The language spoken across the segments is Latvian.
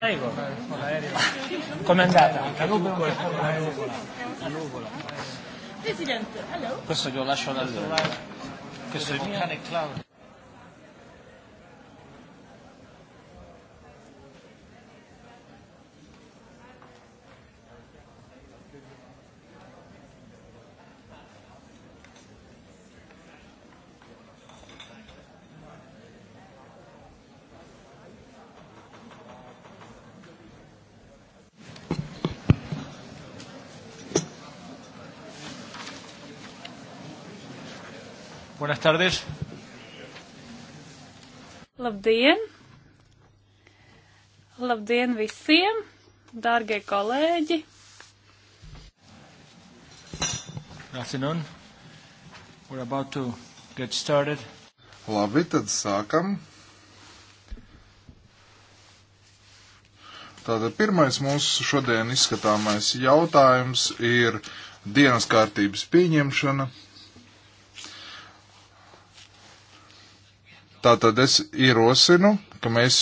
Prego. Con l'aereo. Com'è andata? La nuvola. La nuvola. La nuvola. Presidente, hello. Questo glielo lascio da lui. Questo è il mio cane Claudio. Buenas tardes. Labdien! Labdien visiem, dārgie kolēģi! Good afternoon. We're about to get started. Labi, tad sākam. Tātad pirmais mūsu šodien izskatāmais jautājums ir dienas kārtības pieņemšana. Tātad es ierosinu, ka mēs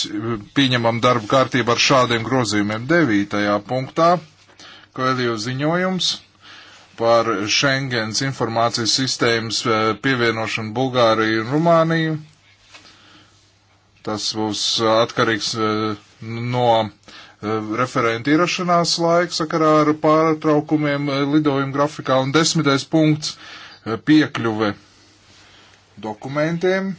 pieņemam darbu kārtību ar šādiem grozījumiem. Devītajā punktā Koelio ziņojums par Schengens informācijas sistēmas eh, pievienošanu Bulgāriju un Rumāniju. Tas būs eh, atkarīgs eh, no referenta ierašanās laika sakarā ar pārtraukumiem lidojumu grafikā. Un desmitais punkts - piekļuve dokumentiem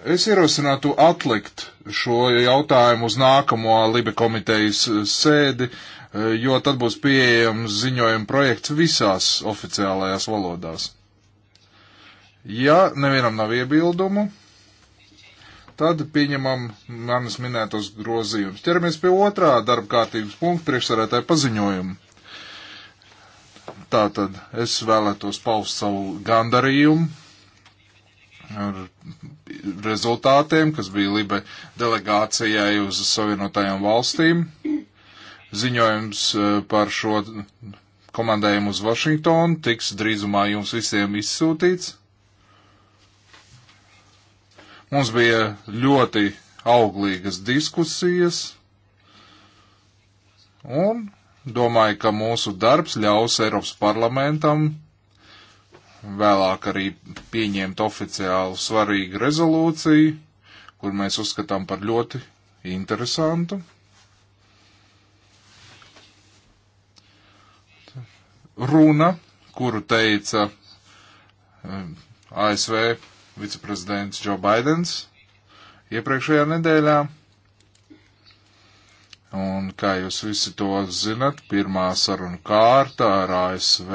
Es ierosinātu atlikt šo jautājumu uz nākamo Libe komitejas eh, sēdi, eh, jo tad būs pieejams ziņojuma projekts visās oficiālajās valodās. Ja nevienam nav iebildumu, tad pieņemam manis minētos grozījumus. Ķeramies pie otrā darba kārtības punkta priekšsarētāja paziņojuma. Tātad es vēlētos paust savu gandarījumu ar rezultātiem, kas bija Libe delegācijai uz Savienotajām valstīm. Ziņojums eh, par šo komandējumu uz Vašingtonu tiks drīzumā jums visiem izsūtīts. Mums bija ļoti auglīgas diskusijas un domāju, ka mūsu darbs ļaus Eiropas parlamentam vēlāk arī pieņemt oficiālu svarīgu rezolūciju, kur mēs uzskatām par ļoti interesantu. Runa, kuru teica um, ASV viceprezidents Joe Bidenis iepriekšējā nedēļā. Un, kā jūs visi to zinat, pirmā saruna kārta ar ASV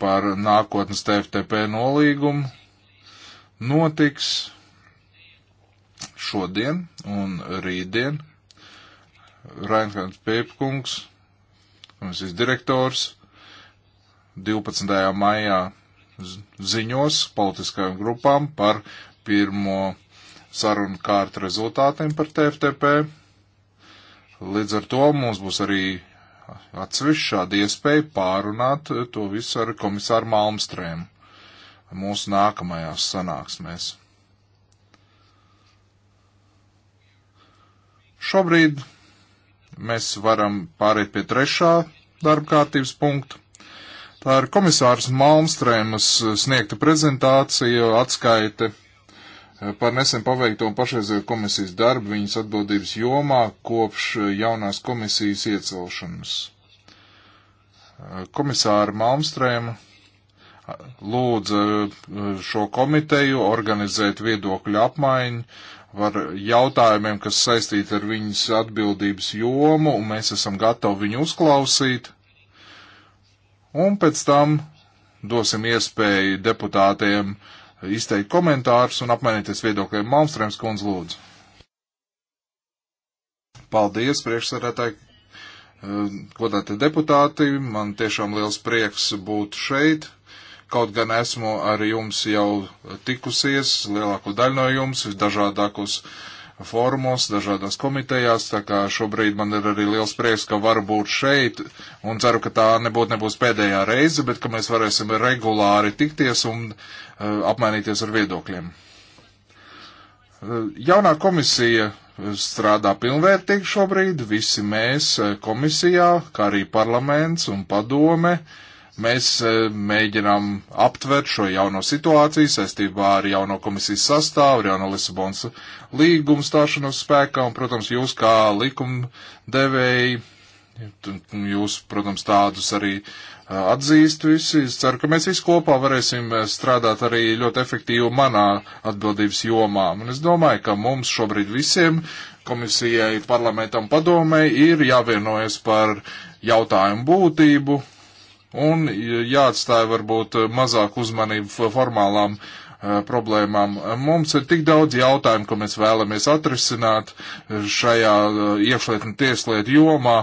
par nākotnes TFTP nolīgumu notiks šodien un rītdien. Rainkants Pēpkungs, komisijas direktors, 12. maijā ziņos politiskajām grupām par pirmo sarunu kārtu rezultātiem par TFTP. Līdz ar to mums būs arī atsevišķi šāda iespēja pārunāt to visu ar komisāru Malmstrēmu mūsu nākamajās sanāksmēs. Šobrīd mēs varam pāriet pie trešā darba kārtības punktu. Tā ir komisārs Malmstrēmas sniegta prezentācija, atskaite Eh, par nesen paveikto un pašreizējo komisijas darbu viņas atbildības jomā kopš eh, jaunās komisijas iecelšanas. Eh, komisāra Malmstrēma lūdza šo komiteju organizēt viedokļu apmaiņu par jautājumiem, kas saistīti ar viņas atbildības jomu, un mēs esam gatavi viņu uzklausīt. Un pēc tam dosim iespēju deputātiem uh, izteikt komentārus un apmainīties viedokļiem. Malmstrēms kundz lūdzu. Paldies, priekšsarētāji, ehm, godātie deputāti. Man tiešām liels prieks būt šeit. Kaut gan esmu ar jums jau tikusies, lielāko daļu no jums, visdažādākos. Uh, fórumos, dažādās komitejās, tā kā šobrīd man ir arī liels prieks, ka varu būt šeit, un ceru, ka tā nebūtu nebūs pēdējā reize, bet ka mēs varēsim regulāri tikties un uh, apmainīties ar viedokļiem. Uh, jaunā komisija strādā pilnvērtīgi šobrīd, visi mēs eh, komisijā, kā arī parlaments un padome. Uh, Mēs eh, mēģinām aptvert šo jauno situāciju saistībā ar jauno komisijas sastāvu, ar jauno Lisabonas līgumu stāšanos spēkā, un, protams, jūs kā likumdevēji, jūs, protams, tādus arī eh, atzīst visi. Es ceru, ka mēs visi kopā varēsim eh, strādāt arī ļoti efektīvi manā atbildības jomā. Un es domāju, ka mums šobrīd visiem, komisijai, parlamentam, padomē, ir jāvienojas par jautājumu būtību un jāatstāja varbūt mazāk uzmanību formālām uh, problēmām. Mums ir tik daudz jautājumu, ko mēs vēlamies atrisināt eh, šajā uh, eh, iekšlietu un tieslietu jomā,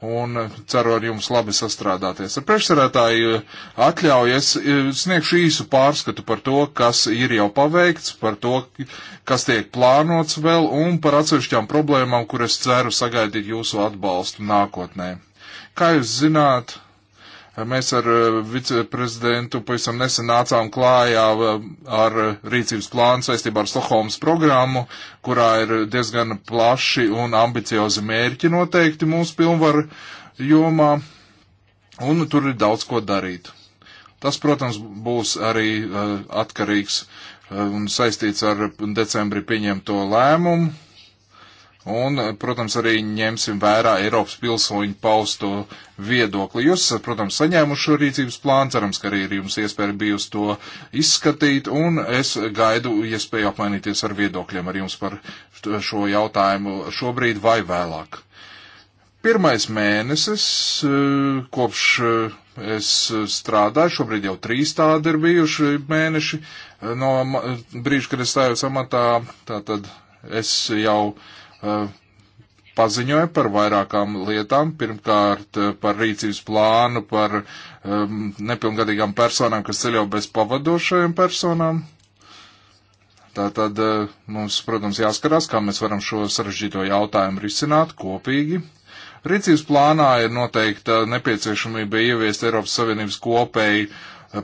un ceru ar jums labi sastrādāties. Ar priekšsarētāju atļaujas sniegšu īsu pārskatu par to, kas ir jau paveikts, par to, kas tiek plānots vēl, un par atsevišķām problēmām, kuras ceru sagaidīt jūsu atbalstu nākotnē. Kā jūs zināt, Mēs ar eh, viceprezidentu pavisam nesen nācām klājā eh, ar rīcības plānu saistībā ar Stokholmas programmu, kurā ir diezgan plaši un ambiciozi mērķi noteikti mūsu pilnvaru jomā, un tur ir daudz ko darīt. Tas, protams, būs arī eh, atkarīgs un saistīts ar decembrī pieņemto lēmumu Un, protams, arī ņemsim vērā Eiropas pilsoņu pausto viedokli. Jūs, protams, saņēmuši šo rīcības plānu, cerams, ka arī ir jums iespēja bijusi to izskatīt, un es gaidu iespēju apmainīties ar viedokļiem ar jums par šo jautājumu šobrīd vai vēlāk. Pirmais mēnesis, eh, kopš eh, es strādāju, šobrīd jau trīs tādi ir bijuši mēneši eh, no brīža, kad es stājos amatā, tātad es jau Eh, paziņoja par vairākām lietām. Pirmkārt, eh, par rīcības plānu, par um, nepilngadīgām personām, kas ceļo bez pavadošajām personām. Tātad mums, protams, jāskarās, kā mēs varam šo sarežģīto jautājumu risināt kopīgi. Rīcības plānā ir noteikta nepieciešamība ieviest Eiropas Savienības kopēju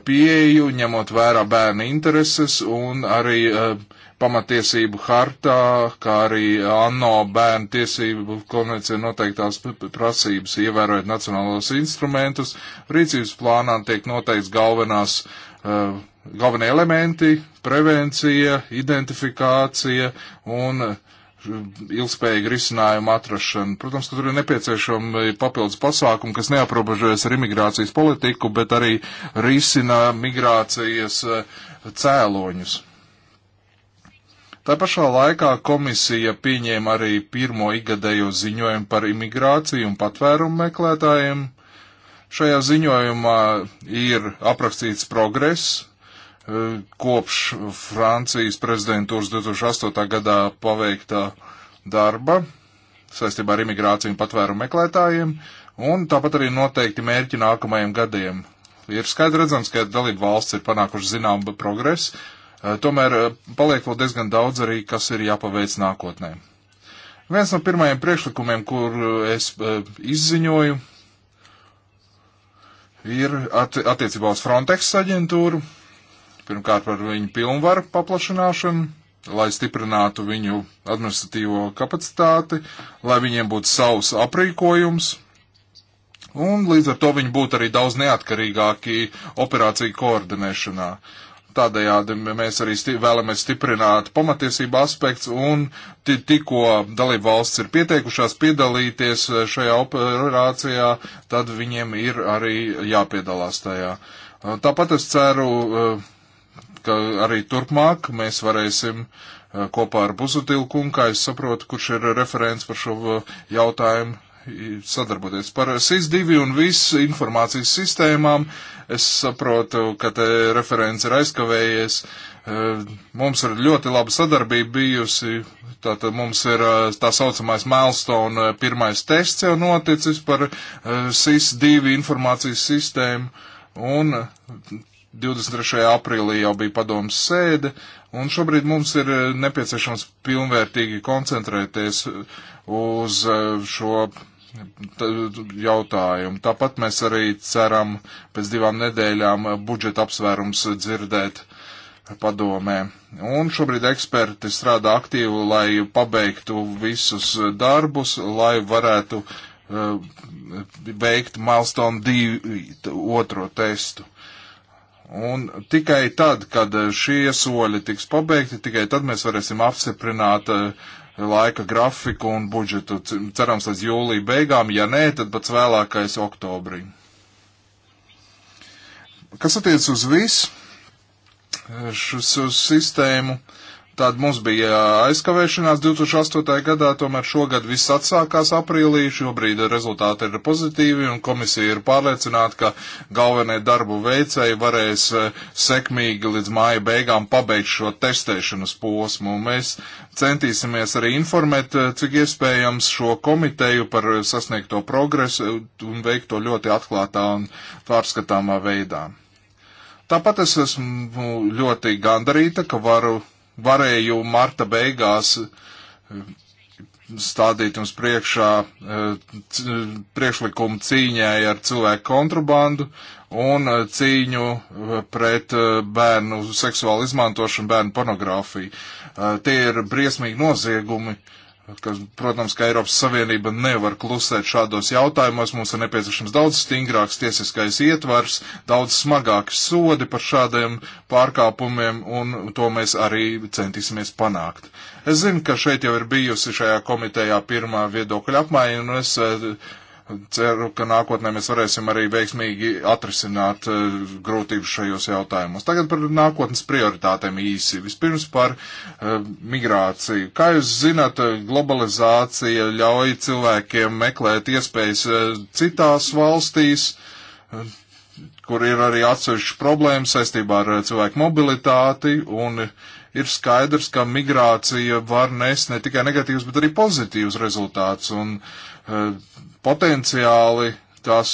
pieeju, ņemot vērā bērnu intereses un arī uh, pamatiesību hartā, kā arī ANO bērnu tiesību konvencija noteiktās prasības ievērojot nacionālos instrumentus. Rīcības plānā tiek noteikts galvenās, uh, galvenie elementi - prevencija, identifikācija un eh, ilgspējīga risinājuma atrašana. Protams, ka tur ir nepieciešama papildus pasākumi, kas neaprobežojas ar imigrācijas politiku, bet arī risina migrācijas eh, cēloņus. Tā pašā laikā komisija pieņēma arī pirmo igadējo ziņojumu par imigrāciju un patvērumu meklētājiem. Šajā ziņojumā ir aprakstīts progress eh, kopš Francijas prezidentūras 2008. gadā paveiktā darba saistībā ar imigrāciju un patvērumu meklētājiem, un tāpat arī noteikti mērķi nākamajiem gadiem. Ir skaidrs redzams, ka dalību valsts ir panākuši zināmu progresu, Eh, tomēr eh, paliek vēl diezgan daudz arī, kas ir jāpaveic nākotnē. Viens no pirmajiem priekšlikumiem, kur eh, es izziņoju, ir at attiecībā uz Frontex aģentūru. Pirmkārt par viņu pilnvaru paplašināšanu, lai stiprinātu viņu administratīvo kapacitāti, lai viņiem būtu savs aprīkojums, un līdz ar to viņi būtu arī daudz neatkarīgāki operāciju koordinēšanā. Uh, Tādējādi mēs arī sti vēlamies stiprināt pamatiesību aspekts un tikko dalību valsts ir pieteikušās piedalīties šajā operācijā, tad viņiem ir arī jāpiedalās tajā. Uh, tāpat es ceru, uh, ka arī turpmāk mēs varēsim uh, kopā ar Buzutilku, un kā es saprotu, kurš ir referents par šo jautājumu, sadarboties. Par SIS-2 un visu informācijas sistēmām es saprotu, ka te referents ir aizkavējies. E, mums ir ļoti laba sadarbība bijusi. Tātad mums ir e, tā saucamais milestone e, pirmais tests jau noticis par SIS-2 informācijas sistēmu. Un 23. aprīlī jau bija padomas sēde, un šobrīd mums ir nepieciešams pilnvērtīgi koncentrēties uh, uz e, šo jautājumu. Tāpat mēs arī ceram pēc divām nedēļām budžeta apsvērums dzirdēt padomē. Un šobrīd eksperti strādā aktīvi, lai pabeigtu visus darbus, lai varētu uh, veikt milestone 2 otro testu. Un tikai tad, kad šie soļi tiks pabeigti, tikai tad mēs varēsim apstiprināt uh, laika grafiku un budžetu. Cerams, līdz jūlija beigām, ja nē, tad pats vēlākais oktobrī. Kas attiec uz visu eh, šo sistēmu? Uh, Tad mums bija aizkavēšanās 2008. gadā, tomēr šogad viss atsākās aprīlī, šobrīd rezultāti ir pozitīvi un komisija ir pārliecināta, ka galvenie darbu veicēji varēs sekmīgi līdz māja beigām pabeigt šo testēšanas posmu. Mēs centīsimies arī informēt, cik iespējams, šo komiteju par sasniegto progresu un veikto ļoti atklātā un pārskatāmā veidā. Tāpat es esmu ļoti gandarīta, ka varu varēju marta beigās eh, stādīt jums priekšā eh, priekšlikumu cīņai ar cilvēku kontrabandu un eh, cīņu pret bērnu seksuālu izmantošanu, bērnu pornogrāfiju. Tie ir briesmīgi noziegumi, uh, Kas, protams, ka Eiropas Savienība nevar klusēt šādos jautājumos. Mums ir nepieciešams daudz stingrāks tiesiskais ietvars, daudz smagāki sodi par šādiem pārkāpumiem, un to mēs arī centīsimies panākt. Es zinu, ka šeit jau ir bijusi šajā komitejā pirmā viedokļa apmaiņa, un es eh, Ceru, ka nākotnē mēs varēsim arī veiksmīgi atrisināt e, grūtības šajos jautājumos. Tagad par nākotnes prioritātēm īsi. Vispirms par e, migrāciju. Kā jūs zināt, e, globalizācija ļauj cilvēkiem meklēt iespējas citās valstīs, kur ir arī atsevišķas problēmas saistībā ar cilvēku mobilitāti un ir skaidrs, ka migrācija var nes ne tikai negatīvus, bet arī pozitīvus rezultātus. Un E, potenciāli tās,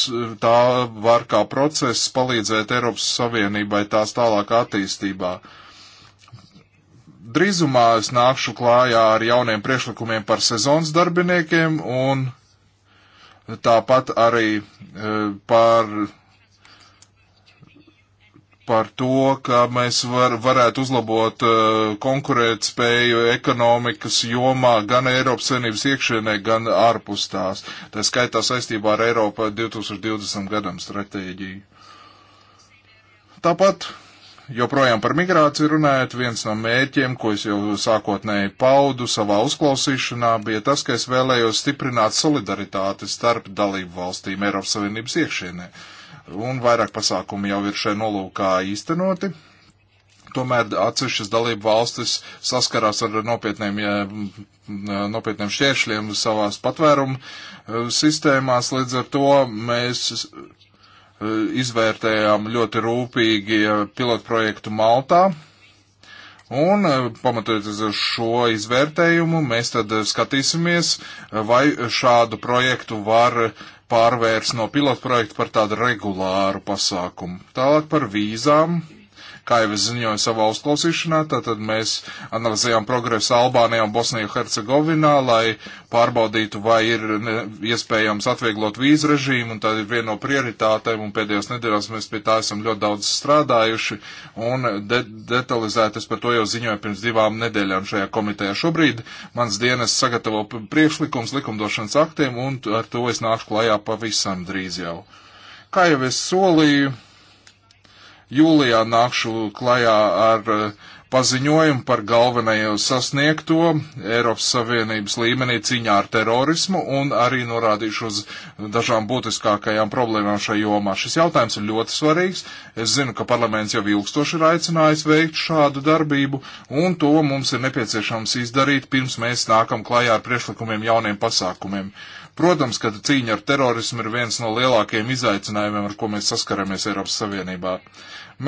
tā var kā process palīdzēt Eiropas Savienībai tās tālāk attīstībā. Drīzumā es nākšu klājā ar jauniem priekšlikumiem par sezonas darbiniekiem un tāpat arī e, par par to, ka mēs var, varētu uzlabot uh, konkurētspēju ekonomikas jomā gan Eiropas Savienības iekšienē, gan ārpus tās. Tā skaitā saistībā ar Eiropa 2020 gadam stratēģiju. Tāpat, joprojām par migrāciju runājot, viens no mērķiem, ko es jau sākotnēji paudu savā uzklausīšanā, bija tas, ka es vēlējos stiprināt solidaritāti starp dalību valstīm Eiropas Savienības iekšienē. Uh, un vairāk pasākumu jau ir šai nolūkā īstenoti. Tomēr atsevišķas dalību valstis saskarās ar nopietniem, nopietniem šķēršļiem savās patvērumu e, sistēmās, līdz ar to mēs e, izvērtējām ļoti rūpīgi e, pilotprojektu Maltā. Un, pamatojoties uz šo izvērtējumu, mēs tad skatīsimies, vai šādu projektu var uh, pārvērs no pilotprojekta par tādu regulāru pasākumu. Tālāk par vīzām Kā jau es ziņoju savā uzklausīšanā, tātad mēs analizējām progresu Albānijā un Bosnijā Hercegovinā, lai pārbaudītu, vai ir iespējams atvieglot vīzu režīmu, un tā ir viena no prioritātēm, un pēdējos nedēļās mēs pie tā esam ļoti daudz strādājuši, un de detalizēti es par to jau ziņoju pirms divām nedēļām šajā komitejā. Šobrīd mans dienas sagatavo priekšlikums likumdošanas aktiem, un ar to es nāku klajā pavisam drīz jau. Kā jau es solīju, Jūlijā nākšu klajā ar eh, paziņojumu par galvenajo sasniegto Eiropas Savienības līmenī cīņā ar terorismu un arī norādīšu uz dažām būtiskākajām problēmām šajā jomā. Šis jautājums ir ļoti svarīgs. Es zinu, ka parlaments jau ilgstoši ir aicinājis veikt šādu darbību un to mums ir nepieciešams izdarīt pirms mēs nākam klajā ar priešlikumiem jauniem pasākumiem. Uh, Protams, ka cīņa ar terorismu ir viens no lielākajiem izaicinājumiem, ar ko mēs saskaramies Eiropas Savienībā.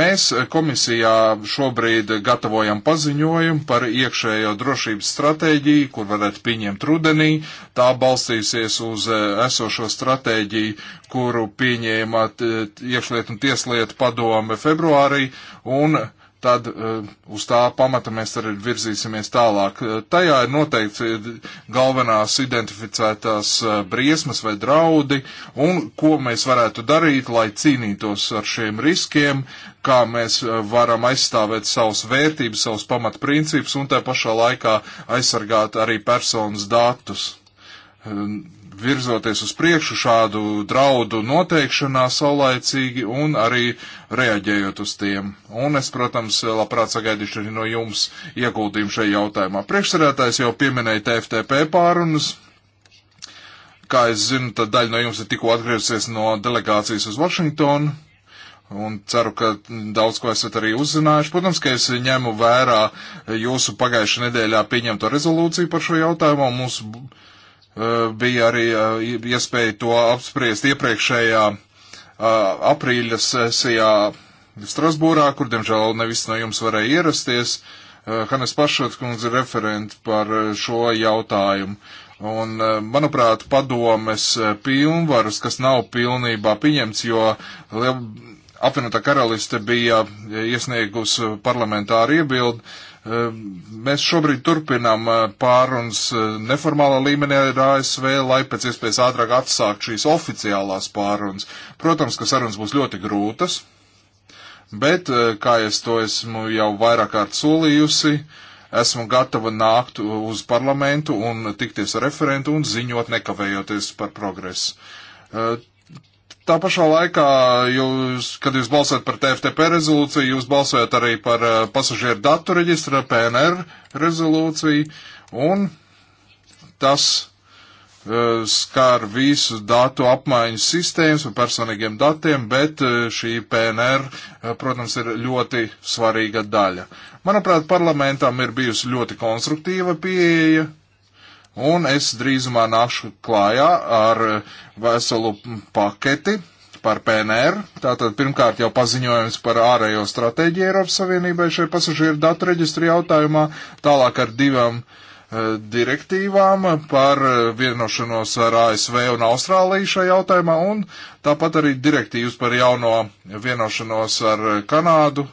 Mēs eh, komisijā šobrīd gatavojam paziņojumu par iekšējo drošības stratēģiju, kur varētu pieņemt rudenī. Tā balstīsies uz eh, esošo stratēģiju, kuru pieņēma iekšlietu un tieslietu padome februārī, un tad uh, uz tā pamata mēs arī virzīsimies tālāk. Uh, tajā ir noteikti galvenās identificētās uh, briesmas vai draudi un ko mēs varētu darīt, lai cīnītos ar šiem riskiem, kā mēs uh, varam aizstāvēt savus vērtības, savus pamatprincipus un tā pašā laikā aizsargāt arī personas datus. Uh, virzoties uz priekšu šādu draudu noteikšanā saulaicīgi un arī reaģējot uz tiem. Un es, protams, labprāt sagaidīšu arī no jums ieguldījumu šajā jautājumā. Priekšsarētājs jau pieminēja TFTP pārunas. Kā es zinu, tad daļa no jums ir tikko atgriezusies no delegācijas uz Vašingtonu. Un ceru, ka daudz ko esat arī uzzinājuši. Protams, ka es ņemu vērā jūsu pagājušā nedēļā pieņemto rezolūciju par šo jautājumu. Mums Eh, bija arī eh, iespēja to apspriest iepriekšējā eh, aprīļa sesijā Strasbūrā, kur, diemžēl, nevis no jums varēja ierasties. Hannes Pašot kundze referenti par šo jautājumu. Un, manuprāt, padomes pilnvaras, kas nav pilnībā pieņemts, jo apvienotā karaliste bija iesniegus parlamentāru iebildu, Ehm, mēs šobrīd turpinām eh, pārunas eh, neformālā līmenī ar ASV, lai pēc iespējas ātrāk atsākt šīs oficiālās pārunas. Protams, ka sarunas būs ļoti grūtas, bet, eh, kā es to esmu jau vairāk kārt solījusi, esmu gatava nākt uz parlamentu un tikties ar referentu un ziņot nekavējoties par progresu. Tā pašā laikā, jūs, kad jūs balsojat par TFTP rezolūciju, jūs balsojat arī par eh, pasažieru datu reģistra, PNR rezolūciju, un tas uh, skar visu datu apmaiņas sistēmas un personīgiem datiem, bet eh, šī PNR, protams, ir ļoti svarīga daļa. Manuprāt, parlamentam ir bijusi ļoti konstruktīva pieeja Un es drīzumā nākšu klājā ar veselu paketi par PNR. Tātad pirmkārt jau paziņojums par ārējo stratēģiju Eiropas Savienībai šai pasažieru datu reģistru jautājumā, tālāk ar divām eh, direktīvām par eh, vienošanos ar ASV un Austrāliju šajā jautājumā, un tāpat arī direktīvas par jauno vienošanos ar Kanādu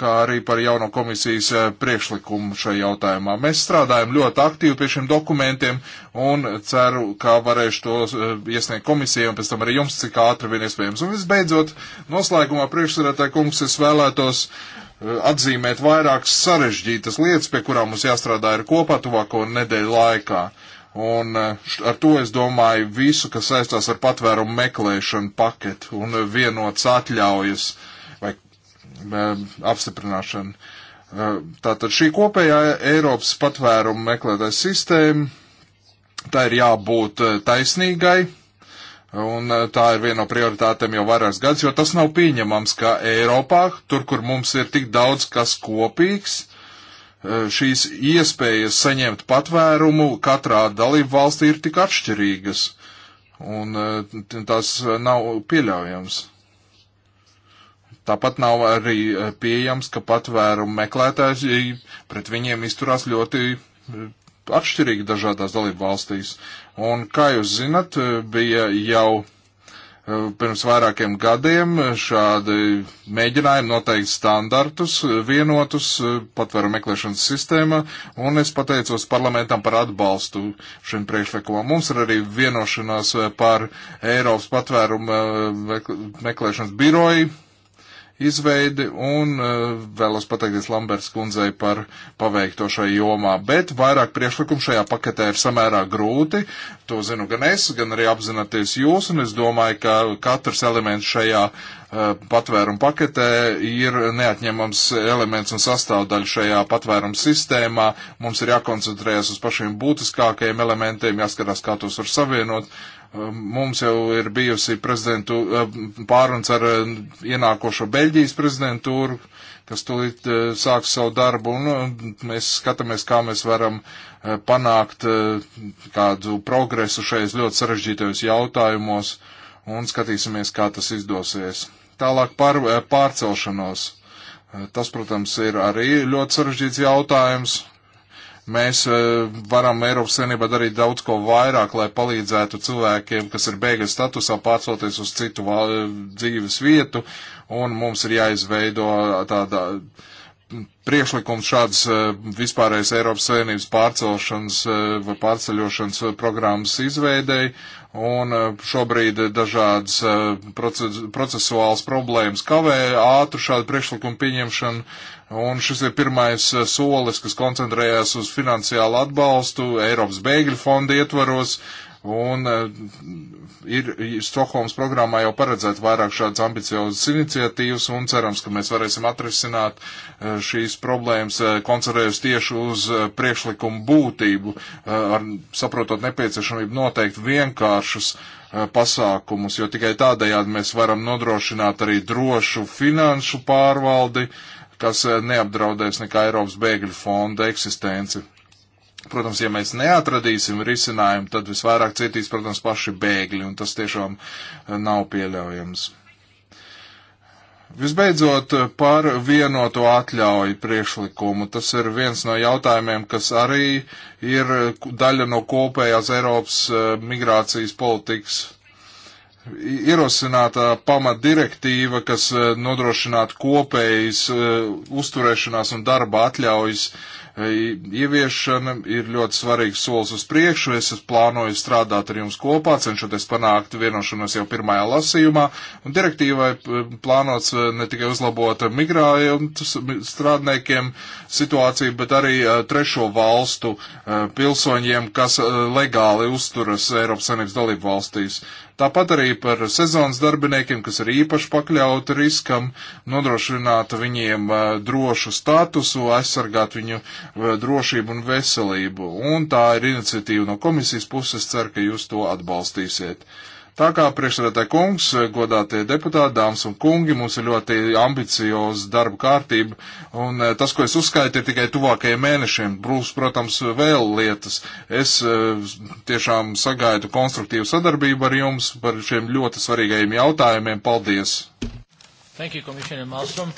kā arī par jauno komisijas eh, priekšlikumu šajā jautājumā. Mēs strādājam ļoti aktīvi pie šiem dokumentiem un ceru, ka varēšu to eh, iesniegt komisijai un pēc tam arī jums, cik ātri vien iespējams. Un visbeidzot, noslēgumā priekšsarētāji kungs es vēlētos eh, atzīmēt vairākas sarežģītas lietas, pie kurām mums jāstrādā ir kopā tuvāko nedēļu laikā. Un ar to es domāju visu, kas saistās ar patvērumu meklēšanu paketu un vienots atļaujas uh, Um, apstiprināšanu. Uh, tātad šī kopējā Eiropas patvērumu meklētājs sistēma, tā ir jābūt uh, taisnīgai, un uh, tā ir viena no prioritātēm jau vairākas gadus, jo tas nav pieņemams, ka Eiropā, tur, kur mums ir tik daudz kas kopīgs, šīs iespējas saņemt patvērumu katrā dalību valstī ir tik atšķirīgas, un tas nav pieļaujams. Tāpat nav arī eh, pieejams, ka patvērumu meklētāji pret viņiem izturās ļoti eh, atšķirīgi dažādās dalību valstīs. Un, kā jūs zinat, eh, bija jau pirms vairākiem gadiem šādi mēģinājumi noteikt standartus vienotus patvēru meklēšanas sistēma, un es pateicos parlamentam par atbalstu šim priekšlikumam. Mums ir arī vienošanās par Eiropas patvēru meklēšanas biroju izveidi un eh, vēlos pateikties Lamberts kundzei par paveikto šai jomā, bet vairāk priekšlikumu šajā paketē ir samērā grūti. To zinu gan es, gan arī apzināties jūs, un es domāju, ka katrs elements šajā eh, patvērumu paketē ir neatņemams elements un sastāvdaļa šajā patvērumu sistēmā. Mums ir jākoncentrējas uz pašiem būtiskākajiem elementiem, jāskatās, kā tos var savienot Mums jau ir bijusi prezidentu eh, pāruns ar eh, ienākošo Beļģijas prezidentūru, kas tulīt eh, sāks savu darbu, un mēs skatāmies, kā mēs varam panākt kādu progresu šajos ļoti sarežģītajos jautājumos, un skatīsimies, kā tas izdosies. Tālāk par pārcelšanos. Tas, protams, ir arī ļoti sarežģīts jautājums, Mēs eh, varam Eiropas Savienībā darīt daudz ko vairāk, lai palīdzētu cilvēkiem, kas ir bēgļu statusā, pārcelties uz citu dzīves vietu, un mums ir jāizveido tāda priekšlikums šādas eh, vispārējais Eiropas Savienības pārcelšanas eh, vai pārceļošanas programmas izveidēji, un eh, šobrīd dažādas eh, procesuālas problēmas kavē ātru šādu priekšlikumu pieņemšanu, un šis ir pirmais eh, solis, kas koncentrējās uz finansiālu atbalstu Eiropas bēgļu fonda ietvaros, Un eh, ir Stokholmas programmā jau paredzēt vairāk šādas ambiciozas iniciatīvas un cerams, ka mēs varēsim atrisināt eh, šīs problēmas, eh, koncentrējot tieši uz priekšlikumu būtību, ar, saprotot nepieciešamību noteikt vienkāršus pasākumus, jo tikai tādējādi mēs varam nodrošināt arī drošu finanšu pārvaldi, kas neapdraudēs nekā Eiropas bēgļu fonda eksistenci. Protams, ja mēs neatradīsim risinājumu, tad visvairāk cietīs, protams, paši bēgļi, un tas tiešām eh, nav pieļaujams. Visbeidzot, eh, par vienoto atļauju priekšlikumu. Tas ir viens no jautājumiem, kas arī ir daļa no kopējās Eiropas eh, migrācijas politikas. Ierosinātā pamatdirektīva, kas nodrošinātu kopējas uzturēšanās un darba atļaujas uh, ieviešana ir ļoti svarīgs solis uz priekšu. Es plānoju strādāt ar jums kopā, cenšoties panākt vienošanos jau pirmajā lasījumā. Un direktīvai eh, plānots eh, ne tikai uzlabot migrājumu strādniekiem situāciju, bet arī eh, trešo valstu pilsoņiem, kas legāli uzturas Eiropas Savienības dalību valstīs. Tāpat arī par sezonas darbiniekiem, kas ir īpaši pakļauti riskam, nodrošināt viņiem uh, drošu statusu, aizsargāt viņu uh, drošību un veselību. Un tā ir iniciatīva no komisijas puses, ceru, ka jūs to atbalstīsiet. Tā kā priekšsēdētāji kungs, godātie deputāti, dāmas un kungi, mums ir ļoti ambicioza darba kārtība, un eh, tas, ko es uzskaitu, ir tikai tuvākajiem mēnešiem. Brūs, protams, vēl lietas. Es eh, tiešām sagaidu konstruktīvu sadarbību ar jums par šiem ļoti svarīgajiem jautājumiem. Paldies! Thank you, Commissioner Malmström.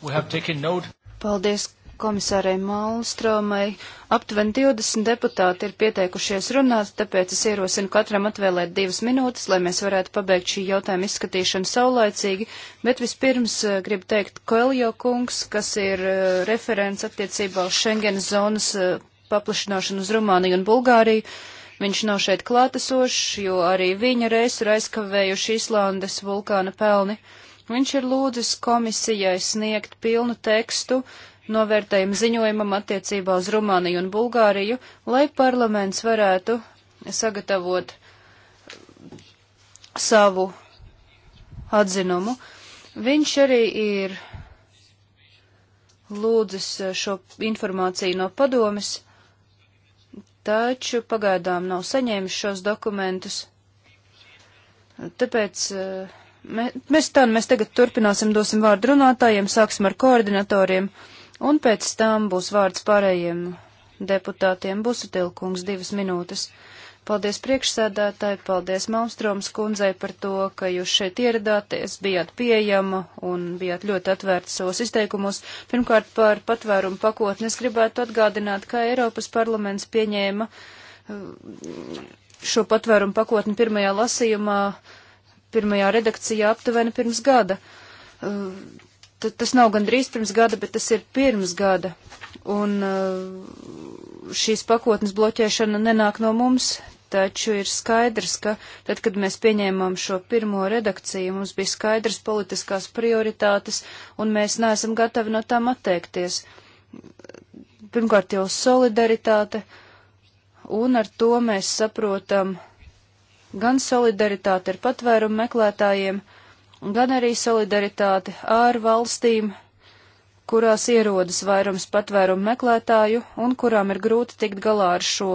We have taken note. Paldies, komisārei Malstromai. Aptuveni 20 deputāti ir pieteikušies runāt, tāpēc es ierosinu katram atvēlēt divas minūtes, lai mēs varētu pabeigt šī jautājuma izskatīšanu saulaicīgi, bet vispirms eh, gribu teikt Koeljo kungs, kas ir eh, referents attiecībā uz Schengen zonas eh, paplašināšanu uz Rumāniju un Bulgāriju. Viņš nav šeit klātesošs, jo arī viņa reizi ir aizkavējuši Islandes vulkāna pelni. Viņš ir lūdzis komisijai sniegt pilnu tekstu novērtējuma ziņojumam attiecībā uz Rumāniju un Bulgāriju, lai parlaments varētu sagatavot savu atzinumu. Viņš arī ir lūdzis šo informāciju no padomis, taču pagaidām nav saņēmis šos dokumentus. Tāpēc eh, mē, mēs tā, mēs tagad turpināsim, dosim vārdu runātājiem, sāksim ar koordinatoriem un pēc tam būs vārds pārējiem deputātiem. Busutilkungs divas minūtes. Paldies priekšsēdētāji, paldies Malmstroms kundzei par to, ka jūs šeit ieradāties, bijāt pieejama un bijāt ļoti atvērta savos izteikumos. Pirmkārt par patvērumu pakotni es gribētu atgādināt, kā Eiropas parlaments pieņēma uh, šo patvērumu pakotni pirmajā lasījumā, pirmajā redakcijā aptuveni pirms gada uh, tas nav gandrīz pirms gada, bet tas ir pirms gada. Un uh, šīs pakotnes bloķēšana nenāk no mums, taču ir skaidrs, ka tad, kad mēs pieņēmām šo pirmo redakciju, mums bija skaidrs politiskās prioritātes, un mēs neesam gatavi no tām atteikties. Pirmkārt jau solidaritāte, un ar to mēs saprotam gan solidaritāti ar patvērumu meklētājiem, gan arī solidaritāti ar valstīm, kurās ierodas vairums patvērumu meklētāju un kurām ir grūti tikt galā ar šo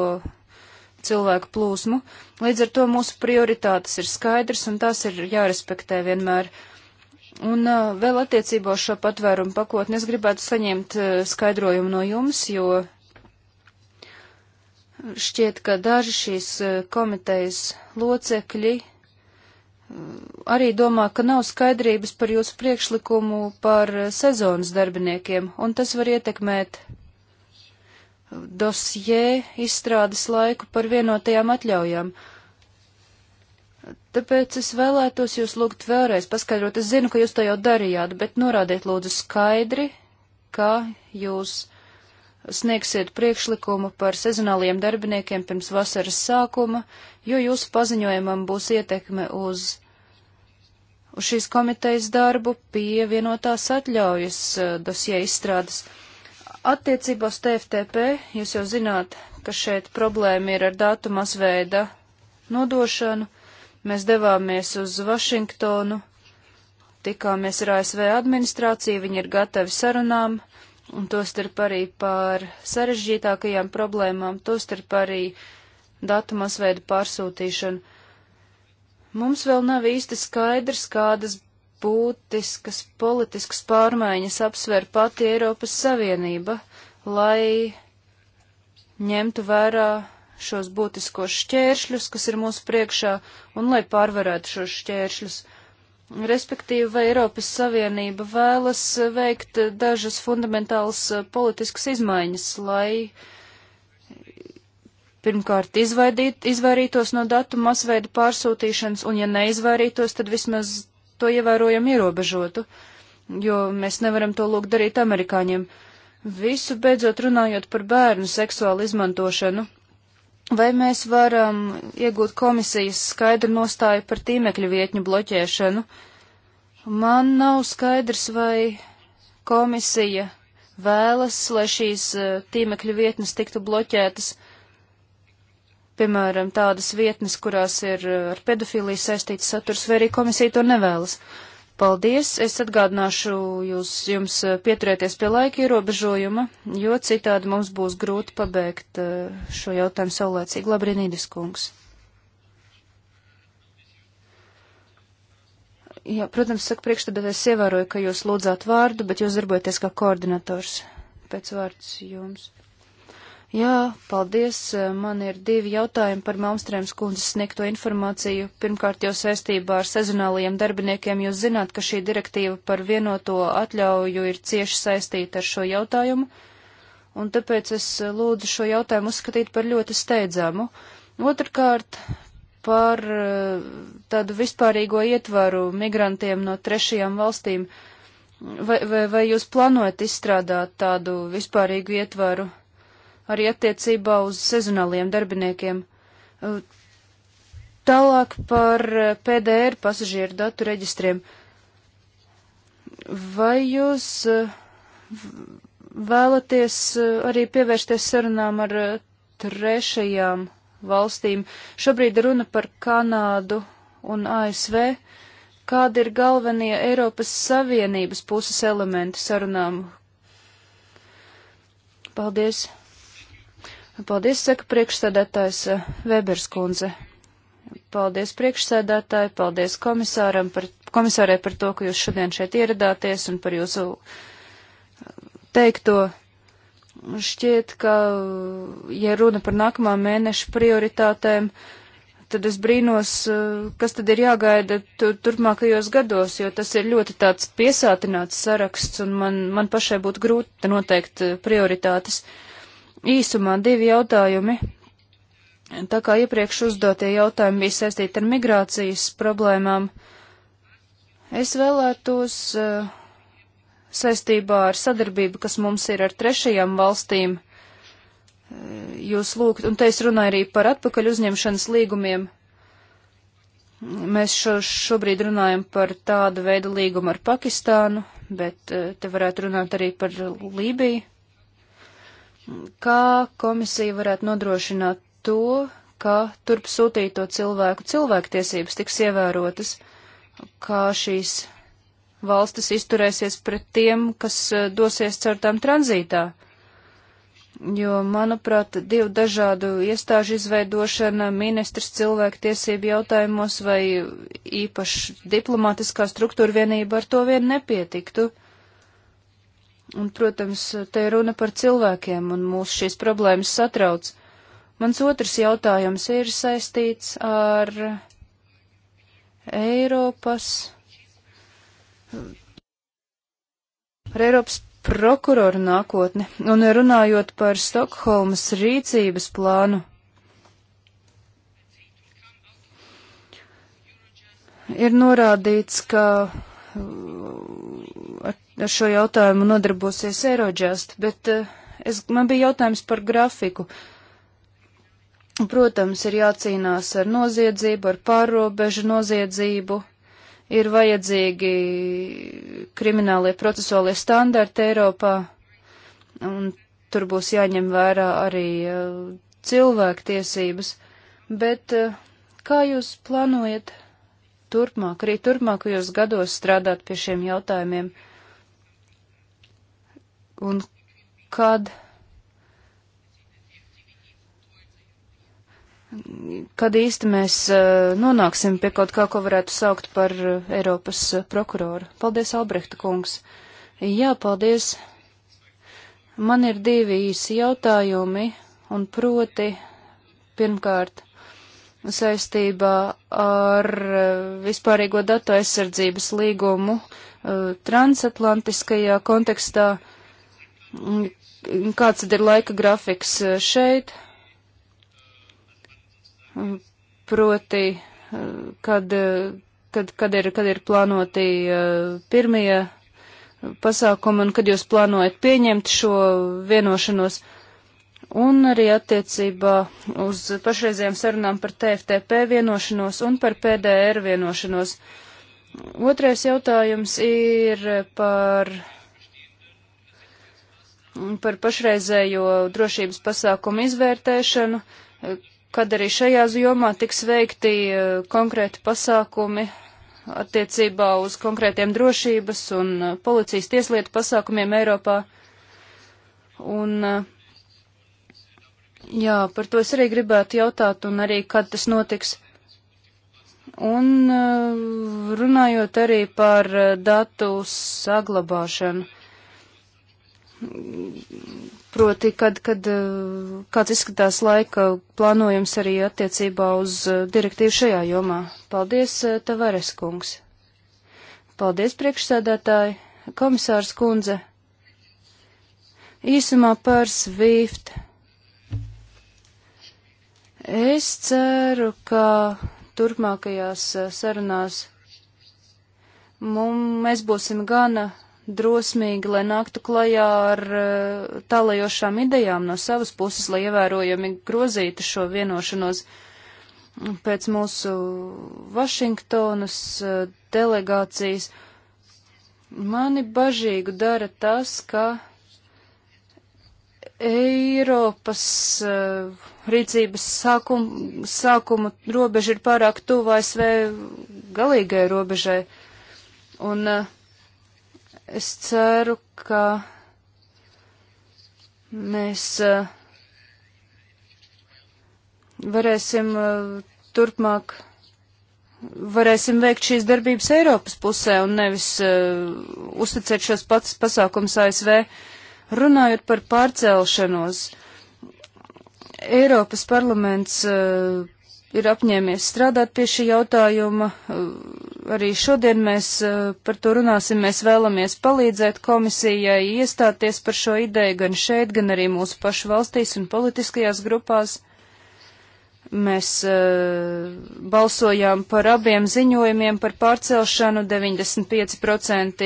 cilvēku plūsmu. Līdz ar to mūsu prioritātes ir skaidrs un tās ir jārespektē vienmēr. Un uh, vēl attiecībā uz šo patvērumu pakotni es gribētu saņemt uh, skaidrojumu no jums, jo šķiet, ka daži šīs uh, komitejas locekļi arī domā, ka nav skaidrības par jūsu priekšlikumu par sezonas darbiniekiem, un tas var ietekmēt dosjē izstrādes laiku par vienotajām atļaujām. Tāpēc es vēlētos jūs lūgt vēlreiz paskaidrot. Es zinu, ka jūs to jau darījāt, bet norādiet lūdzu skaidri, kā jūs sniegsiet priekšlikumu par sezonāliem darbiniekiem pirms vasaras sākuma, jo jūsu paziņojumam būs ietekme uz, uz šīs komitejas darbu pievienotās atļaujas uh, dosie izstrādes. Attiecībos TFTP jūs jau zināt, ka šeit problēma ir ar datu masveida nodošanu. Mēs devāmies uz Vašingtonu, tikāmies ar ASV administrāciju, viņi ir gatavi sarunām un tostarp arī par sarežģītākajām problēmām, tostarp arī datu masveidu pārsūtīšanu. Mums vēl nav īsti skaidrs, kādas būtiskas politiskas pārmaiņas apsver pati Eiropas Savienība, lai ņemtu vērā šos būtiskos šķēršļus, kas ir mūsu priekšā, un lai pārvarētu šos šķēršļus. Respektīvi, vai Eiropas Savienība vēlas veikt dažas fundamentālas eh, politiskas izmaiņas, lai pirmkārt izvaidīt, izvairītos no datu masveida pārsūtīšanas, un ja neizvairītos, tad vismaz to ievērojami ierobežotu, jo mēs nevaram to lūgt darīt amerikāņiem. Visu beidzot runājot par bērnu seksuālu izmantošanu, Vai mēs varam iegūt komisijas skaidru nostāju par tīmekļu vietņu bloķēšanu? Man nav skaidrs, vai komisija vēlas, lai šīs e, tīmekļu vietnes tiktu bloķētas, piemēram, tādas vietnes, kurās ir e, ar pedofīliju saistīts saturs, vai arī komisija to nevēlas. Uh, Paldies! Es atgādināšu jūs, jums eh, pieturēties pie laika ierobežojuma, jo citādi mums būs grūti pabeigt eh, šo jautājumu saulēcīgi. Labrinīdis kungs! Jā, protams, saka priekšstādātais, es ievēroju, ka jūs lūdzāt vārdu, bet jūs darbojaties kā koordinators. Pēc vārds jums. Jā, paldies. Man ir divi jautājumi par Malmstrēms kundzes sniegto informāciju. Pirmkārt, jau saistībā ar sezonālajiem darbiniekiem jūs zināt, ka šī direktīva par vienoto atļauju ir cieši saistīta ar šo jautājumu, un tāpēc es lūdzu šo jautājumu uzskatīt par ļoti steidzamu. Otrkārt, par eh, tādu vispārīgo ietvaru migrantiem no trešajām valstīm. Vai, vai, vai jūs plānojat izstrādāt tādu vispārīgu ietvaru? arī attiecībā uz sezonāliem darbiniekiem. Tālāk par PDR pasažieru datu reģistriem. Vai jūs vēlaties arī pievērsties sarunām ar trešajām valstīm? Šobrīd runa par Kanādu un ASV. Kādi ir galvenie Eiropas Savienības puses elementi sarunām? Paldies! Paldies, saka priekšsēdētājs Vēbers eh, kundze. Paldies priekšsēdētāji, paldies komisāram par, komisārai par to, ka jūs šodien šeit ieradāties un par jūsu eh, teikto. Šķiet, ka, eh, ja runa par nākamā mēneša prioritātēm, tad es brīnos, kas tad ir jāgaida turpmākajos gados, jo tas ir ļoti tāds piesātināts saraksts, un man, man pašai būtu grūti noteikt prioritātes. Uh, Īsumā divi jautājumi. Tā kā iepriekš uzdotie jautājumi bija saistīti ar migrācijas problēmām, es vēlētos uh, saistībā ar sadarbību, kas mums ir ar trešajām valstīm, eh, jūs lūgt, un te es runāju arī par atpakaļ uzņemšanas līgumiem. Mēs šo, šobrīd runājam par tādu veidu līgumu ar Pakistānu, bet eh, te varētu runāt arī par Lībiju. Kā komisija varētu nodrošināt to, ka turp sūtīto cilvēku cilvēktiesības tiks ievērotas, kā šīs valstis izturēsies pret tiem, kas eh, dosies caur tām tranzītā? Jo, manuprāt, divu dažādu iestāžu izveidošana ministrs cilvēktiesību jautājumos vai īpaši diplomātiskā struktūra vienība ar to vien nepietiktu. Uh, Un, protams, te ir runa par cilvēkiem, un mūs šīs problēmas satrauc. Mans otrs jautājums ir saistīts ar Eiropas, ar Eiropas prokuroru nākotni, un runājot par Stokholmas rīcības plānu. Ir norādīts, ka ar uh, ar šo jautājumu nodarbosies Eirodžast, bet eh, es, man bija jautājums par grafiku. Protams, ir jācīnās ar noziedzību, ar pārrobežu noziedzību, ir vajadzīgi kriminālie procesuālie standarti Eiropā, un tur būs jāņem vērā arī eh, cilvēktiesības, bet eh, kā jūs plānojat turpmāk, arī turpmākajos gados strādāt pie šiem jautājumiem? un kad, kad īsti mēs eh, nonāksim pie kaut kā, ko varētu saukt par eh, Eiropas eh, prokuroru. Paldies, Albrehta kungs. Jā, paldies. Man ir divi īsi jautājumi, un proti, pirmkārt, saistībā ar vispārīgo datu aizsardzības līgumu transatlantiskajā kontekstā. Uh, Kāds tad ir laika grafiks eh, šeit? Mm, proti, eh, kad, eh, kad, kad, ir, kad ir plānoti pirmie pasākumi un kad jūs plānojat pieņemt šo vienošanos? un arī attiecībā uz pašreizējām sarunām par TFTP vienošanos un par PDR vienošanos. Otrais jautājums ir par par pašreizējo drošības pasākumu izvērtēšanu, kad arī šajā jomā tiks veikti eh, konkrēti pasākumi attiecībā uz konkrētiem drošības un eh, policijas tieslietu pasākumiem Eiropā. Un, eh, jā, par to es arī gribētu jautāt, un arī kad tas notiks. Un runājot arī par datu saglabāšanu. Proti, kad, kad eh, kāds izskatās laika plānojums arī attiecībā uz eh, direktīvu šajā jomā. Paldies, eh, Tavares kungs. Paldies, priekšsēdētāji, komisārs kundze. Īsumā par Swift. Es ceru, ka turpmākajās sarunās mums, mēs būsim gana drosmīgi, lai nāktu klajā ar eh, tālajošām idejām no savas puses, lai ievērojami grozītu šo vienošanos. Pēc mūsu Vašingtonas eh, delegācijas mani bažīgu dara tas, ka Eiropas eh, rīcības sākuma, sākuma robeža ir pārāk tuvu ASV galīgai robežai. Un uh, Es ceru, ka mēs eh, varēsim eh, turpmāk varēsim veikt šīs darbības Eiropas pusē un nevis uh, uzticēt šos pats pasākums ASV. Runājot par pārcelšanos, Eiropas parlaments uh, ir apņēmies strādāt pie šī jautājuma, uh, arī šodien mēs eh, par to runāsim. Mēs vēlamies palīdzēt komisijai iestāties par šo ideju gan šeit, gan arī mūsu pašu valstīs un politiskajās grupās. Mēs eh, balsojām par abiem ziņojumiem par pārcelšanu, 95%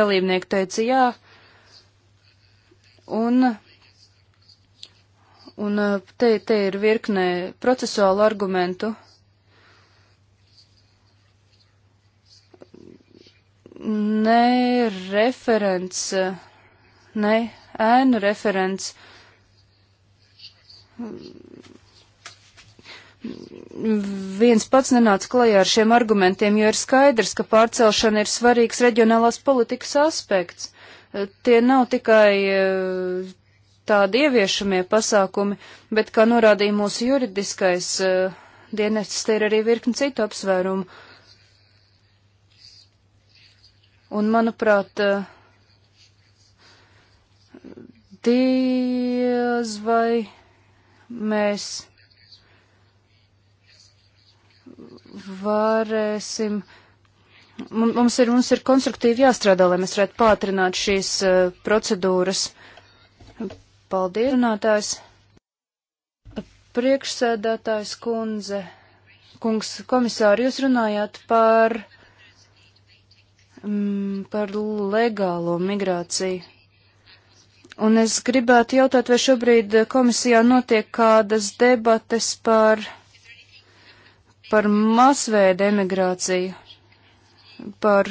dalībnieku teica jā. Un un eh, te, te ir virknē procesuālu argumentu. ne referents, ne ēnu referents. Viens pats nenāca klajā ar šiem argumentiem, jo ir skaidrs, ka pārcelšana ir svarīgs reģionālās politikas aspekts. Tie nav tikai eh, tādi ieviešamie pasākumi, bet, kā norādīja mūsu juridiskais eh, dienests, te ir arī virkni citu apsvērumu. Un, manuprāt, diez vai mēs varēsim. Mums ir, mums ir konstruktīvi jāstrādā, lai mēs varētu pātrināt šīs uh, procedūras. Paldies, runātājs. Priekšsēdētājs kundze, kungs komisāri, jūs runājāt par mm, par legālo migrāciju. Un es gribētu jautāt, vai šobrīd komisijā notiek kādas debates par, par masveida emigrāciju, par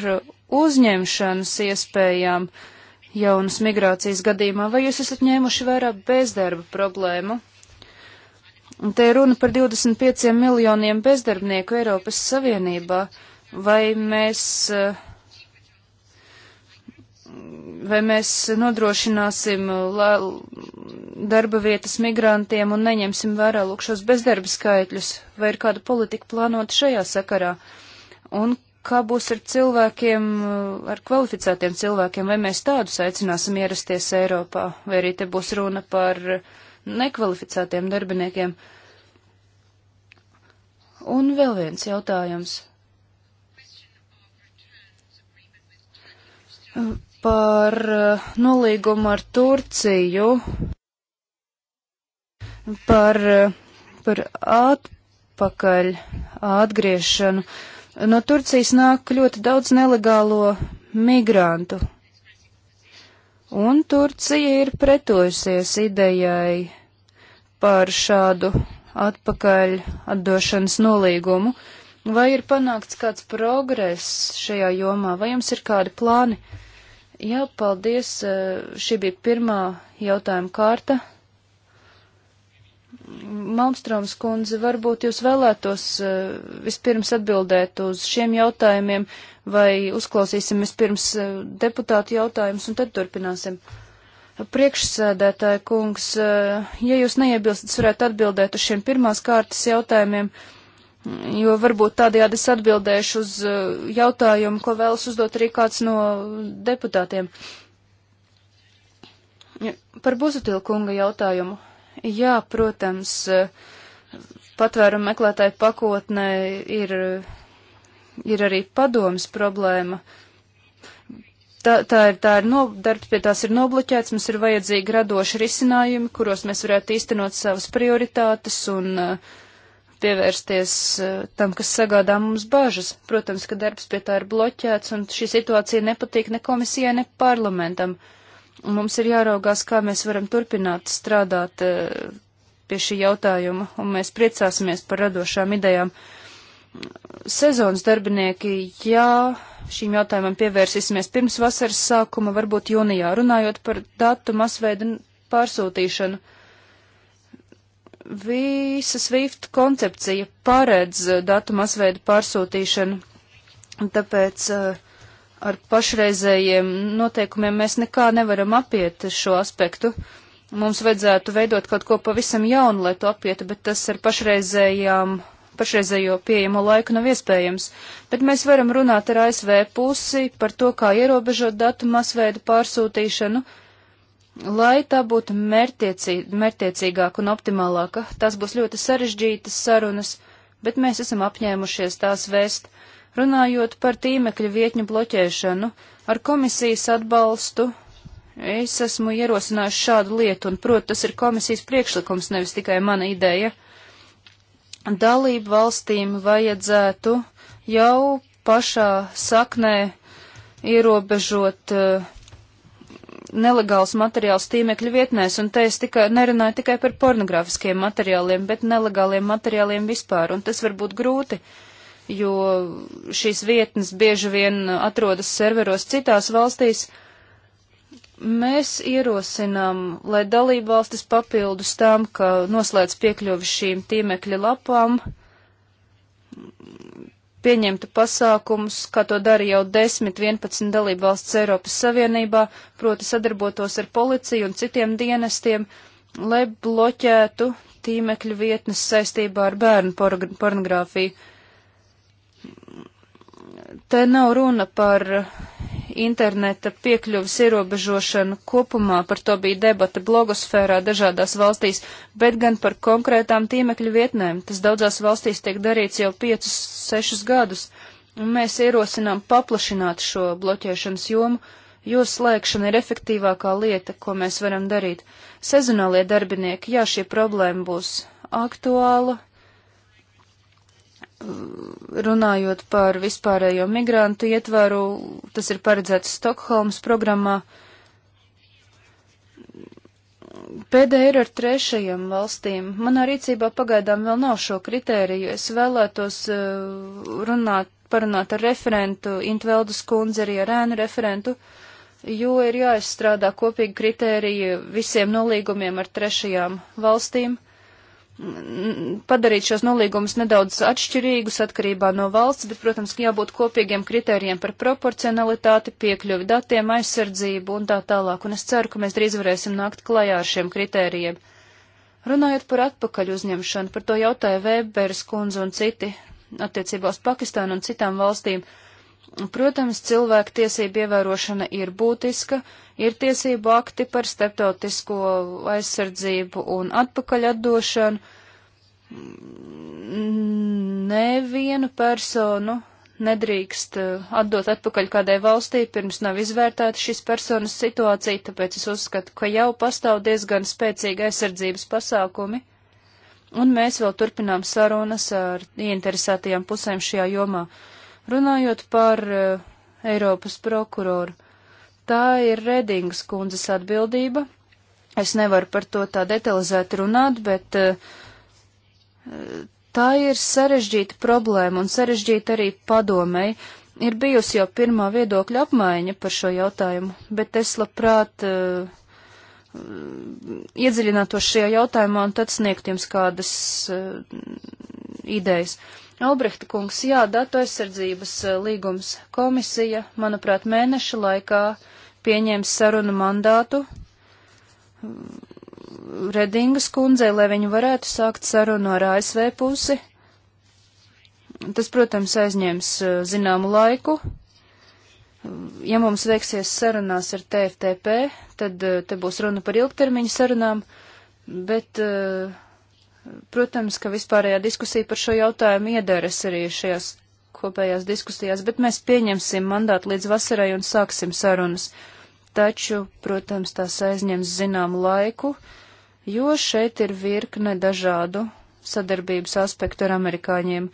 uzņemšanas iespējām jaunas migrācijas gadījumā, vai jūs esat ņēmuši vērā bezdarba problēmu? Un te ir runa par 25 miljoniem bezdarbnieku Eiropas Savienībā, vai mēs uh, vai mēs nodrošināsim la, darba vietas migrantiem un neņemsim vērā lūkšos bezdarba skaitļus, vai ir kāda politika plānota šajā sakarā? Un kā būs ar cilvēkiem, ar kvalificētiem cilvēkiem, vai mēs tādus aicināsim ierasties Eiropā, vai arī te būs runa par nekvalificētiem darbiniekiem? Un vēl viens jautājums par eh, nolīgumu ar Turciju, par, eh, par atpakaļ atgriešanu. No Turcijas nāk ļoti daudz nelegālo migrantu. Un Turcija ir pretojusies idejai par šādu atpakaļ atdošanas nolīgumu. Vai ir panākts kāds progress šajā jomā, vai jums ir kādi plāni? Jā, paldies. Eh, šī bija pirmā jautājuma kārta. Malmstroms kundze, varbūt jūs vēlētos eh, vispirms atbildēt uz šiem jautājumiem, vai uzklausīsim vispirms eh, deputātu jautājumus un tad turpināsim. Priekšsēdētāja kungs, ja jūs neiebilstat, varētu atbildēt uz šiem pirmās kārtas jautājumiem. Uh, jo varbūt tādējādi es atbildēšu uz eh, jautājumu, ko vēlas uzdot arī kāds no deputātiem. Par Buzutil kunga jautājumu. Jā, protams, eh, patvērumu meklētāju pakotnē ir, ir arī padomas problēma. Tā, tā ir, tā ir no, darbs pie tās ir nobloķēts, mums ir vajadzīgi radoši risinājumi, kuros mēs varētu īstenot savas prioritātes un uh, pievērsties eh, tam, kas sagādā mums bažas. Protams, ka darbs pie tā ir bloķēts, un šī situācija nepatīk ne komisijai, ne parlamentam. Un mums ir jāraugās, kā mēs varam turpināt strādāt eh, pie šī jautājuma, un mēs priecāsimies par radošām idejām. Sezonas darbinieki, jā, šīm jautājumam pievērsīsimies pirms vasaras sākuma, varbūt jūnijā, runājot par datu masveida pārsūtīšanu Visa SWIFT koncepcija paredz eh, datu masveidu pārsūtīšanu, tāpēc eh, ar pašreizējiem noteikumiem mēs nekā nevaram apiet šo aspektu. Mums vajadzētu veidot kaut ko pavisam jaunu, lai to apietu, bet tas ar pašreizējām pašreizējo pieejamo laiku nav iespējams, bet mēs varam runāt ar ASV pusi par to, kā ierobežot datu masveidu pārsūtīšanu, Lai tā būtu mērtiecīgāka un optimālāka, tās būs ļoti sarežģītas sarunas, bet mēs esam apņēmušies tās vēst. Runājot par tīmekļa vietņu bloķēšanu, ar komisijas atbalstu es esmu ierosinājis šādu lietu, un, protams, tas ir komisijas priekšlikums, nevis tikai mana ideja. Dalību valstīm vajadzētu jau pašā saknē ierobežot uh, nelegāls materiāls tīmekļa vietnēs, un te es tikai, nerunāju tikai par pornogrāfiskiem materiāliem, bet nelegāliem materiāliem vispār, un tas var būt grūti, jo šīs vietnes bieži vien atrodas serveros citās valstīs. Mēs ierosinām, lai dalība valstis papildus tam, ka noslēdz piekļuvi šīm tīmekļa lapām, pieņemtu pasākumus, kā to dara jau 10-11 dalībvalsts Eiropas Savienībā, proti sadarbotos ar policiju un citiem dienestiem, lai bloķētu tīmekļu vietnes saistībā ar bērnu pornogrāfiju. Te nav runa par interneta piekļuvas ierobežošanu kopumā, par to bija debata blogosfērā dažādās valstīs, bet gan par konkrētām tīmekļu vietnēm. Tas daudzās valstīs tiek darīts jau 5-6 gadus, un mēs ierosinām paplašināt šo bloķēšanas jomu, jo slēgšana ir efektīvākā lieta, ko mēs varam darīt. Sezonālie darbinieki, jā, šī problēma būs aktuāla, runājot par vispārējo migrantu ietvaru, tas ir paredzēts Stokholmas programmā. Pēdējā ir ar trešajiem valstīm. Manā rīcībā pagaidām vēl nav šo kritēriju. Es vēlētos eh, runāt, parunāt ar referentu, Intveldu skundzi arī ar ēnu referentu, jo ir jāizstrādā kopīgi kritēriji visiem nolīgumiem ar trešajām valstīm. Uh, padarīt šos nolīgumus nedaudz atšķirīgus atkarībā no valsts, bet, protams, ka jābūt kopīgiem kritērijiem par proporcionalitāti, piekļuvi datiem, aizsardzību un tā tālāk, un es ceru, ka mēs drīz varēsim nākt klajā ar šiem kritērijiem. Runājot par atpakaļ uzņemšanu, par to jautāja Vēberis kundze un citi attiecībā uz Pakistānu un citām valstīm. Uh, Protams, cilvēku tiesību ievērošana ir būtiska, ir tiesību akti par starptautisko aizsardzību un atpakaļ atdošanu. Nevienu personu nedrīkst eh, atdot atpakaļ kādai valstī, pirms nav izvērtēta šīs personas situācija, tāpēc es uzskatu, ka jau pastāv diezgan spēcīgi aizsardzības pasākumi, un mēs vēl turpinām sarunas ar ieinteresētajām pusēm šajā jomā. Uh, Runājot par uh, Eiropas prokuroru, tā ir Redingas kundzes atbildība. Es nevaru par to tā detalizēti runāt, bet uh, tā ir sarežģīta problēma un sarežģīta arī padomei. Ir bijusi jau pirmā viedokļa apmaiņa par šo jautājumu, bet es labprāt uh, iedziļinātos šajā jautājumā un tad sniegt jums kādas uh, idejas. Uh, Albrehta kungs, jā, datu aizsardzības eh, līgums komisija, manuprāt, mēneša laikā pieņēma sarunu mandātu mm, Redingas kundzei, lai viņi varētu sākt sarunu ar ASV pusi. Tas, protams, aizņems eh, zināmu laiku. Mm, ja mums veiksies sarunās ar TFTP, tad eh, te būs runa par ilgtermiņu sarunām, bet uh, Protams, ka vispārējā diskusija par šo jautājumu iederas arī šajās kopējās diskusijās, bet mēs pieņemsim mandātu līdz vasarai un sāksim sarunas. Taču, protams, tās aizņems zināmu laiku, jo šeit ir virkne dažādu sadarbības aspektu ar amerikāņiem,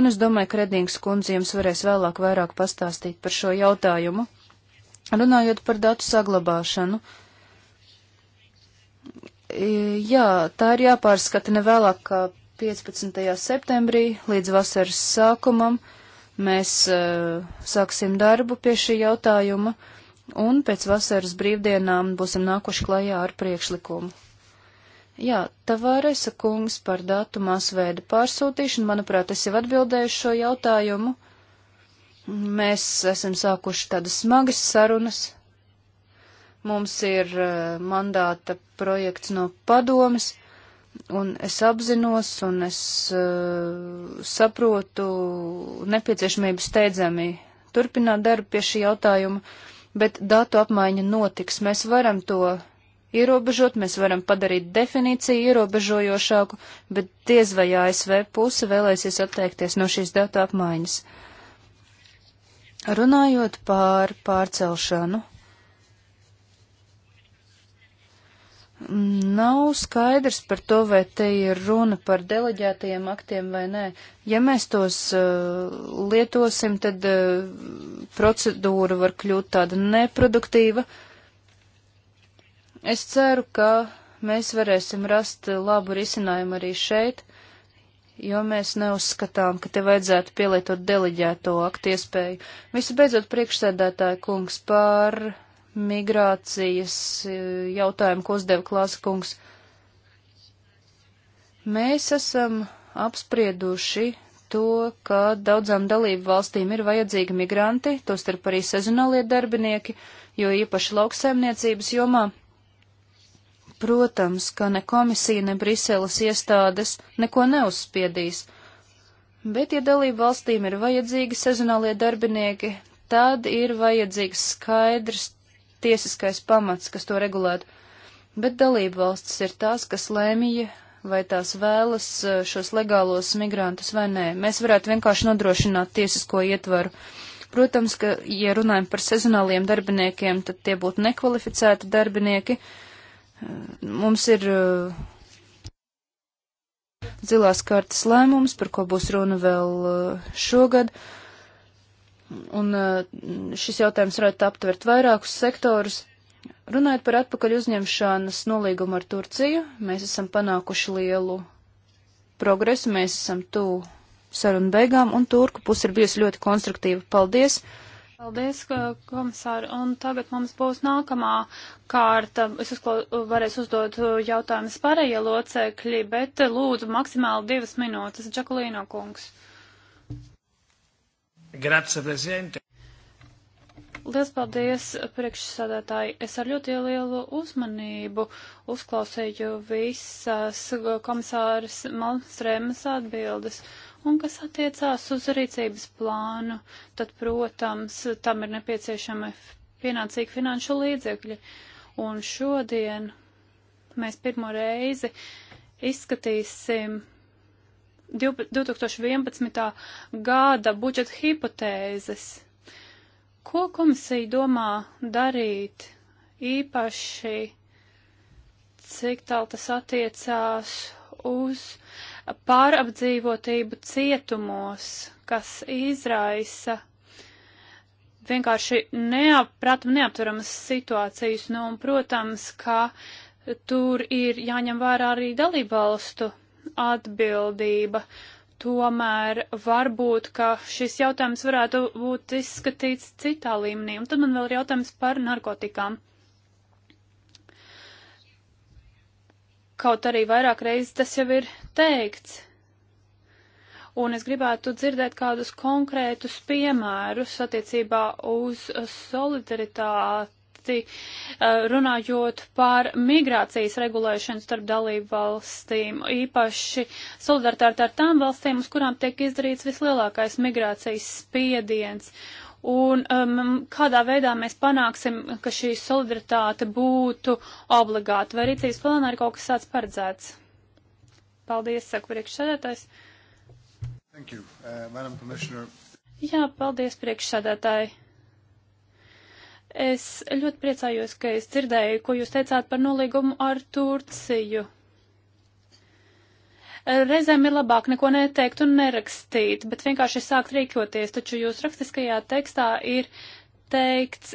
un es domāju, ka Redings kundze jums varēs vēlāk vairāk pastāstīt par šo jautājumu. Runājot par datu saglabāšanu, Jā, tā ir jāpārskata nevēlāk kā 15. septembrī līdz vasaras sākumam. Mēs uh, sāksim darbu pie šī jautājuma un pēc vasaras brīvdienām būsim nākuši klajā ar priekšlikumu. Jā, Tavāresa kungs par datu masveida pārsūtīšanu, manuprāt, es jau atbildēju šo jautājumu. Mēs esam sākuši tādas smagas sarunas. Mums ir uh, mandāta projekts no padomes, un es apzinos un es uh, saprotu nepieciešamību steidzami turpināt darbu pie šī jautājuma, bet datu apmaiņa notiks. Mēs varam to ierobežot, mēs varam padarīt definīciju ierobežojošāku, bet diez vai ASV puse vēlēsies atteikties no šīs datu apmaiņas. Runājot pār pārcelšanu. Nav skaidrs par to, vai te ir runa par deleģētajiem aktiem vai nē. Ja mēs tos uh, lietosim, tad uh, procedūra var kļūt tāda neproduktīva. Es ceru, ka mēs varēsim rast labu risinājumu arī šeit, jo mēs neuzskatām, ka te vajadzētu pielietot deleģēto aktu iespēju. Visu beidzot priekšsēdētāju kungs par migrācijas e, jautājumu, ko uzdeva Klāskungs. Mēs esam apsprieduši to, ka daudzām dalību valstīm ir vajadzīgi migranti, tostarp arī sezonālie darbinieki, jo īpaši lauksaimniecības jomā. Protams, ka ne komisija, ne Briseles iestādes neko neuzspiedīs, bet ja dalību valstīm ir vajadzīgi sezonālie darbinieki, tad ir vajadzīgs skaidrs tiesiskais pamats, kas to regulētu, bet dalību valstis ir tās, kas lēmīja, vai tās vēlas e, šos legālos migrantus vai nē. Mēs varētu vienkārši nodrošināt tiesisko ietvaru. Protams, ka, ja runājam par sezonāliem darbiniekiem, tad tie būtu nekvalificēti darbinieki. E, mums ir e, zilās kartas lēmums, par ko būs runa vēl šogad. Uh, Un uh, šis jautājums varētu aptvert vairākus sektorus. Runājot par atpakaļ uzņemšanas nolīgumu ar Turciju, mēs esam panākuši lielu progresu, mēs esam tuvu sarunu beigām, un Turku puse ir bijusi ļoti konstruktīva. Paldies! Paldies, komisāri! Un tagad mums būs nākamā kārta. Es uzklo, varēs uzdot uh, jautājumus pārējie locekļi, bet uh, lūdzu maksimāli divas minūtes. Džakulīno kungs. Uh, Grazie, prezidente. Liels paldies, priekšsādātāji. Es ar ļoti lielu uzmanību uzklausīju visas komisāras Malmstrēmas atbildes. Un kas attiecās uz rīcības plānu, tad, protams, tam ir nepieciešama pienācīga finanšu līdzekļi. Un šodien mēs pirmo reizi izskatīsim 2011. gada budžeta hipotēzes. Ko komisija domā darīt īpaši, cik tālu tas attiecās uz pārapdzīvotību cietumos, kas izraisa vienkārši neappratam, neaptveramas situācijas, nu, un, protams, ka tur ir jāņem vērā arī dalībvalstu atbildība. Tomēr varbūt, ka šis jautājums varētu būt izskatīts citā līmenī. Un tad man vēl ir jautājums par narkotikām. Kaut arī vairāk reizes tas jau ir teikts. Un es gribētu dzirdēt kādus konkrētus piemērus attiecībā uz solidaritāti īpaši eh, runājot par migrācijas regulēšanu starp dalību valstīm, īpaši solidaritāti ar tām valstīm, uz kurām tiek izdarīts vislielākais migrācijas spiediens. Un um, kādā veidā mēs panāksim, ka šī solidaritāte būtu obligāta? Vai rīcības plānā ir kaut kas tāds paredzēts? Paldies, saku priekšsēdētājs. Thank you, uh, Madam Commissioner. Jā, paldies priekšsēdētāji. Es ļoti priecājos, ka es dzirdēju, ko jūs teicāt par nolīgumu ar Turciju. Reizēm ir labāk neko neteikt un nerakstīt, bet vienkārši sākt rīkoties, taču jūs rakstiskajā tekstā ir teikts,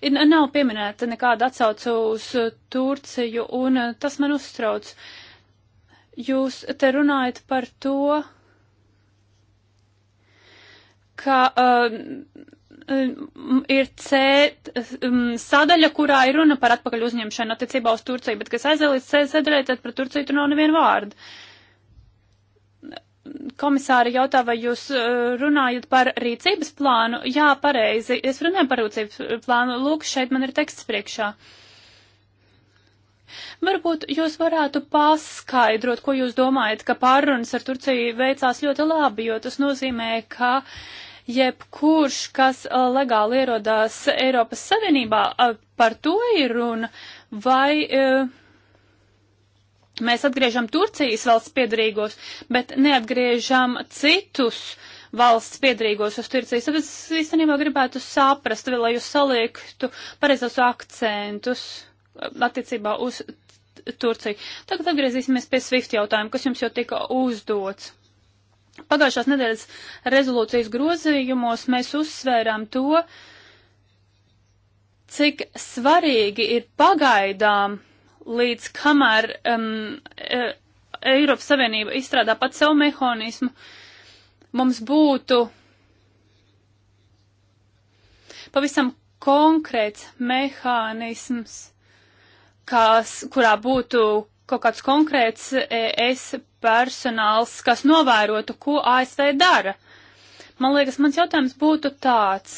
ir, nav pieminēta nekāda atsaucu uz Turciju, un tas man uztrauc. Jūs te runājat par to, ka uh, Um, ir C um, sadaļa, kurā ir runa par atpakaļ uzņemšanu attiecībā uz Turciju, bet kas aiziet līdz C sadaļai, tad par Turciju tur nav neviena vārda. Komisāri jautā, vai jūs uh, runājat par rīcības plānu? Jā, pareizi. Es runāju par rīcības plānu. Lūk, šeit man ir teksts priekšā. Varbūt jūs varētu paskaidrot, ko jūs domājat, ka pārunas ar Turciju veicās ļoti labi, jo tas nozīmē, ka uh, jebkurš, kas legāli ierodās Eiropas Savienībā, par to ir runa, vai mēs atgriežam Turcijas valsts piedarīgos, bet neatgriežam citus valsts piedarīgos uz Turcijas. Tad es īstenībā gribētu saprast, vai, lai jūs saliektu pareizos akcentus attiecībā uz Turciju. Tagad atgriezīsimies pie Swift jautājuma, kas jums jau tika uzdots. Pagājušās nedēļas rezolūcijas grozījumos mēs uzsvērām to, cik svarīgi ir pagaidām, līdz kamēr um, e, Eiropas Savienība izstrādā pat savu mehānismu, mums būtu pavisam konkrēts mehānisms, kas, kurā būtu kaut kāds konkrēts es personāls, kas novērotu, ko ASV dara. Man liekas, mans jautājums būtu tāds.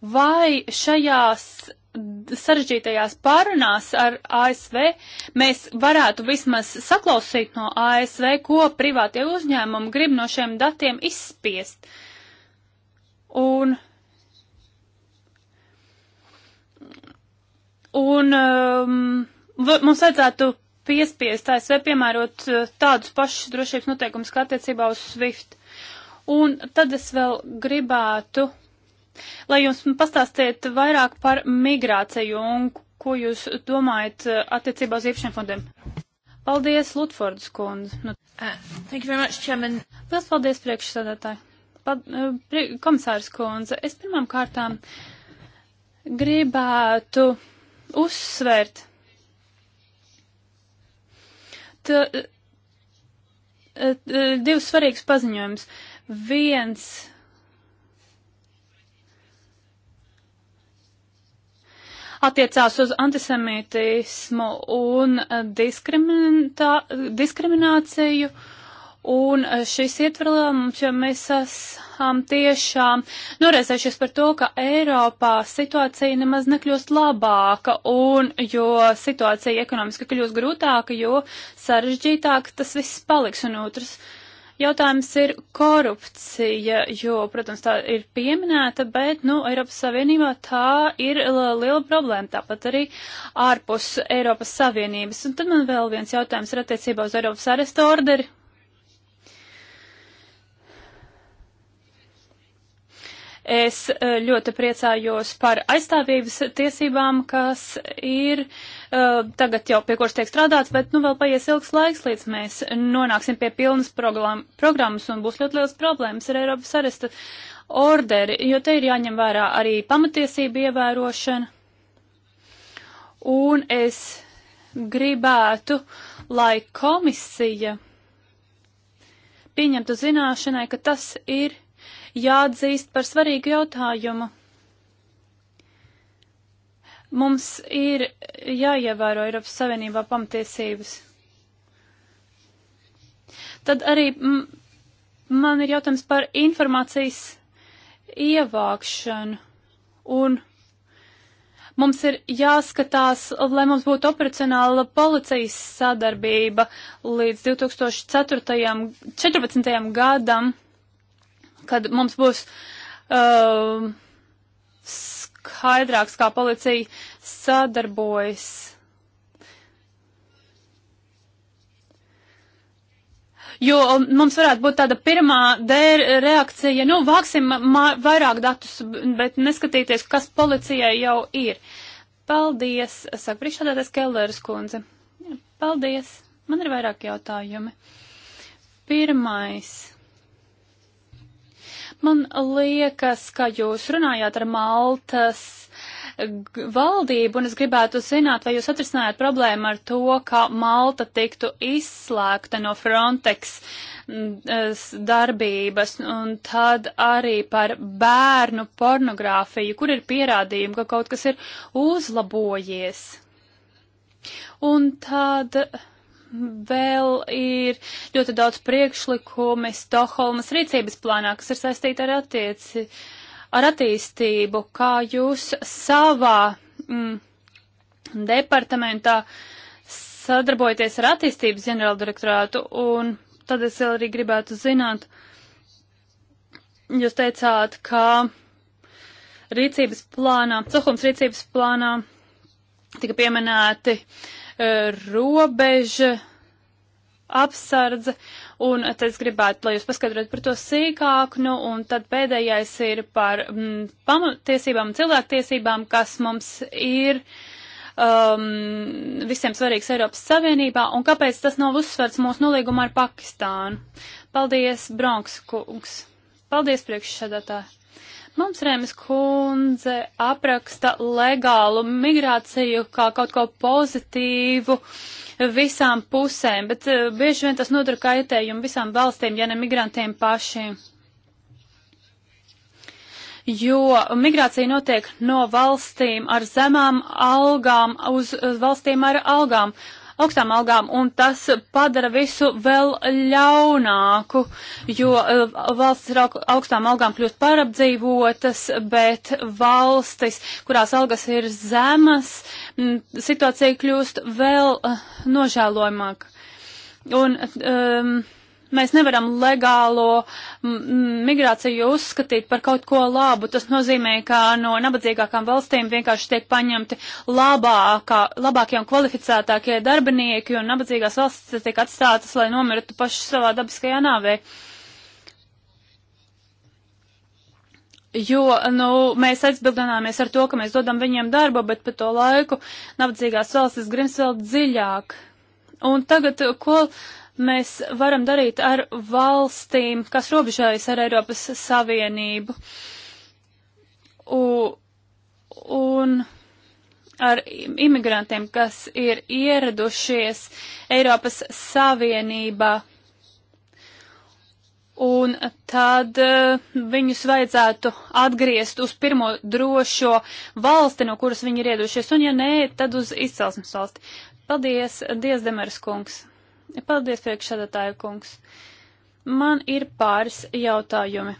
Vai šajās sarežģītajās pārunās ar ASV mēs varētu vismaz saklausīt no ASV, ko privātie uzņēmumi grib no šiem datiem izspiest? Un Un um, mums vajadzētu piespiest ASV piemērot eh, tādus pašus drošības noteikumus kā attiecībā uz SWIFT. Un tad es vēl gribētu, lai jums pastāstiet vairāk par migrāciju un ko jūs domājat eh, attiecībā uz iepšiem fondiem. Paldies, Lutfords kundze. Nu, uh, thank you very much, Chairman. Liels paldies, priekšsādātāji. Pad, eh, prie, komisārs kundze, es pirmām kārtām gribētu uzsvērt Eh, eh, eh, divus svarīgus paziņojumus. Viens. Attiecās uz antisemītismu un diskrimināciju Un eh, šis ietverlēmums, jo mēs esam tiešām norēzējušies par to, ka Eiropā situācija nemaz nekļūst labāka, un jo situācija ekonomiski kļūst grūtāka, jo sarežģītāk tas viss paliks. Un otrs jautājums ir korupcija, jo, protams, tā ir pieminēta, bet, nu, Eiropas Savienībā tā ir liela problēma, tāpat arī ārpus Eiropas Savienības. Un tad man vēl viens jautājums ir attiecībā uz Eiropas arestu orderi Es e, ļoti priecājos par aizstāvības tiesībām, kas ir uh, tagad jau pie kuras tiek strādāts, bet nu vēl paies ilgs laiks, līdz mēs nonāksim pie pilnas program programmas un būs ļoti liels problēmas ar Eiropas aresta orderi, jo te ir jāņem vērā arī pamatiesība ievērošana. Un es gribētu, lai komisija pieņemtu zināšanai, ka tas ir jāatzīst par svarīgu jautājumu. Mums ir jāievēro Eiropas Savienībā pamatiesības. Tad arī man ir jautājums par informācijas ievākšanu un mums ir jāskatās, lai mums būtu operacionāla policijas sadarbība līdz 2014. gadam kad mums būs uh, skaidrāks, kā policija sadarbojas. Jo mums varētu būt tāda pirmā D reakcija, nu, vāksim vairāk datus, bet neskatīties, kas policijai jau ir. Paldies, saka priekšādātais Kelleris kundze. Paldies, man ir vairāk jautājumi. Pirmais Man liekas, ka jūs runājāt ar Maltas valdību, un es gribētu zināt, vai jūs atrisinājāt problēmu ar to, ka Malta tiktu izslēgta no Frontex mm, darbības, un tad arī par bērnu pornogrāfiju, kur ir pierādījumi, ka kaut kas ir uzlabojies. Un tad. Tāda Vēl ir ļoti daudz priekšlikumu Stokholmas rīcības plānā, kas ir saistīti ar, attieci, ar attīstību, kā jūs savā mm, departamentā sadarbojaties ar attīstības ģenerāldirektorātu, un tad es vēl arī gribētu zināt, jūs teicāt, ka rīcības plānā, Stokholmas rīcības plānā tika pieminēti uh, robeža apsardze, un tad es gribētu, lai jūs paskatrot par to sīkāk, nu, un tad pēdējais ir par mm, pamatiesībām un cilvēktiesībām, kas mums ir um, visiem svarīgs Eiropas Savienībā, un kāpēc tas nav uzsverts mūsu nolīgumā ar Pakistānu. Paldies, Bronks kungs! Paldies, priekšsēdētāji! Mums Rēmas kundze apraksta legālu migrāciju kā kaut ko pozitīvu visām pusēm, bet eh, bieži vien tas nodara kaitējumu visām valstīm, ja ne migrantiem pašiem. Jo migrācija notiek no valstīm ar zemām algām uz valstīm ar algām. Uh, augstām algām, un tas padara visu vēl ļaunāku, jo eh, valstis ar augstām algām kļūst parapdzīvotas, bet valstis, kurās algas ir zemas, situācija kļūst vēl eh, nožēlojamāka. Un, um, Mēs nevaram legālo migrāciju uzskatīt par kaut ko labu. Tas nozīmē, ka no nabadzīgākām valstīm vienkārši tiek paņemti labākā, labākie un kvalificētākie darbinieki, un nabadzīgās valstis tiek atstātas, lai nomirtu paši savā dabiskajā nāvē. Jo nu, mēs aizbildināmies ar to, ka mēs dodam viņiem darbu, bet pa to laiku nabadzīgās valstis grims vēl dziļāk. Un tagad, ko mēs varam darīt ar valstīm, kas robežojas ar Eiropas Savienību U, un ar imigrantiem, kas ir ieradušies Eiropas Savienībā. Un tad uh, viņus vajadzētu atgriezt uz pirmo drošo valsti, no kuras viņi ir iedušies, un ja nē, tad uz izcelsmes valsti. Paldies, Dievs Demers kungs! Paldies, priekšsēdētāja kungs. Man ir pāris jautājumi.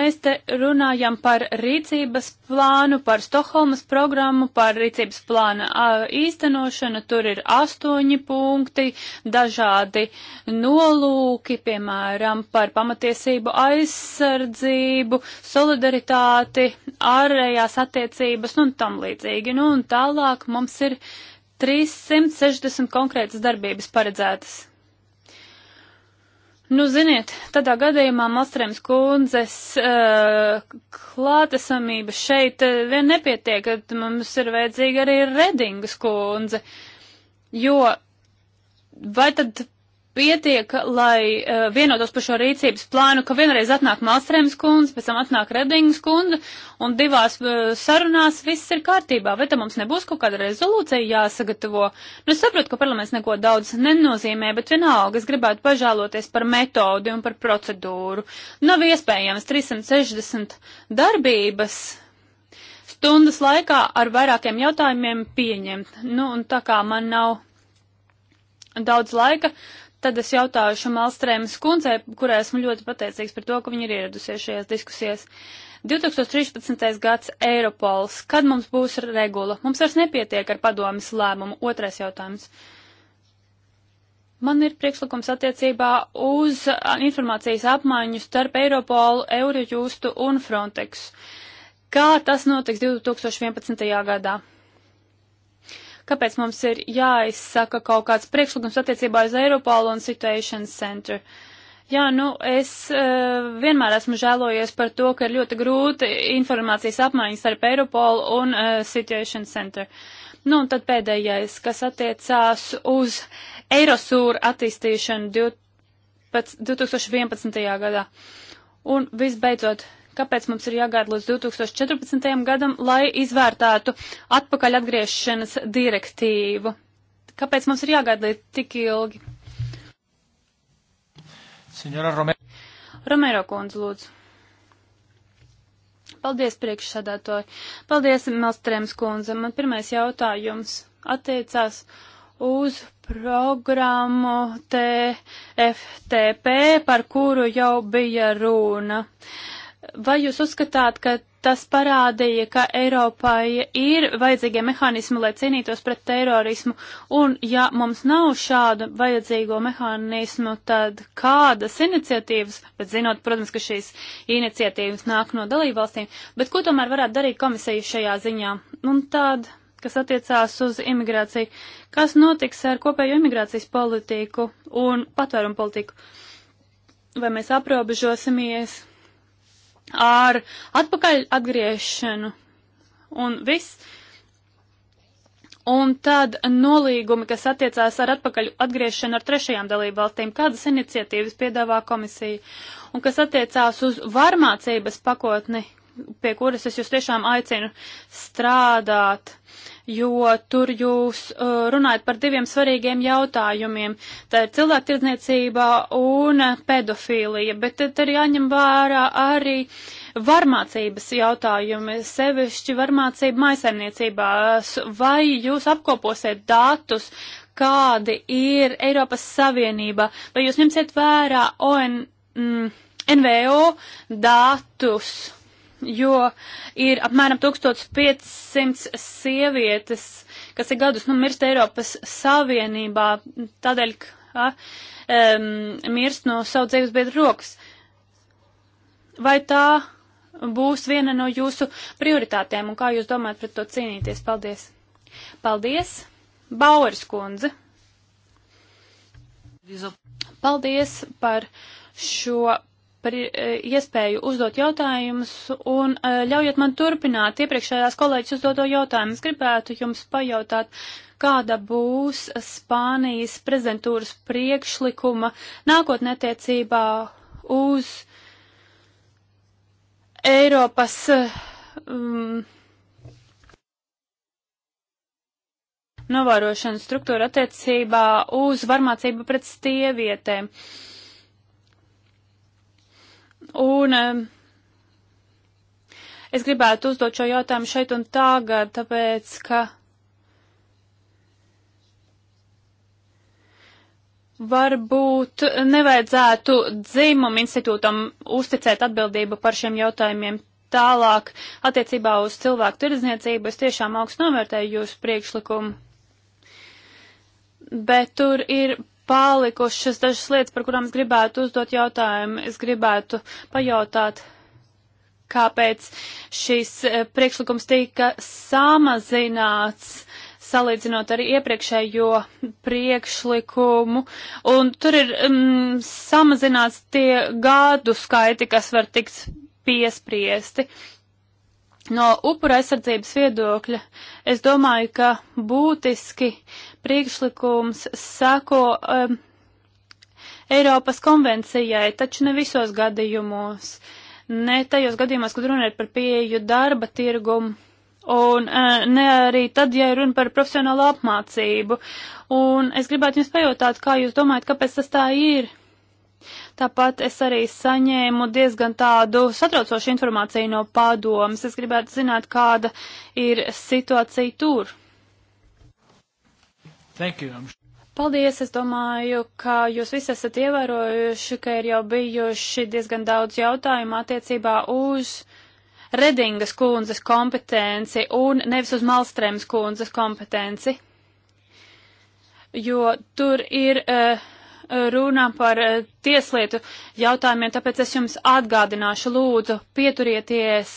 Mēs te runājam par rīcības plānu, par Stokholmas programmu, par rīcības plāna īstenošanu. Tur ir astoņi punkti, dažādi nolūki, piemēram, par pamatiesību aizsardzību, solidaritāti, ārējās attiecības nu, un tam līdzīgi. Nu, un tālāk mums ir 360 konkrētas darbības paredzētas. Nu, ziniet, tādā gadījumā Mastrēms kundzes uh, klātesamība šeit eh, vien nepietiek, tad mums ir vajadzīga arī Redingas kundze, jo vai tad pietiek, lai uh, vienotos par šo rīcības plānu, ka vienreiz atnāk Malstrēmas kundze, pēc tam atnāk Redingas kundze, un divās uh, sarunās viss ir kārtībā. Vai tam mums nebūs kaut kāda rezolūcija jāsagatavo? Nu, es saprotu, ka parlaments neko daudz nenozīmē, bet vienalga es gribētu pažāloties par metodi un par procedūru. Nav iespējams 360 darbības stundas laikā ar vairākiem jautājumiem pieņemt. Nu, un tā kā man nav daudz laika, Tad es jautājušu Malstrēmas kundzei, kurai esmu ļoti pateicīgs par to, ka viņi ir ieradusies šajās diskusijās. 2013. gads Eiropols. Kad mums būs regula? Mums vairs nepietiek ar padomis lēmumu. Otrais jautājums. Man ir priekšlikums attiecībā uz informācijas apmaiņu starp Eiropolu, Eurojustu un Frontex. Kā tas notiks 2011. gadā? kāpēc mums ir jāizsaka kaut kāds priekšlikums attiecībā uz Eiropolu un Situation Center. Jā, nu es uh, vienmēr esmu žēlojies par to, ka ir ļoti grūti informācijas apmaiņas starp Eiropolu un uh, Situation Center. Nu un tad pēdējais, kas attiecās uz Eirosūra attīstīšanu 2011. gadā. Un visbeidzot, kāpēc mums ir jāgaida līdz 2014. gadam, lai izvērtētu atpakaļ atgriešanas direktīvu? Kāpēc mums ir jāgaida līdz tik ilgi? Senjora Romero. Romero kundze, lūdzu. Paldies priekšsādātoji. Paldies, Melstrēms kundze. Man pirmais jautājums attiecās uz programmu TFTP, par kuru jau bija runa. Uh, Vai jūs uzskatāt, ka tas parādīja, ka Eiropai ir vajadzīgie mehānismi, lai cīnītos pret terorismu, un ja mums nav šādu vajadzīgo mehānismu, tad kādas iniciatīvas, bet zinot, protams, ka šīs iniciatīvas nāk no dalībvalstīm, bet ko tomēr varētu darīt komisija šajā ziņā? Un tad, kas attiecās uz imigrāciju, kas notiks ar kopējo imigrācijas politiku un patvērumu politiku? Vai mēs aprobežosimies? ar atpakaļ atgriešanu un viss. Un tad nolīgumi, kas attiecās ar atpakaļ atgriešanu ar trešajām dalību valstīm, kādas iniciatīvas piedāvā komisija, un kas attiecās uz varmācības pakotni, pie kuras es jūs tiešām aicinu strādāt, jo tur jūs uh, runājat par diviem svarīgiem jautājumiem. Tā ir cilvēktirdzniecība un pedofīlija, bet tad ir jāņem vērā arī varmācības jautājumi, sevišķi varmācība maisaimniecībās. Vai jūs apkoposiet datus, kādi ir Eiropas Savienība, vai jūs ņemsiet vērā ON, mm, NVO datus? jo ir apmēram 1500 sievietes, kas ir gadus nu, mirst Eiropas Savienībā, tādēļ, ka um, mirst no savu dzīves biedru rokas. Vai tā būs viena no jūsu prioritātēm un kā jūs domājat pret to cīnīties? Paldies! Paldies! Bauers kundze! Paldies par šo par e, iespēju uzdot jautājumus un e, ļaujiet man turpināt iepriekšējās kolēģis uzdoto jautājumu. Es gribētu jums pajautāt, kāda būs Spānijas prezidentūras priekšlikuma nākotnē tiecībā uz Eiropas. Um, Novērošanas struktūra attiecībā uz varmācību pret sievietēm. Uh, Un es gribētu uzdot šo jautājumu šeit un tagad, tāpēc, ka varbūt nevajadzētu dzimumu institūtam uzticēt atbildību par šiem jautājumiem tālāk attiecībā uz cilvēku tirdzniecību. Es tiešām augstu novērtēju jūsu priekšlikumu. Bet tur ir palikušas dažas lietas, par kurām es gribētu uzdot jautājumu. Es gribētu pajautāt, kāpēc šīs eh, priekšlikums tika samazināts salīdzinot ar iepriekšējo priekšlikumu, un tur ir um, samazināts tie gādu skaiti, kas var tikt piespriesti. Uh, No upura aizsardzības viedokļa es domāju, ka būtiski priekšlikums sako um, Eiropas konvencijai, taču ne visos gadījumos. Ne tajos gadījumos, kad runa ir par pieeju darba tirgumu, un uh, ne arī tad, ja runa par profesionālu apmācību. Un es gribētu jums pajautāt, kā jūs domājat, kāpēc tas tā ir? Tāpat es arī saņēmu diezgan tādu satraucošu informāciju no padomas. Es gribētu zināt, kāda ir situācija tur. Thank you. Paldies, es domāju, ka jūs visi esat ievērojuši, ka ir jau bijuši diezgan daudz jautājumu attiecībā uz Redingas kundzes kompetenci un nevis uz Malstrēmas kundzes kompetenci, jo tur ir uh, runā par eh, tieslietu jautājumiem, tāpēc es jums atgādināšu, lūdzu, pieturieties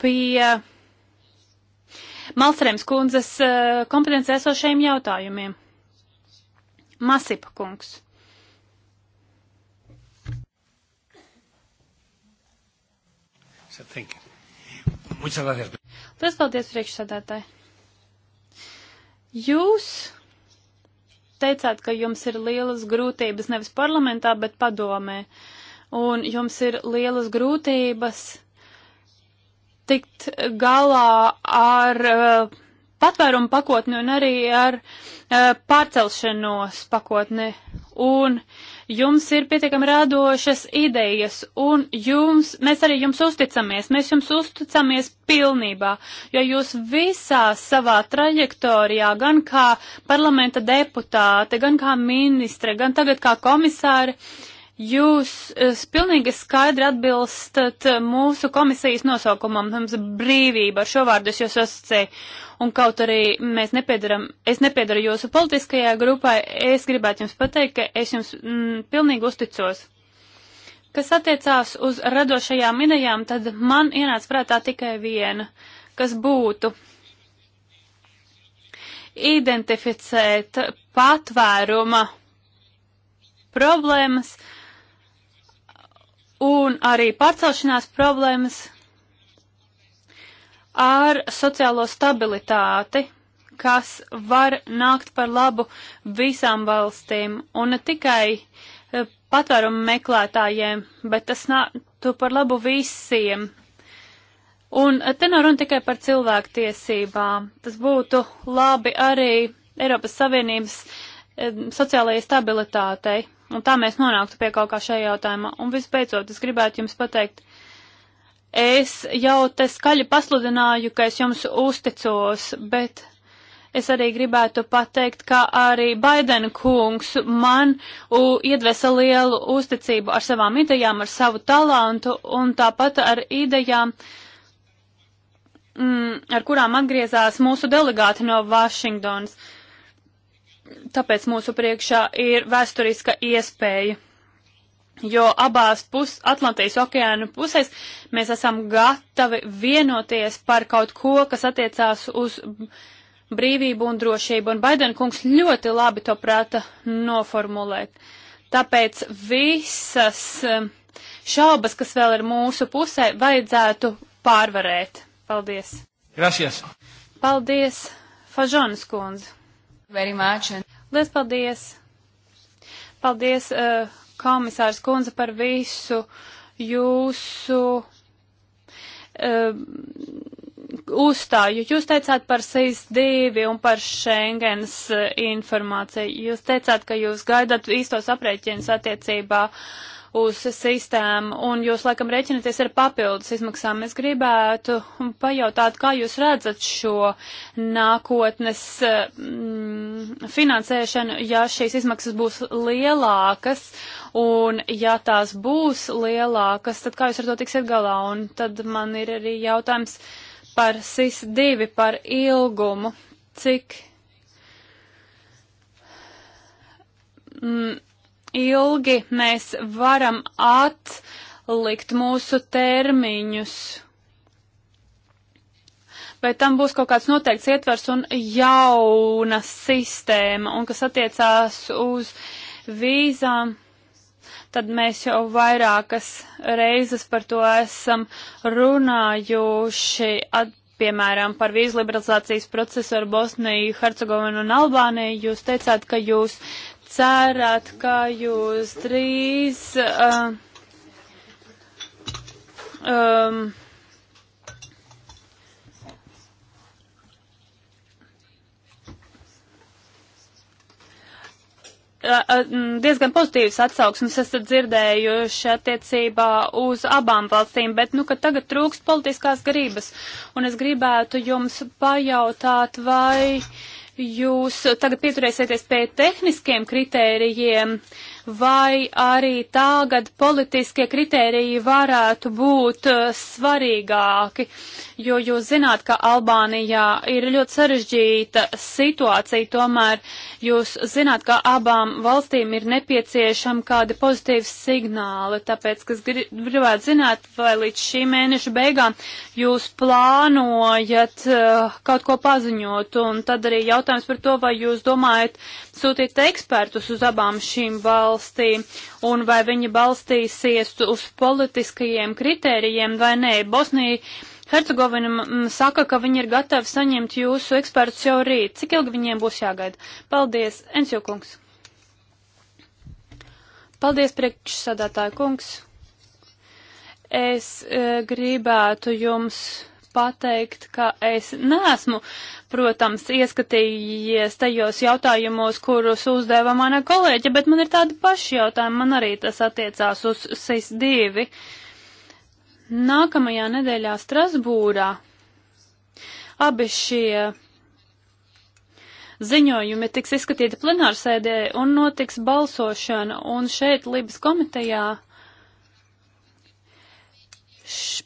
pie Malstrēms kundzes eh, kompetenci esošajiem jautājumiem. Masipa kungs. Liels paldies priekšsādātāji. Jūs teicāt, ka jums ir lielas grūtības nevis parlamentā, bet padomē. Un jums ir lielas grūtības tikt galā ar uh, patvērumu pakotni un arī ar uh, pārcelšanos pakotni un jums ir pietiekami radošas idejas, un jums, mēs arī jums uzticamies, mēs jums uzticamies pilnībā, jo jūs visā savā trajektorijā, gan kā parlamenta deputāte, gan kā ministre, gan tagad kā komisāri, uh, Jūs pilnīgi skaidri atbilstat mūsu komisijas nosaukumam, mums brīvība, ar šo vārdu es jūs asociēju. Un kaut arī mēs nepiedaram, es nepiedaru jūsu politiskajā grupai, es gribētu jums pateikt, ka es jums mm, pilnīgi uzticos. Kas attiecās uz radošajām idejām, tad man ienāca prātā tikai viena, kas būtu identificēt patvēruma problēmas, uh, un arī pārcelšanās problēmas ar sociālo stabilitāti, kas var nākt par labu visām valstīm un ne tikai eh, patvērumu meklētājiem, bet tas nāktu par labu visiem. Un eh, te nav runa tikai par cilvēktiesībām. Tas būtu labi arī Eiropas Savienības eh, sociālajai stabilitātei. Un tā mēs nonāktu pie kaut kā šajā jautājumā. Un visbeidzot, es gribētu jums pateikt, es jau te skaļi pasludināju, ka es jums uzticos, bet es arī gribētu pateikt, ka arī Baidena kungs man u, iedvesa lielu uzticību ar savām idejām, ar savu talantu un tāpat ar idejām, mm, ar kurām atgriezās mūsu delegāti no Vašingtonas. Uh, tāpēc mūsu priekšā ir vēsturiska iespēja. Jo abās pus, Atlantijas okeāna pusēs mēs esam gatavi vienoties par kaut ko, kas attiecās uz brīvību un drošību, un Baidena kungs ļoti labi to prāta noformulēt. Tāpēc visas eh, šaubas, kas vēl ir mūsu pusē, vajadzētu pārvarēt. Paldies! Gracias! Paldies, Fažonas kundze! Very much. And... Lies paldies! Paldies, uh, komisārs Kunze, par visu jūsu uh, uzstāju. Jūs teicāt par SIS-2 un par Schengens uh, informāciju. Jūs teicāt, ka jūs gaidat īstos aprēķinus attiecībā uz sistēmu, un jūs laikam rēķinaties ar papildus izmaksām. Es gribētu pajautāt, kā jūs redzat šo nākotnes mm, finansēšanu, ja šīs izmaksas būs lielākas, un ja tās būs lielākas, tad kā jūs ar to tiksiet galā? Un tad man ir arī jautājums par SIS-2, par ilgumu. Cik mm, ilgi mēs varam atlikt mūsu termiņus. Vai tam būs kaut kāds noteikts ietvers un jauna sistēma, un kas attiecās uz vīzām? tad mēs jau vairākas reizes par to esam runājuši, at, piemēram, par vīzu liberalizācijas procesu ar Bosniju, Hercegovinu un Albāniju. Jūs teicāt, ka jūs cerat, ka jūs drīz uh, um, uh, uh, diezgan pozitīvas atsauksmes esat dzirdējuši attiecībā uz abām valstīm, bet nu, ka tagad trūkst politiskās garības. Un es gribētu jums pajautāt, vai Jūs tagad pieturēsieties pie tehniskiem kritērijiem. Uh, vai arī tagad politiskie kritēriji varētu būt uh, svarīgāki, jo jūs zināt, ka Albānijā ir ļoti sarežģīta situācija, tomēr jūs zināt, ka abām valstīm ir nepieciešami kādi pozitīvi signāli, tāpēc, kas grib, gribētu zināt, vai līdz šī mēneša beigām jūs plānojat uh, kaut ko paziņot, un tad arī jautājums par to, vai jūs domājat sūtīt ekspertus uz abām šīm valstīm valstī, un vai viņi balstīsies uz politiskajiem kritērijiem vai nē. Bosnija Hercegovina saka, ka viņi ir gatavi saņemt jūsu ekspertus jau rīt. Cik ilgi viņiem būs jāgaida? Paldies, Ensio kungs. Paldies, priekšsādātāja kungs. Es e, gribētu jums pateikt, ka es neesmu, protams, ieskatījies tajos jautājumos, kurus uzdeva mana kolēģe, bet man ir tādi paši jautājumi, man arī tas attiecās uz SIS-2. Nākamajā nedēļā Strasbūrā abi šie ziņojumi tiks izskatīti plenārsēdē un notiks balsošana, un šeit Libas komitejā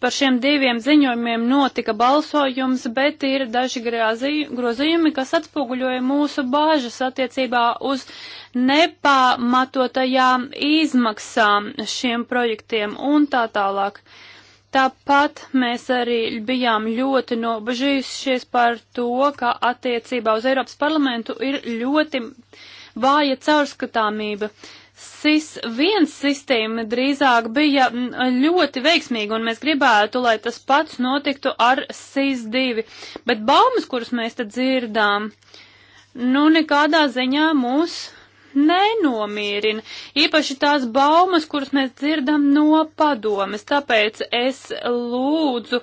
par šiem diviem ziņojumiem notika balsojums, bet ir daži grozījumi, kas atspoguļoja mūsu bāžas attiecībā uz nepamatotajām izmaksām šiem projektiem un tā tālāk. Tāpat mēs arī bijām ļoti nobežījušies par to, ka attiecībā uz Eiropas parlamentu ir ļoti vāja caurskatāmība. Uh, SIS viens sistēma drīzāk bija mm, ļoti veiksmīga, un mēs gribētu, lai tas pats notiktu ar SIS divi. Bet baumas, kuras mēs te dzirdām, nu nekādā ziņā mūs nenomierina. Īpaši tās baumas, kuras mēs dzirdam no padomes. Tāpēc es lūdzu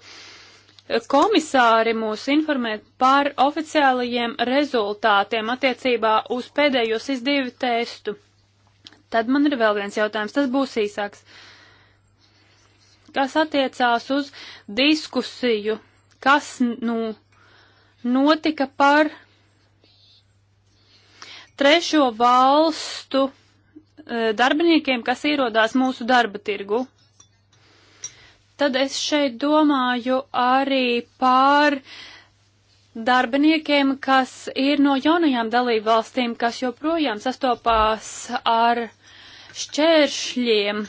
komisāri mūs informēt par oficiālajiem rezultātiem attiecībā uz pēdējo SIS divi testu. Tad man ir vēl viens jautājums, tas būs īsāks. Kas attiecās uz diskusiju, kas nu notika par trešo valstu e, darbiniekiem, kas ierodās mūsu darba tirgu. Tad es šeit domāju arī par darbiniekiem, kas ir no jaunajām dalību valstīm, kas joprojām sastopās ar šķēršļiem,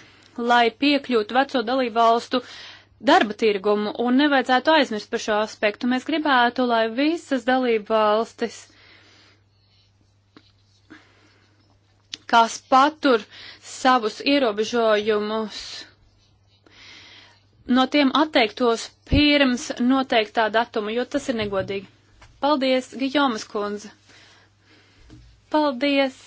lai piekļūtu veco dalību valstu darba tirgumu, un nevajadzētu aizmirst par šo aspektu. Mēs gribētu, lai visas dalību valstis, kas patur savus ierobežojumus, no tiem atteiktos pirms noteiktā datuma, jo tas ir negodīgi. Paldies, Gijomas kundze! Paldies!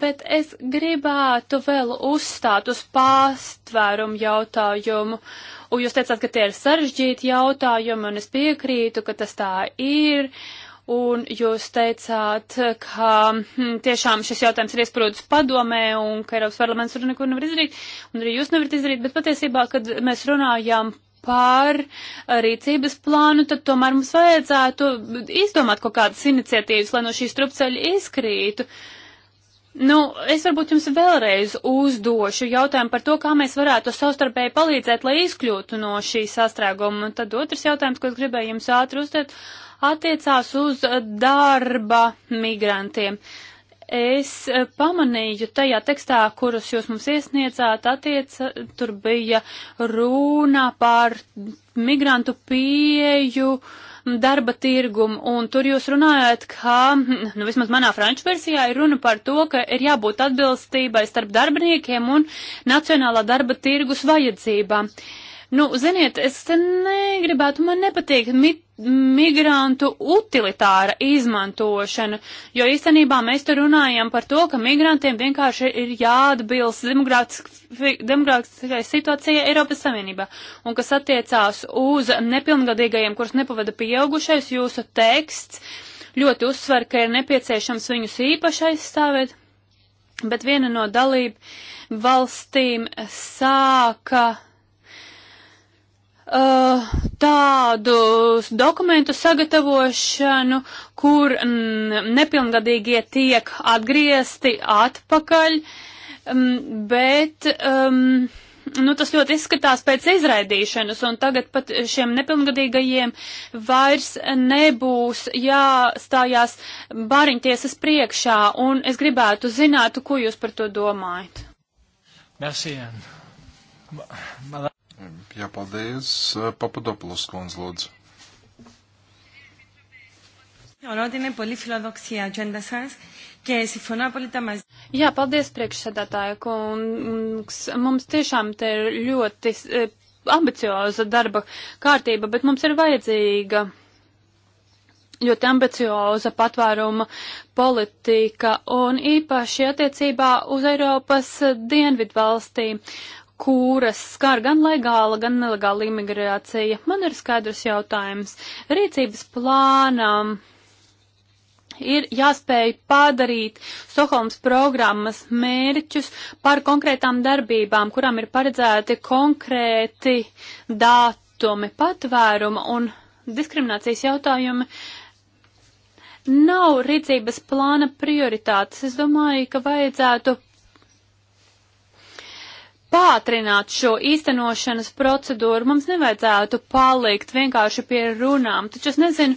bet es gribētu vēl uzstāt uz pāstvērumu jautājumu. Un jūs teicāt, ka tie ir sarežģīti jautājumi, un es piekrītu, ka tas tā ir. Un jūs teicāt, ka hm, tiešām šis jautājums ir iesprūdis padomē un ka Eiropas parlaments tur neko nevar izdarīt, un arī jūs nevarat izdarīt, bet patiesībā, kad mēs runājām par rīcības plānu, tad tomēr mums vajadzētu izdomāt kaut kādas iniciatīvas, lai no šīs trupceļa izkrītu. Uh, Nu, es varbūt jums vēlreiz uzdošu jautājumu par to, kā mēs varētu savstarpēji palīdzēt, lai izkļūtu no šī sastrēguma. Un tad otrs jautājums, ko es gribēju jums ātri uzdot, attiecās uz darba migrantiem. Es eh, pamanīju tajā tekstā, kurus jūs mums iesniedzāt, attiec, tur bija runa par migrantu pieju uh, darba tirgumu, un tur jūs runājat, ka, nu vismaz manā franču versijā ir runa par to, ka ir jābūt atbilstībai starp darbiniekiem un nacionālā darba tirgus vajadzībām. Uh, Nu, ziniet, es te negribētu, man nepatīk mi migrantu utilitāra izmantošana, jo īstenībā mēs te runājam par to, ka migrantiem vienkārši ir jāatbilst demogrāfiskai situācijai Eiropas Savienībā. Un kas attiecās uz nepilngadīgajiem, kurus nepavada pieaugušais, jūsu teksts ļoti uzsver, ka ir nepieciešams viņus īpaši aizstāvēt, bet viena no dalību valstīm sāka Uh, tādu dokumentu sagatavošanu, kur mm, nepilngadīgie tiek atgriezti atpakaļ, mm, bet mm, nu, tas ļoti izskatās pēc izraidīšanas, un tagad pat šiem nepilngadīgajiem vairs nebūs jāstājās bāriņtiesas priekšā, un es gribētu zināt, ko jūs par to domājat. Merci, Anne. Jā, paldies. Eh, Papadopoulos kundze, lūdzu. Θεωρώ ότι είναι πολύ φιλοδοξία η ατζέντα σα και συμφωνώ απόλυτα μαζί. Jā, paldies priekšsēdētāja kungs. Mums tiešām te ir ļoti eh, ambicioza darba kārtība, bet mums ir vajadzīga ļoti ambicioza patvēruma politika un īpaši attiecībā uz Eiropas dienvidu valstīm. Uh, kuras skar gan legāla, gan nelegāla imigrācija. Man ir skaidrs jautājums. Rīcības plānām ir jāspēj padarīt Stokholmas programmas mērķus par konkrētām darbībām, kurām ir paredzēti konkrēti datumi, patvēruma un diskriminācijas jautājumi. Nav rīcības plāna prioritātes. Es domāju, ka vajadzētu pātrināt šo īstenošanas procedūru. Mums nevajadzētu palikt vienkārši pie runām. Taču es nezinu,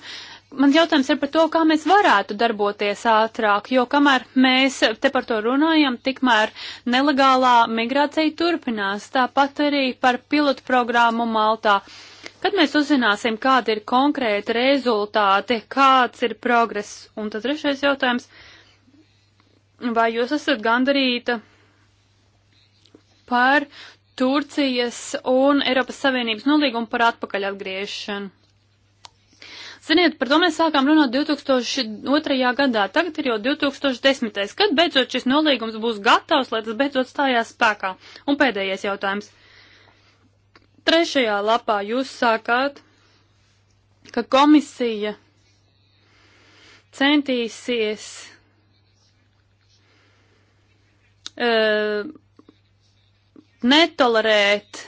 man jautājums ir par to, kā mēs varētu darboties ātrāk, jo kamēr mēs te par to runājam, tikmēr nelegālā migrācija turpinās. Tāpat arī par pilotu programmu Maltā. Kad mēs uzzināsim, kādi ir konkrēti rezultāti, kāds ir progress, un tad trešais jautājums, vai jūs esat gandarīta par Turcijas un Eiropas Savienības nolīgumu par atpakaļ atgriešanu. Ziniet, par to mēs sākām runāt 2002. gadā, tagad ir jau 2010. Kad beidzot šis nolīgums būs gatavs, lai tas beidzot stājās spēkā? Un pēdējais jautājums. Trešajā lapā jūs sākāt, ka komisija centīsies uh, netolerēt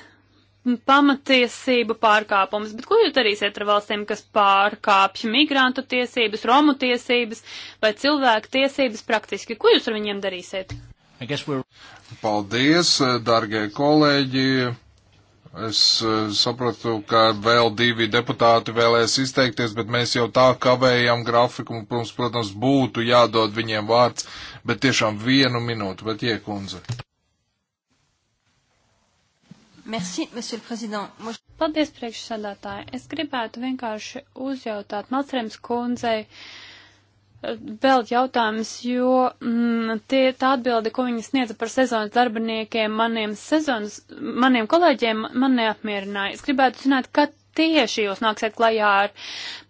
pamatiesību pārkāpumus, bet ko jūs darīsiet ar valstīm, kas pārkāpj migrantu tiesības, romu tiesības vai cilvēku tiesības praktiski? Ko jūs ar viņiem darīsiet? Paldies, dargie kolēģi! Es eh, sapratu, ka vēl divi deputāti vēlēs izteikties, bet mēs jau tā kavējam grafiku, un, protams, protams, būtu jādod viņiem vārds, bet tiešām vienu minūtu, bet iekundze. Merci, monsieur le président. Moi... Paldies, priekšsādātāji. Es gribētu vienkārši uzjautāt Malcerēms kundzei eh, vēl jautājums, jo mm, tie, tā atbilde, ko viņa sniedza par sezonas darbiniekiem, maniem sezonas, maniem kolēģiem, man neapmierināja. Es gribētu zināt, kad tieši jūs nāksiet klajā ar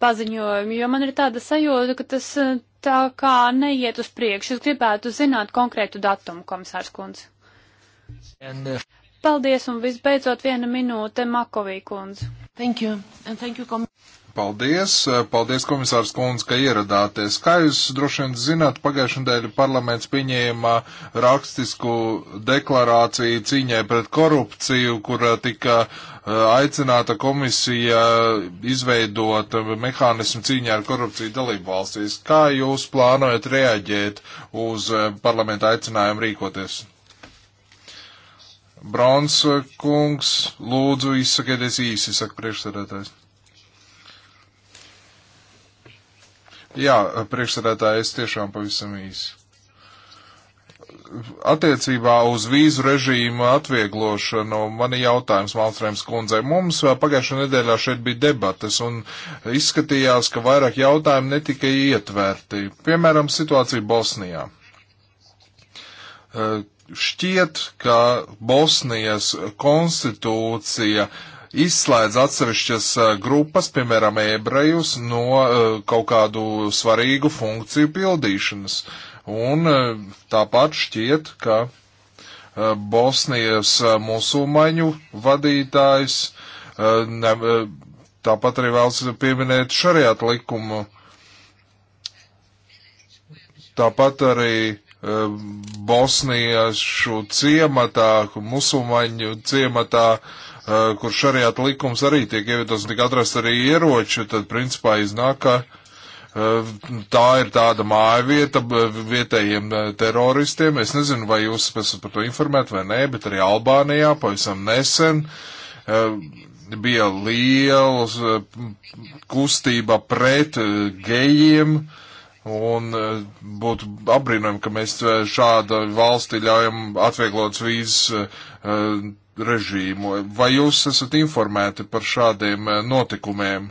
paziņojumu, jo man ir tāda sajūta, ka tas eh, tā kā neiet uz priekšu. Es gribētu zināt konkrētu datumu, komisārs kundze. And, uh... Paldies, un visbeidzot viena minūte Makovī kundze. Thank you, and thank you, kom... Paldies, eh, paldies komisārs kundze, ka ieradāties. Kā jūs droši vien zināt, pagājušajā nedēļā parlaments pieņēma rakstisku deklarāciju cīņai pret korupciju, kurā tika eh, aicināta komisija izveidot eh, mehānismu cīņā ar korupciju dalību valstīs. Kā jūs plānojat reaģēt uz parlamenta aicinājumu rīkoties? Brons eh, kungs, lūdzu izsakieties īsi, saka priekšsēdētājs. Jā, eh, priekšsēdētāji, es tiešām pavisam īsi. Attiecībā uz vīzu režīmu atvieglošanu man ir jautājums Maltrēms kundzei. Mums eh, pagājušajā nedēļā šeit bija debates un izskatījās, ka vairāk jautājumu netika ietverti. Piemēram, situācija Bosnijā šķiet, ka Bosnijas konstitūcija izslēdz atsevišķas eh, grupas, piemēram, ebrejus, no eh, kaut kādu svarīgu funkciju pildīšanas. Un eh, tāpat šķiet, ka Bosnijas musulmaņu vadītājs, ne, tāpat arī vēlas pieminēt šariāta likumu. Tāpat arī bosniešu ciematā, musulmaņu ciematā, kur šariāta likums arī tiek ievietots, tika atrast arī ieroči, tad principā iznāk, ka tā ir tāda māja vieta vietējiem teroristiem. Es nezinu, vai jūs esat par to informēt vai nē, bet arī Albānijā pavisam nesen bija liela kustība pret gejiem, uh, Un e, būtu apbrīnojami, ka mēs e, šāda valsti ļaujam atvieglot vīzes e, režīmu. Vai jūs esat informēti par šādiem notikumiem?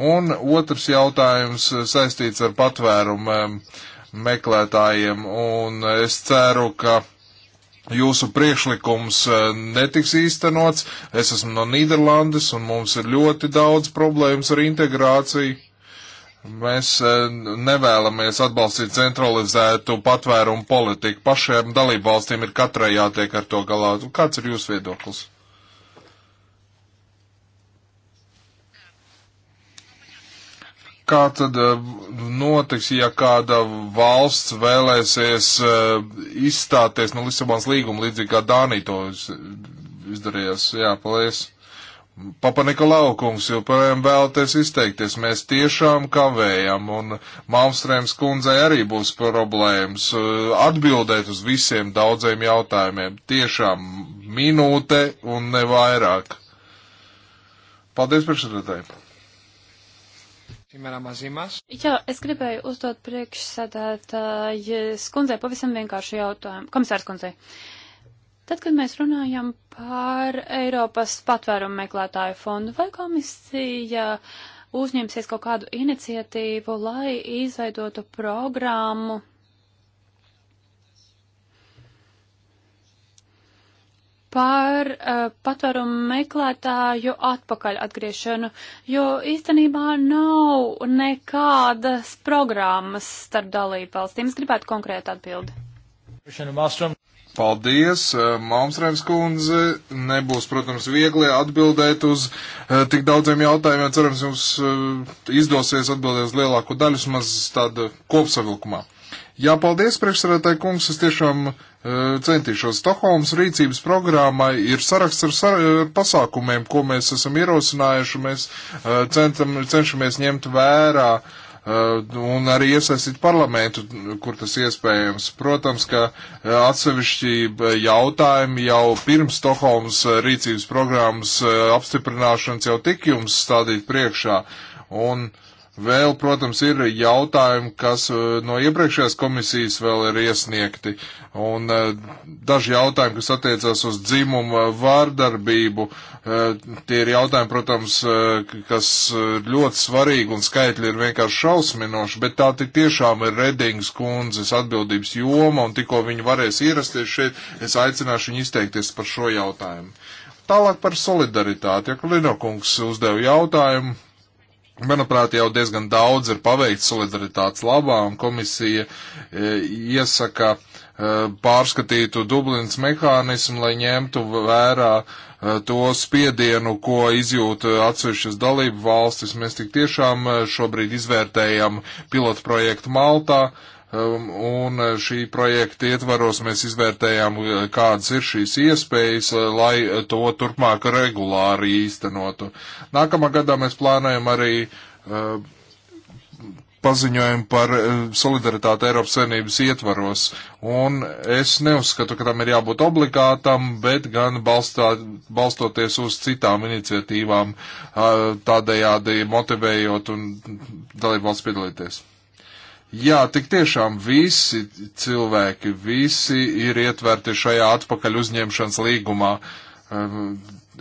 Un otrs jautājums saistīts ar patvērumu meklētājiem, un es ceru, ka jūsu priekšlikums netiks īstenots. Es esmu no Nīderlandes, un mums ir ļoti daudz problēmas ar integrāciju. Mēs eh, nevēlamies atbalstīt centralizētu patvērumu politiku. Pašiem dalībvalstīm ir katrai jātiek ar to galā. Kāds ir jūsu viedoklis? kā tad eh, notiks, ja kāda valsts vēlēsies eh, izstāties no Lisabonas līguma, līdzīgi kā Dānija to izdarījās? Jā, paldies. Papanika laukums, joprojām vēlaties izteikties, mēs tiešām kavējam, un Malmstrēms kundzei arī būs problēmas uh, atbildēt uz visiem daudziem jautājumiem. Tiešām minūte un ne vairāk. Paldies, priekšsēdētāji! Jā, es gribēju uzdot priekšsēdētāji skundzei pavisam vienkāršu jautājumu. Komisārs skundzei. Uh, Tad, kad mēs runājam par Eiropas patvērumu meklētāju fondu, vai komisija uzņemsies kaut kādu iniciatīvu, lai izveidotu programmu par uh, patvērumu meklētāju atpakaļ atgriešanu, jo īstenībā nav nekādas programmas starp dalību valstīm. Es gribētu konkrētu atbildi. Paldies, eh, Malmstrēms kundze. Nebūs, protams, viegli atbildēt uz eh, tik daudziem jautājumiem. Cerams, jums eh, izdosies atbildēt uz lielāko daļu, maz tāda kopsavilkumā. Jā, paldies, priekšsarētāji kungs, es tiešām uh, centīšos. Stokholmas rīcības programmai ir saraksts ar, sar ar pasākumiem, ko mēs esam ierosinājuši. Mēs uh, centam, cenšamies ņemt vērā uh, Eh, un arī iesaistīt parlamentu, kur tas iespējams. Protams, ka eh, atsevišķi eh, jautājumi jau pirms Stokholmas rīcības programmas apstiprināšanas jau tik jums stādīt priekšā. Un uh, Vēl, protams, ir jautājumi, kas uh, no iepriekšējās komisijas vēl ir iesniegti, un uh, daži jautājumi, kas attiecas uz dzimumu vārdarbību, uh, tie ir jautājumi, protams, kas ļoti svarīgi un skaitļi ir vienkārši šausminoši, bet tā tik tiešām ir Redings kundzes atbildības joma, un tikko viņi varēs ierasties šeit, es aicināšu viņu izteikties par šo jautājumu. Tālāk par solidaritāti, ja Klinokungs uzdeva jautājumu Manuprāt, jau diezgan daudz ir paveikts solidaritātes labā, un komisija e, iesaka e, pārskatītu Dublinas mehānismu, lai ņemtu vērā e, to spiedienu, ko izjūt atsevišķas dalību valstis. Mēs tik tiešām šobrīd izvērtējam pilotu projektu Maltā, Um, un uh, šī projekta ietvaros mēs izvērtējām, uh, kādas ir šīs iespējas, uh, lai to turpmāk regulāri īstenotu. Nākamā gadā mēs plānojam arī paziņojumu par solidaritāti Eiropas Savienības ietvaros. Un es neuzskatu, ka tam ir jābūt obligātam, bet gan balstā, balstoties uz citām iniciatīvām, tādējādi motivējot un dalībvalsts piedalīties. Jā, tik tiešām visi cilvēki, visi ir ietverti šajā atpakaļ uzņemšanas līgumā. Ehm,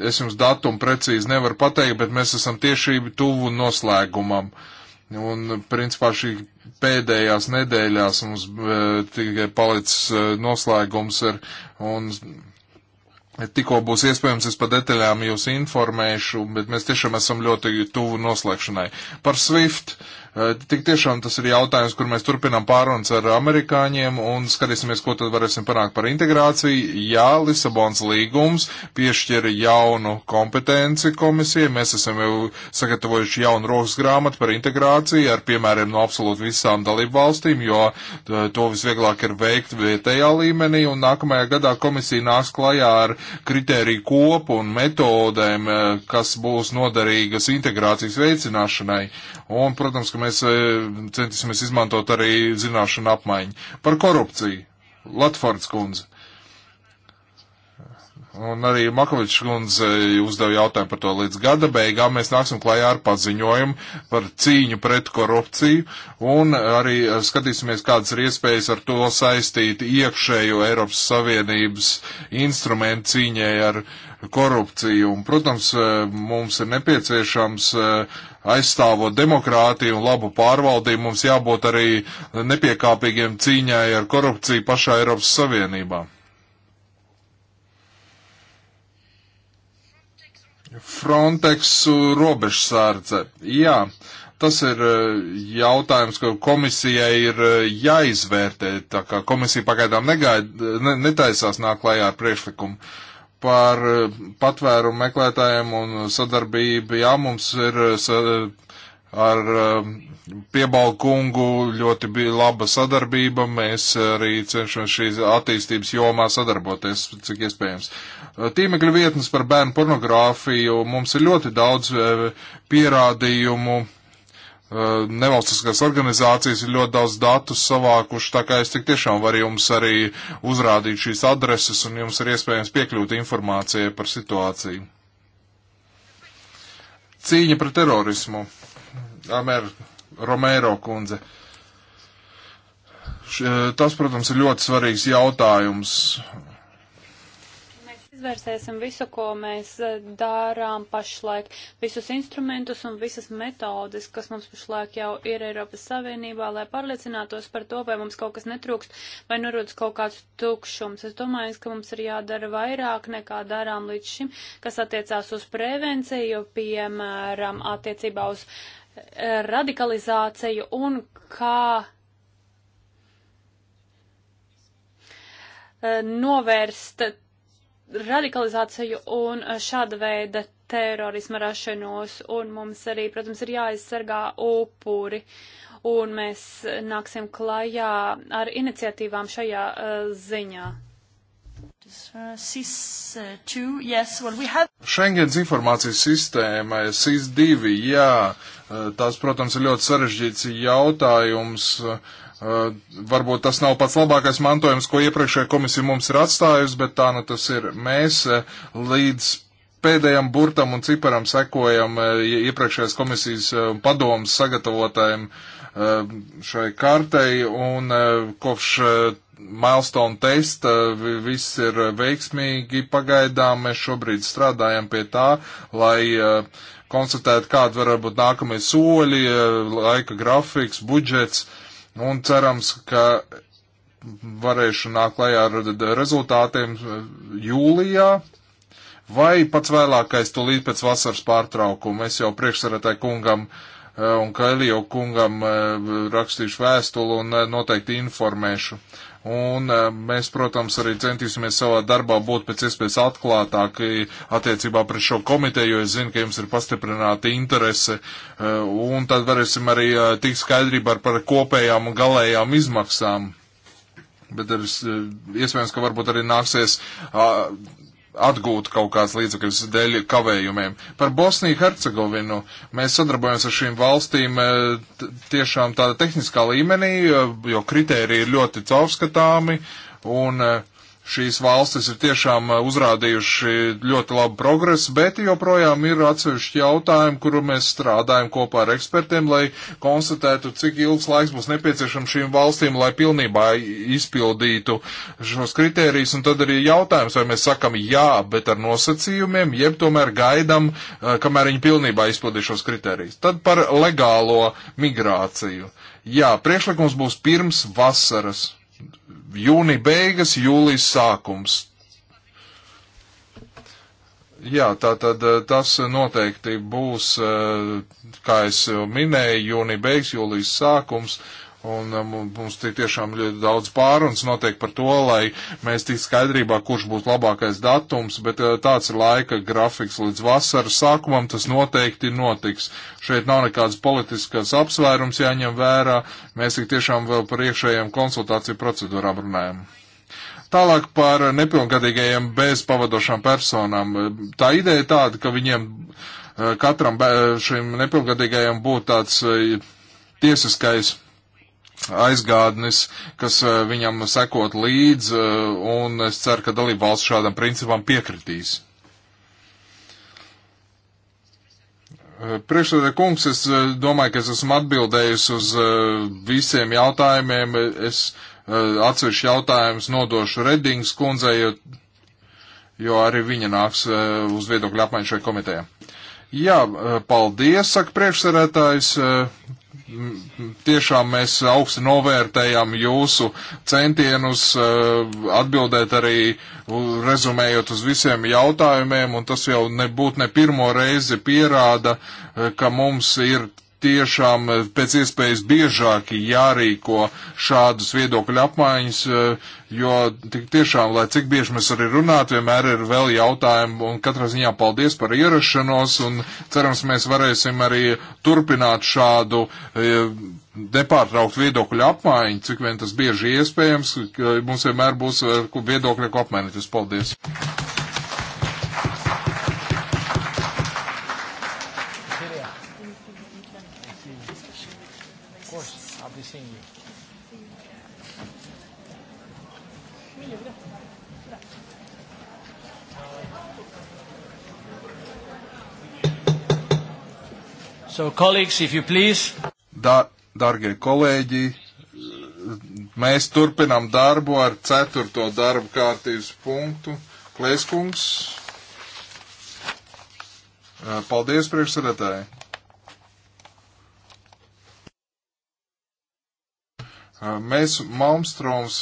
es jums datumu precīzi nevaru pateikt, bet mēs esam tieši tuvu noslēgumam. Un, principā, šī pēdējās nedēļās mums e, tikai palicis e, noslēgums ir, un tikko būs iespējams, es pa detaļām jūs informēšu, bet mēs tiešām esam ļoti tuvu noslēgšanai. Par SWIFT. Uh, Eh, tik tiešām tas ir jautājums, kur mēs turpinām pārunas ar amerikāņiem un skatīsimies, ko tad varēsim panākt par integrāciju. Jā, Lisabons līgums piešķir jaunu kompetenci komisijai. Mēs esam jau sagatavojuši jaunu rokas grāmatu par integrāciju ar piemēriem no absolūti visām dalību valstīm, jo eh, to visvieglāk ir veikt vietējā līmenī. Un nākamajā gadā komisija nāks klajā ar kritēriju kopu un metodēm, eh, kas būs noderīgas integrācijas veicināšanai. Un, protams, ka mēs mēs e, centīsimies izmantot arī zināšanu apmaiņu. Par korupciju. Latvārds kundze. Un arī Makovičs kundze uzdeva jautājumu par to līdz gada beigām. Mēs nāksim klajā ar paziņojumu par cīņu pret korupciju un arī eh, skatīsimies, kādas ir iespējas ar to saistīt iekšējo Eiropas Savienības instrumentu cīņai ar korupciju. Un, protams, eh, mums ir nepieciešams eh, aizstāvot demokrātiju un labu pārvaldību. Mums jābūt arī nepiekāpīgiem cīņai ar korupciju pašā Eiropas Savienībā. Frontex robežsārdze. Jā, tas ir e, jautājums, ko komisijai ir e, jāizvērtē, tā kā komisija pagaidām negaida, ne, netaisās nāk klajā ar priekšlikumu. Par e, patvērumu meklētājiem un sadarbību, jā, mums ir ar Piebalkungu ļoti bija laba sadarbība, mēs arī cenšamies šīs attīstības jomā sadarboties, cik iespējams. Tīmekļa vietnes par bērnu pornogrāfiju mums ir ļoti daudz e, pierādījumu e, nevalstiskās organizācijas ir ļoti daudz datus savākuši, tā kā es tik tiešām varu jums arī uzrādīt šīs adreses un jums ir iespējams piekļūt informācijai par situāciju. Cīņa pret terorismu. Amer, Romēro kundze. E, tas, protams, ir ļoti svarīgs jautājums. Mēs izvērsēsim visu, ko mēs e, darām pašlaik, visus instrumentus un visas metodes, kas mums pašlaik jau ir Eiropas Savienībā, lai pārliecinātos par to, vai mums kaut kas netrūkst, vai norūdas kaut kāds tukšums. Es domāju, ka mums ir jādara vairāk nekā darām līdz šim, kas attiecās uz prevenciju, piemēram, attiecībā uz uh, radikalizāciju un kā e, novērst radikalizāciju un šāda veida terorisma rašanos, un mums arī, protams, ir jāaizsargā upuri, un mēs nāksim klajā ar iniciatīvām šajā uh, ziņā. SIS-2, uh, yes, well we have. Schengens informācijas sistēma, SIS-2, jā, uh, tās, protams, ir ļoti sarežģīts jautājums. Uh, varbūt tas nav pats labākais mantojums, ko iepriekšējā komisija mums ir atstājusi, bet tā nu tas ir. Mēs līdz pēdējam burtam un ciparam sekojam iepriekšējās komisijas padomus sagatavotajiem šai kartei, un kopš milestone testa, viss ir veiksmīgi pagaidām. Mēs šobrīd strādājam pie tā, lai konstatētu, kādi var būt nākamie soļi, laika grafiks, budžets, un cerams, ka varēšu nākt klajā ar rezultātiem jūlijā. Vai pats vēlākais tūlīt pēc vasaras pārtraukuma. Es jau priekšsarētāju kungam un Kailijo kungam rakstīšu vēstuli un noteikti informēšu un eh, mēs, protams, arī centīsimies savā darbā būt pēc iespējas atklātāki attiecībā pret šo komiteju, jo es zinu, ka jums ir pastiprināta interese, eh, un tad varēsim arī eh, tikt skaidrībā par kopējām un galējām izmaksām. Bet ir iespējams, ka varbūt arī nāksies atgūt kaut kāds līdzekļus dēļ kavējumiem. Par Bosniju Hercegovinu mēs sadarbojamies ar šīm valstīm e, tiešām tāda tehniskā līmenī, e, jo kritēriji ir ļoti caurskatāmi un uh, šīs valstis ir tiešām uh, uzrādījuši ļoti labu progresu, bet joprojām ir atsevišķi jautājumi, kuru mēs strādājam kopā ar ekspertiem, lai konstatētu, cik ilgs laiks būs nepieciešams šīm valstīm, lai pilnībā izpildītu šos kritērijus. Un tad arī jautājums, vai mēs sakam jā, bet ar nosacījumiem, jeb tomēr gaidam, uh, kamēr viņi pilnībā izpildīs šos kritērijus. Tad par legālo migrāciju. Jā, priekšlikums būs pirms vasaras jūnija beigas, jūlijas sākums. Jā, tā tad eh, tas noteikti būs, eh, kā es minēju, jūnija beigas, jūlijas sākums, Un um, mums tiešām ļoti daudz pārunas notiek par to, lai mēs tik skaidrībā, kurš būs labākais datums, bet uh, tāds ir laika grafiks līdz vasaras sākumam, tas noteikti notiks. Šeit nav nekādas politiskas apsvērums jāņem vērā, mēs tik tiešām vēl par iekšējām konsultāciju procedūrām runājam. Tālāk par nepilngadīgajiem bez pavadošām personām. Tā ideja tāda, ka viņiem uh, katram šim nepilngadīgajam būtu tāds uh, tiesiskais aizgādnis, kas eh, viņam sekot līdz, eh, un es ceru, ka dalība valsts šādam principam piekritīs. Eh, Priekšsēdē kungs, es domāju, ka es esmu atbildējis uz visiem jautājumiem. Es atsevišķi jautājumus nodošu Redings kundzei, jo, jo arī viņa nāks uz viedokļu apmaiņu šajā komitejā. Jā, paldies, saka priekšsēdētājs tiešām mēs augstu novērtējam jūsu centienus eh, atbildēt arī rezumējot uz visiem jautājumiem, un tas jau nebūtu ne pirmo reizi pierāda, eh, ka mums ir tiešām eh, pēc iespējas biežāk jārīko šādas viedokļu apmaiņas, eh, jo tik tiešām, lai cik bieži mēs arī runātu, vienmēr ir vēl jautājumi, un katrā ziņā paldies par ierašanos, un cerams, mēs varēsim arī turpināt šādu eh, nepārtraukt viedokļu apmaiņu, cik vien tas bieži iespējams, mums vienmēr būs viedokļu apmaiņas. Paldies! So, colleagues, if you please. Da, dargie kolēģi, mēs turpinām darbu ar ceturto darbu kārtības punktu. Klēskungs. Paldies, priekšsēdētāji. Mēs Malmstroms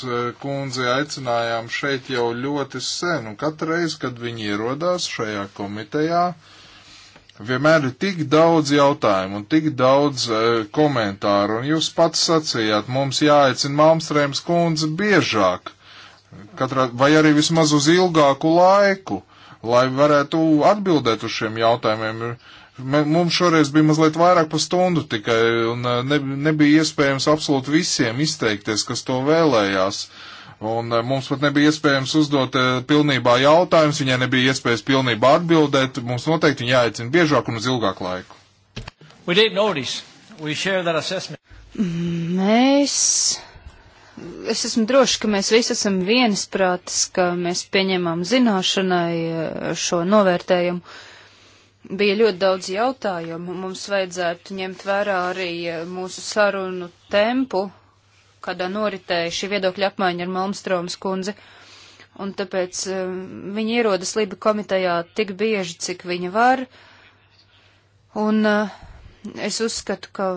kundzi aicinājām šeit jau ļoti sen, un katru reizi, kad viņi ierodās šajā komitejā, uh, Vienmēr ir tik daudz jautājumu un tik daudz e, komentāru, un jūs pats sacījāt, mums jāaicina Malmstrēms kundze biežāk, katrā, vai arī vismaz uz ilgāku laiku, lai varētu atbildēt uz šiem jautājumiem. Mums šoreiz bija mazliet vairāk par stundu tikai, un e, ne, nebija iespējams absolūti visiem izteikties, kas to vēlējās. Uh, Un eh, mums pat nebija iespējams uzdot eh, pilnībā jautājumus, viņai nebija iespējas pilnībā atbildēt. Mums noteikti viņa jāaicina biežāk un uz ilgāku laiku. Mēs, es esmu droši, ka mēs visi esam viensprātis, ka mēs pieņemam zināšanai eh, šo novērtējumu. Bija ļoti daudz jautājumu, mums vajadzētu ņemt vērā arī mūsu sarunu tempu, kādā noritēja šī viedokļa apmaiņa ar Malmstromas kundzi, un tāpēc eh, viņa ierodas Liba komitejā tik bieži, cik viņa var, un eh, es uzskatu, ka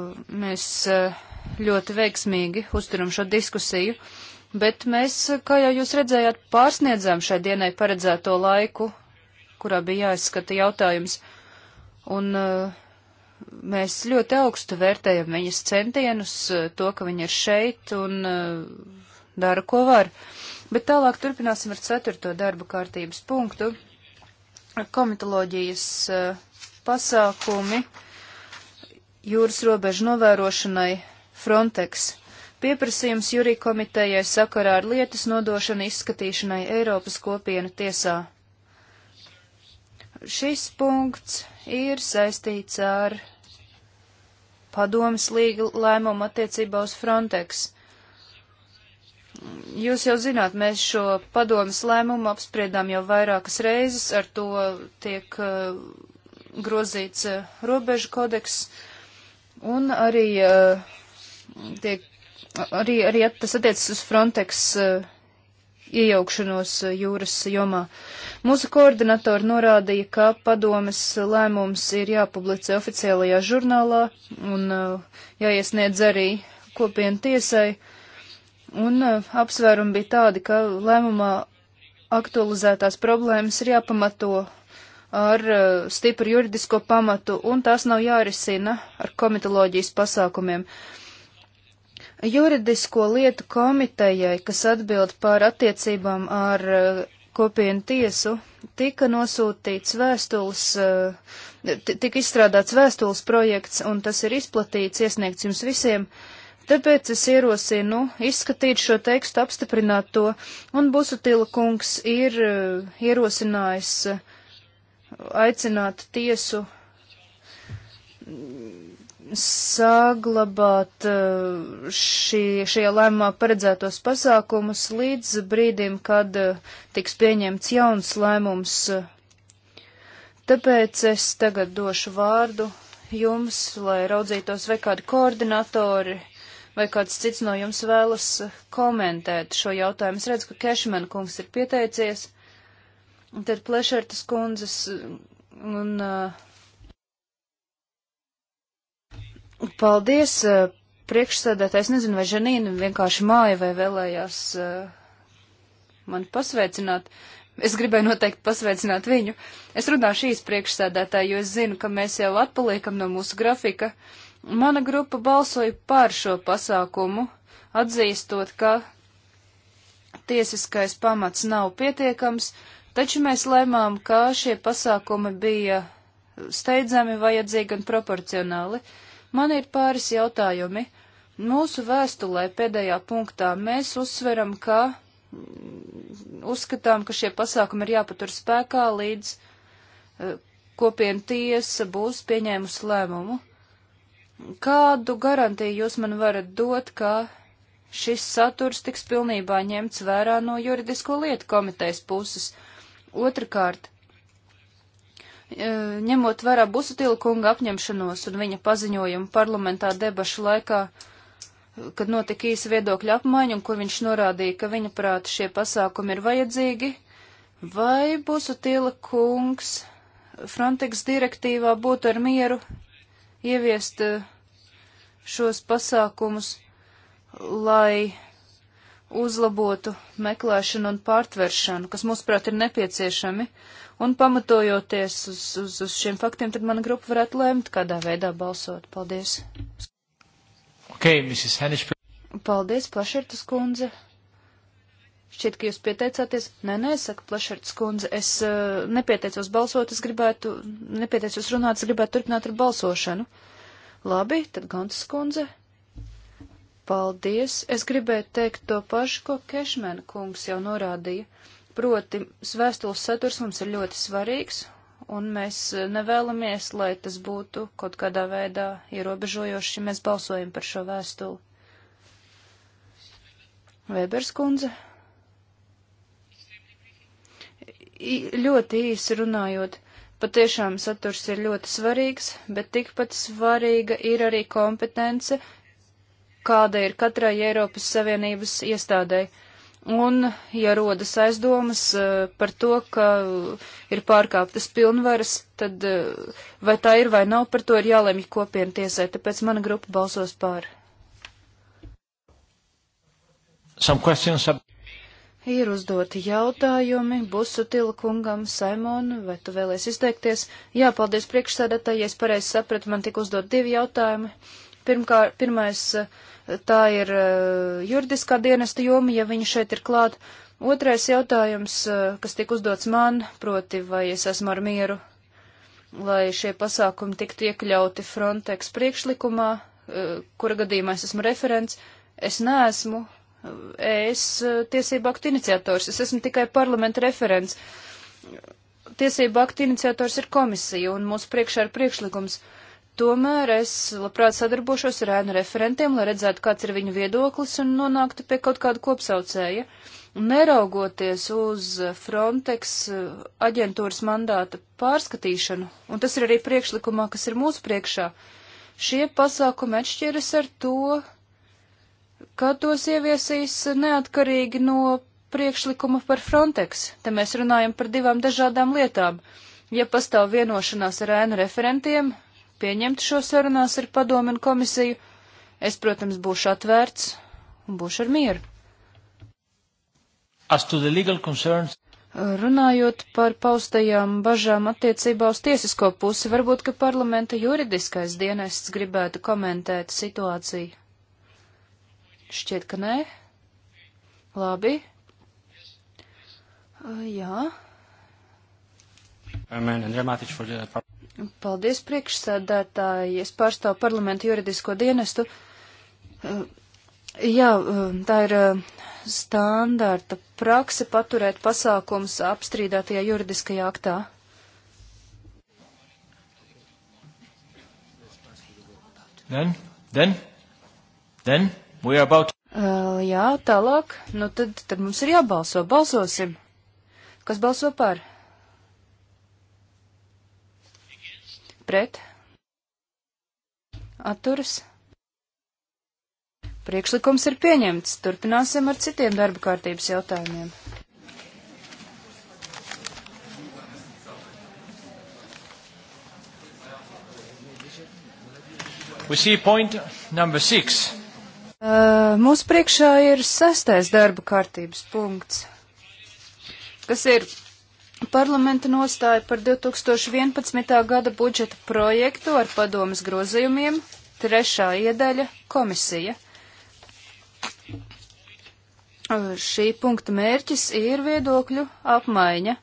mēs eh, ļoti veiksmīgi uzturam šo diskusiju, bet mēs, kā jau jūs redzējāt, pārsniedzām šai dienai paredzēto laiku, kurā bija jāizskata jautājums. Un uh, Mēs ļoti augstu vērtējam viņas centienus, eh, to, ka viņa ir šeit un eh, dara, ko var. Bet tālāk turpināsim ar ceturto darba kārtības punktu - komitoloģijas eh, pasākumi jūras robežu novērošanai Frontex. Pieprasījums jūrī komitejai sakarā ar lietas nodošanu izskatīšanai Eiropas kopienu tiesā. Šis punkts ir saistīts ar padomas lēmumu attiecībā uz Frontex. Jūs jau zināt, mēs šo padomas lēmumu apspriedām jau vairākas reizes, ar to tiek uh, grozīts uh, robežu kodeks un arī uh, tiek, arī, arī tas attiecas uz Frontex uh, iejaukšanos jūras jomā. Mūsu koordinatori norādīja, ka padomes lēmums ir jāpublicē oficiālajā žurnālā un uh, jāiesniedz arī kopienu tiesai, un uh, apsvērumi bija tādi, ka lēmumā aktualizētās problēmas ir jāpamato ar uh, stipru juridisko pamatu, un tās nav jārisina ar komitoloģijas pasākumiem. Uh, juridisko lietu komitejai, kas atbild par attiecībām ar eh, kopienu tiesu, tika nosūtīts vēstules, eh, tika izstrādāts vēstules projekts, un tas ir izplatīts, iesniegts jums visiem. Tāpēc es ierosinu izskatīt šo tekstu, apstiprināt to, un Busutila kungs ir eh, ierosinājis aicināt tiesu saglabāt uh, šī, šajā lēmumā paredzētos pasākumus līdz brīdim, kad uh, tiks pieņemts jauns lēmums. Tāpēc es tagad došu vārdu jums, lai raudzītos, vai kādi koordinatori vai kāds cits no jums vēlas uh, komentēt šo jautājumu. Es redzu, ka Kešmena kungs ir pieteicies, un tad plešertas kundzes un uh, Paldies, priekšsēdētājs, nezinu, vai Žanīna vienkārši māja vai vēlējās mani pasveicināt. Es gribēju noteikti pasveicināt viņu. Es runāšu īsti priekšsēdētāju, jo es zinu, ka mēs jau atpaliekam no mūsu grafika. Mana grupa balsoja par šo pasākumu, atzīstot, ka tiesiskais pamats nav pietiekams, taču mēs lēmām, ka šie pasākumi bija steidzami, vajadzīgi un proporcionāli. Uh, Man ir pāris jautājumi. Mūsu vēstulē pēdējā punktā mēs uzsveram, ka mm, uzskatām, ka šie pasākumi ir jāpatur spēkā līdz e, kopiena tiesa būs pieņēmusi lēmumu. Kādu garantiju jūs man varat dot, ka šis saturs tiks pilnībā ņemts vērā no juridisko lietu komitejas puses? Otrakārt, E, ņemot vērā Busutila kunga apņemšanos un viņa paziņojumu parlamentā debašu laikā, kad notika īsa viedokļa apmaiņa un kur viņš norādīja, ka viņa prāta šie pasākumi ir vajadzīgi, vai Busutila kungs Frontex direktīvā būtu ar mieru ieviest e, šos pasākumus, lai uzlabotu meklēšanu un pārtveršanu, kas, mūsuprāt, ir nepieciešami, Un pamatojoties uz, uz, uz šiem faktiem, tad mana grupa varētu lēmt, kādā veidā balsot. Paldies. Okay, Mrs. Hennish. Paldies, Plašertas kundze. Šķiet, ka jūs pieteicāties. Nē, nē, saka Plašertas kundze, es uh, eh, nepieteicos balsot, es gribētu, nepieteicos runāt, es gribētu turpināt ar balsošanu. Labi, tad Gantas kundze. Paldies. Es gribēju teikt to pašu, ko Kešmena kungs jau norādīja. Proti, vēstules saturs mums ir ļoti svarīgs, un mēs eh, nevēlamies, lai tas būtu kaut kādā veidā ierobežojoši, ja mēs balsojam par šo vēstuli. Vēbers kundze. I, ļoti īsi runājot, patiešām saturs ir ļoti svarīgs, bet tikpat svarīga ir arī kompetence, kāda ir katrai Eiropas Savienības iestādēji un, ja rodas aizdomas eh, par to, ka ir pārkāptas pilnvaras, tad eh, vai tā ir vai nav, par to ir jālemj kopienu tiesai, tāpēc mana grupa balsos pār. Ir uzdoti jautājumi Busutila kungam, Saimonu, vai tu vēlies izteikties? Jā, paldies priekšsēdētāji, ja es pareizi sapratu, man tik uzdot divi jautājumi. Pirmkārt, pirmais. Uh, tā ir e, juridiskā dienesta joma, ja viņi šeit ir klāt. Otrais jautājums, e, kas tika uzdots man, proti, vai es esmu ar mieru, lai šie pasākumi tiktu iekļauti Frontex priekšlikumā, e, kura gadījumā es esmu referents. Es neesmu es tiesību aktu iniciators, es esmu tikai parlamenta referents. Tiesību aktu iniciators ir komisija, un mūsu priekšā ir priekšlikums. Uh, Tomēr es labprāt sadarbošos ar ēnu referentiem, lai redzētu, kāds ir viņu viedoklis un nonāktu pie kaut kāda kopsaucēja. Neraugoties uz Frontex eh, aģentūras mandāta pārskatīšanu, un tas ir arī priekšlikumā, kas ir mūsu priekšā, šie pasākumi atšķiras ar to, ka tos ieviesīs neatkarīgi no priekšlikuma par Frontex. Te mēs runājam par divām dažādām lietām. Ja pastāv vienošanās ar ēnu referentiem, pieņemt šo sarunās ar padomu un komisiju, es, protams, būšu atvērts un būšu ar mieru. Runājot par paustajām bažām attiecībā uz tiesisko pusi, varbūt, ka parlamenta juridiskais dienests gribētu komentēt situāciju. Šķiet, ka nē. Labi. Jā. Paldies, priekšsēdētāji. Es pārstāvu parlamentu juridisko dienestu. Jā, tā ir eh, standarta prakse paturēt pasākums apstrīdētajā juridiskajā aktā. Then, then, then we are about. Uh, jā, tālāk. Nu tad, tad mums ir jābalso. Balsosim. Kas balso par? pret, atturas. Priekšlikums ir pieņemts. Turpināsim ar citiem darba kārtības jautājumiem. Uh, mūsu priekšā ir sastais darba kārtības punkts, kas ir parlamenta nostāja par 2011. gada budžeta projektu ar padomas grozījumiem, trešā iedaļa - komisija. Šī punkta mērķis ir viedokļu apmaiņa.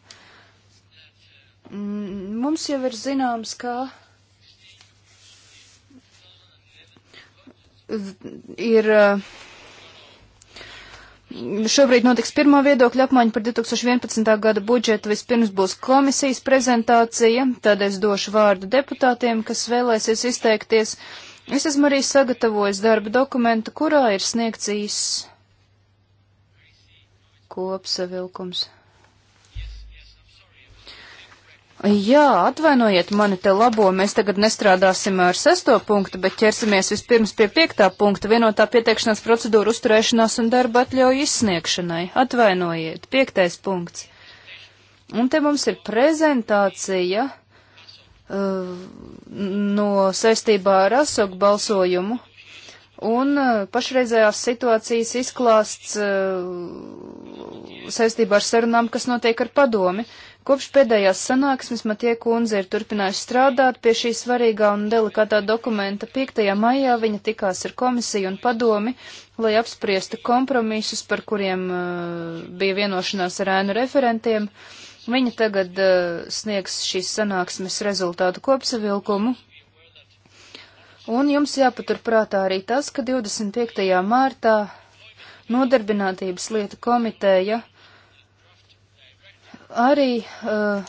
Mm, mums jau ir zināms, ka ir uh, Šobrīd notiks pirmā viedokļa apmaiņa par 2011. gada budžetu. Vispirms būs komisijas prezentācija, tad es došu vārdu deputātiem, kas vēlēsies izteikties. Es esmu arī sagatavojis darba dokumentu, kurā ir sniegts īss kopsavilkums. Jā, atvainojiet mani te labo, mēs tagad nestrādāsim ar sesto punktu, bet ķersimies vispirms pie piektā punkta vienotā pieteikšanās procedūra uzturēšanās un darba atļauju izsniegšanai. Atvainojiet, piektais punkts. Un te mums ir prezentācija uh, no saistībā ar ASOK balsojumu un uh, pašreizējās situācijas izklāsts uh, saistībā ar sarunām, kas notiek ar padomi. Uh, Kopš pēdējās sanāksmes Matie kundze ir turpinājusi strādāt pie šī svarīgā un delikātā dokumenta. 5. maijā viņa tikās ar komisiju un padomi, lai apspriestu kompromisus, par kuriem uh, bija vienošanās ar ēnu referentiem. Viņa tagad uh, sniegs šīs sanāksmes rezultātu kopsavilkumu. Un jums jāpaturprātā arī tas, ka 25. mārtā Nodarbinātības lieta komiteja uh, arī. Uh,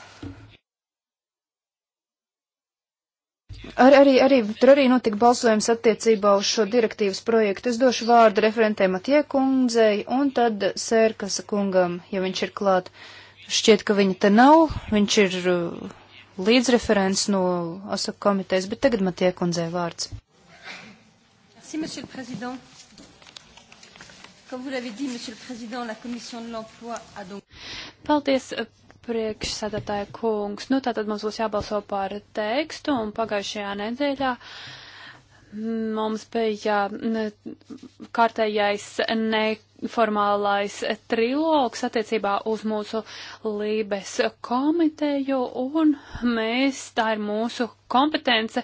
Ar, arī, arī, tur arī notika balsojums attiecībā uz šo direktīvas projektu. Es došu vārdu referentē Matie kundzei un tad Sērkasa kungam, ja viņš ir klāt. Šķiet, ka viņa te nav, viņš ir uh, līdzreferents no ASAK komitejas, bet tagad Matie kundzei vārds. Merci, Paldies, eh, priekšsēdētāja kungs. Nu, tātad mums būs jābalso par tekstu, un pagājušajā nedēļā mums bija mm, kārtējais neformālais trilogs attiecībā uz mūsu lībes komiteju, un mēs, tā ir mūsu kompetence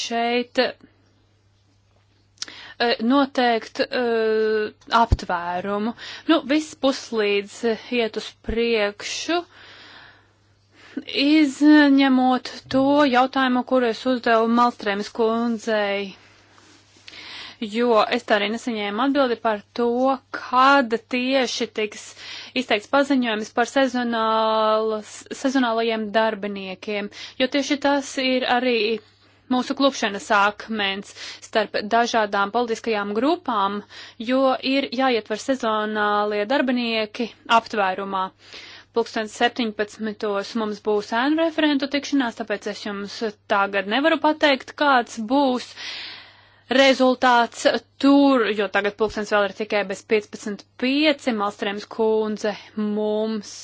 šeit E, noteikt uh, aptvērumu. Nu, viss puslīdz iet uz priekšu, izņemot to jautājumu, kuru es uzdevu Maltrēmas kundzei. Jo es tā arī nesaņēmu atbildi par to, kad tieši tiks izteikts paziņojums par sezonālajiem darbiniekiem, jo tieši tas ir arī mūsu klupšanas akmens starp dažādām politiskajām grupām, jo ir jāietver sezonālie darbinieki aptvērumā. Pulksten 17. mums būs ēnu referentu tikšanās, tāpēc es jums tagad nevaru pateikt, kāds būs rezultāts tur, jo tagad pulkstens vēl ir tikai bez 15.5. Malstrēms kundze mums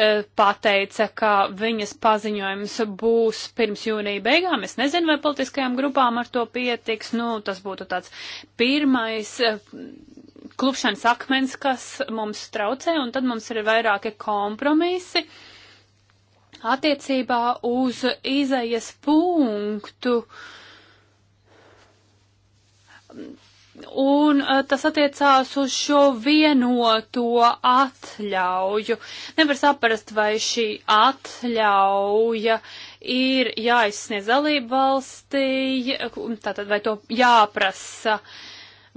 E, pateica, ka viņas paziņojums būs pirms jūnija beigām. Es nezinu, vai politiskajām grupām ar to pietiks. Nu, tas būtu tāds pirmais e, klupšanas akmens, kas mums traucē, un tad mums ir vairāki kompromisi attiecībā uz izējas punktu un eh, tas attiecās uz šo vienoto atļauju. Nevar saprast, vai šī atļauja ir jāizsniedz dalību valstī, tātad vai to jāprasa.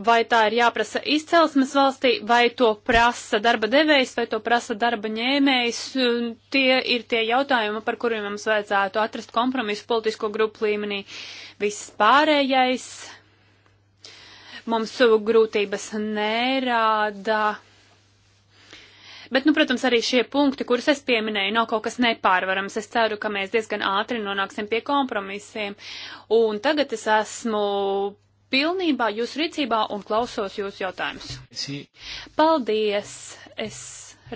Vai tā ir jāprasa izcelsmes valstī, vai to prasa darba devējs, vai to prasa darba ņēmējs. Tie ir tie jautājumi, par kuriem mums vajadzētu atrast kompromisu politisko grupu līmenī. Viss pārējais mums grūtības nerāda. Bet, nu, protams, arī šie punkti, kurus es pieminēju, nav kaut kas nepārvarams. Es ceru, ka mēs diezgan ātri nonāksim pie kompromisiem. Un tagad es esmu pilnībā jūsu rīcībā un klausos jūsu jautājumus. Sí. Paldies! Es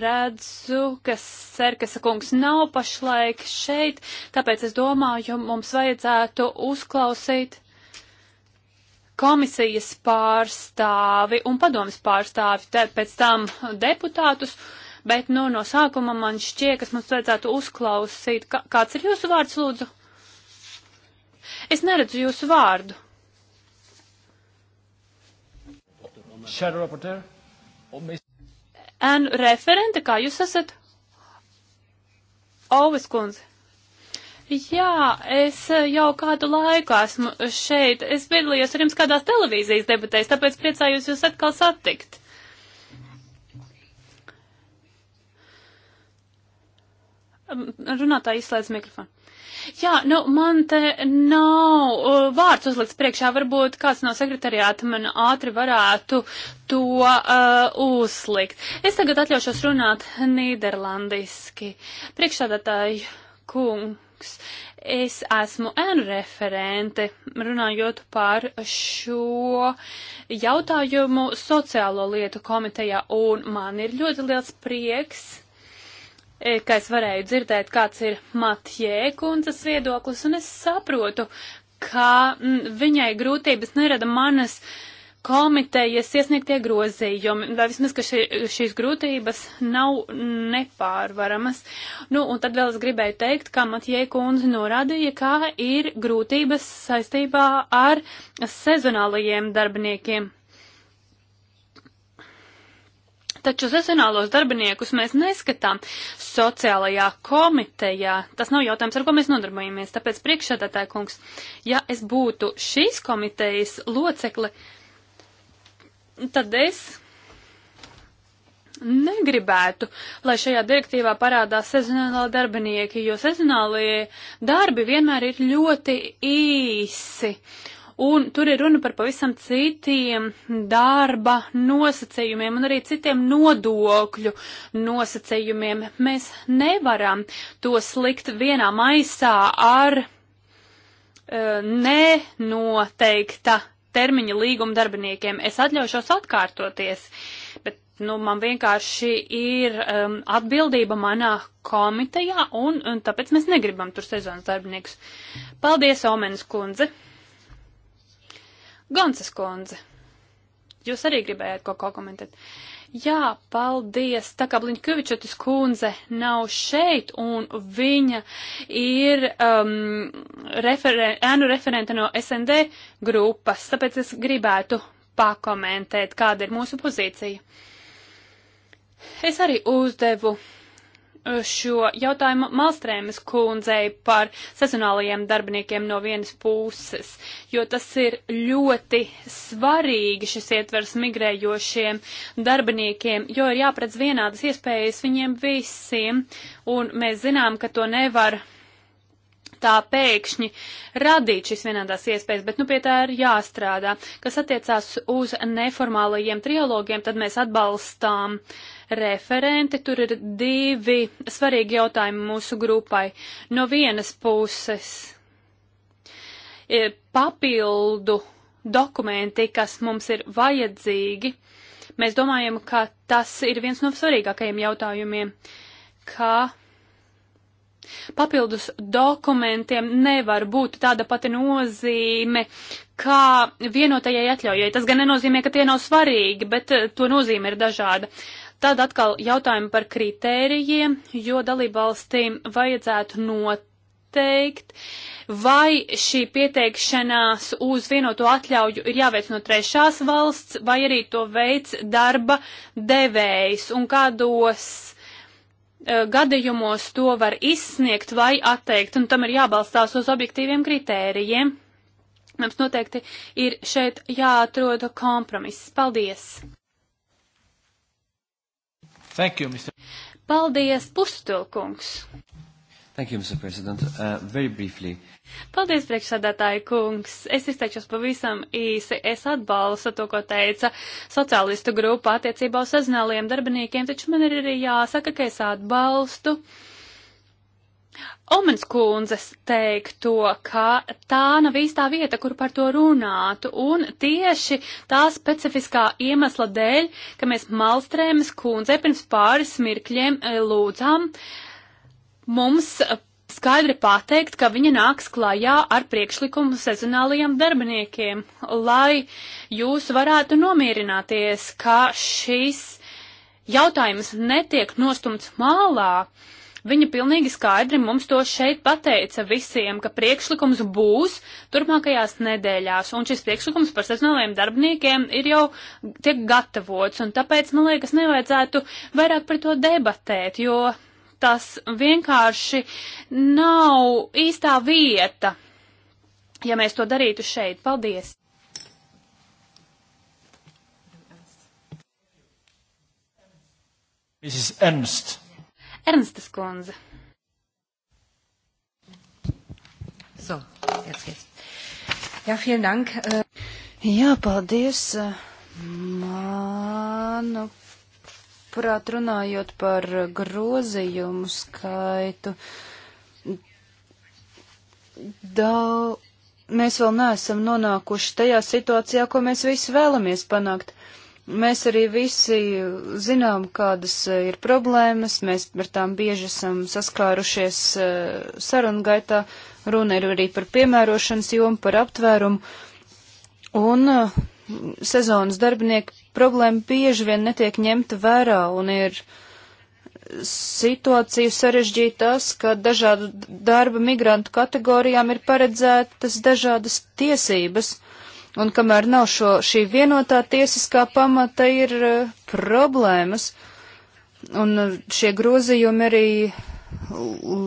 redzu, ka Serkasa kungs nav pašlaik šeit, tāpēc es domāju, mums vajadzētu uzklausīt komisijas pārstāvi un padomas pārstāvi, tad pēc tam deputātus, bet nu, no sākuma man šķiet, ka mums vajadzētu uzklausīt. Kā, kāds ir jūsu vārds, lūdzu? Es neredzu jūsu vārdu. Ēnu oh, referente, kā jūs esat? Ovis kundze. Jā, es eh, jau kādu laiku esmu šeit. Es piedalījos ar jums kādās televīzijas debatēs, tāpēc priecājos jūs atkal satikt. Runātāji izslēdz mikrofonu. Jā, nu man te nav uh, vārds uzlikts priekšā, varbūt kāds no sekretariāta man ātri varētu to uh, uzlikt. Es tagad atļaušos runāt nīderlandiski. Priekšsādātāji, kungi kungs. Es esmu N referente, runājot par šo jautājumu sociālo lietu komitejā, un man ir ļoti liels prieks, e, ka es varēju dzirdēt, kāds ir Matjē kundzes viedoklis, un es saprotu, ka mm, viņai grūtības nerada manas uh, komitejas iesniegtie grozījumi, vai vismaz, ka šī, šīs grūtības nav nepārvaramas. Nu, un tad vēl es gribēju teikt, kā Matjē kundze norādīja, kā ir grūtības saistībā ar sezonālajiem darbiniekiem. Taču sezonālos darbiniekus mēs neskatām sociālajā komitejā. Tas nav jautājums, ar ko mēs nodarbojamies. Tāpēc priekšsēdētāja kungs, ja es būtu šīs komitejas locekle, uh, tad es negribētu, lai šajā direktīvā parādās sezonālā darbinieki, jo sezonālie darbi vienmēr ir ļoti īsi. Un tur ir runa par pavisam citiem darba nosacījumiem un arī citiem nodokļu nosacījumiem. Mēs nevaram to slikt vienā maisā ar uh, eh, nenoteikta termiņa līguma darbiniekiem. Es atļaušos atkārtoties, bet nu, man vienkārši ir um, atbildība manā komitejā, un, un tāpēc mēs negribam tur sezonas darbiniekus. Paldies, Omenas kundze! Gansas kundze, jūs arī gribējāt kaut ko komentēt. Uh, Jā, paldies. Tā kā Bliņkevičotis kundze nav šeit un viņa ir um, referen ēnu referente no SND grupas, tāpēc es gribētu pakomentēt, kāda ir mūsu pozīcija. Es arī uzdevu šo jautājumu Malstrēmas kundzei par sezonālajiem darbiniekiem no vienas puses, jo tas ir ļoti svarīgi šis ietvers migrējošiem darbiniekiem, jo ir jāpredz vienādas iespējas viņiem visiem, un mēs zinām, ka to nevar tā pēkšņi radīt šīs vienādās iespējas, bet nu pie tā ir jāstrādā. Kas attiecās uz neformālajiem trialogiem, tad mēs atbalstām referenti. Tur ir divi svarīgi jautājumi mūsu grupai. No vienas puses e, papildu dokumenti, kas mums ir vajadzīgi. Mēs domājam, ka tas ir viens no svarīgākajiem jautājumiem, ka Papildus dokumentiem nevar būt tāda pati nozīme kā vienotajai atļaujai. Tas gan nenozīmē, ka tie nav svarīgi, bet eh, to nozīme ir dažāda. Tad atkal jautājumi par kritērijiem, jo dalībvalstīm vajadzētu noteikt, vai šī pieteikšanās uz vienoto atļauju ir jāveic no trešās valsts, vai arī to veids darba devējs un kādos E, gadījumos to var izsniegt vai atteikt, un tam ir jābalstās uz objektīviem kritērijiem. Mums noteikti ir šeit jāatrod kompromiss. Paldies! Thank you, Mr. Paldies, Pustulkungs! Thank you, Mr. President. Uh, very briefly. Paldies, priekšsādātāji kungs. Es izteikšos pavisam īsi. Es atbalstu to, ko teica sociālistu grupa attiecībā uz sezonāliem darbiniekiem, taču man ir arī jāsaka, ka es atbalstu. Omens kundzes teikto, ka tā nav īstā vieta, kur par to runātu, un tieši tā specifiskā iemesla dēļ, ka mēs Malstrēmas kundzei pirms pāris mirkļiem e, lūdzām uh, mums skaidri pateikt, ka viņa nāks klajā ar priekšlikumu sezonālajiem darbiniekiem, lai jūs varētu nomierināties, ka šis jautājums netiek nostumts mālā. Viņa pilnīgi skaidri mums to šeit pateica visiem, ka priekšlikums būs turpmākajās nedēļās, un šis priekšlikums par sezonālajiem darbiniekiem ir jau tiek gatavots, un tāpēc, man liekas, nevajadzētu vairāk par to debatēt, jo tas vienkārši nav īstā vieta, ja mēs to darītu šeit. Paldies! Mrs. Ernst. Ernstas kundze. So, jetzt geht's. Ja, vielen Dank. Äh. Jā, paldies. Manu Manuprāt, runājot par grozījumu skaitu, daudz mēs vēl neesam nonākuši tajā situācijā, ko mēs visi vēlamies panākt. Mēs arī visi zinām, kādas ir problēmas, mēs ar tām bieži esam saskārušies eh, sarunu gaitā, runa ir arī par piemērošanas jomu, par aptvērumu, un eh, sezonas darbinieki problēma bieži vien netiek ņemta vērā un ir situāciju sarežģīja tas, ka dažādu darba migrantu kategorijām ir paredzētas dažādas tiesības, un kamēr nav šo, šī vienotā tiesiskā pamata, ir uh, problēmas, un uh, šie grozījumi arī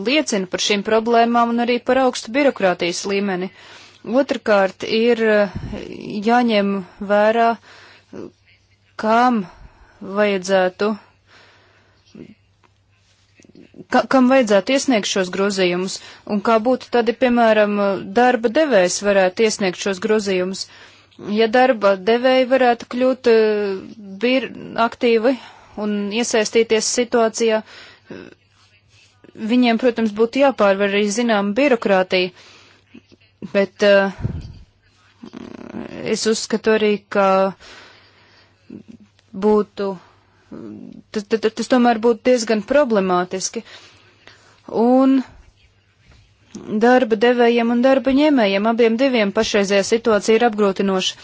liecina par šīm problēmām un arī par augstu birokrātijas līmeni. Otrakārt ir uh, jāņem vērā, uh, kam vajadzētu, ka, kam vajadzētu iesniegt šos grozījumus, un kā būtu tad, piemēram, darba devējs varētu iesniegt šos grozījumus, ja darba devēji varētu kļūt bir, eh, aktīvi un iesaistīties situācijā, viņiem, protams, būtu jāpārvar arī zinām birokrātija, bet uh, es uzskatu arī, ka uh, būtu, tas, tas, tas tomēr būtu diezgan problemātiski. Un darba devējiem un darba ņēmējiem abiem diviem pašreizējā situācija ir apgrūtinoša.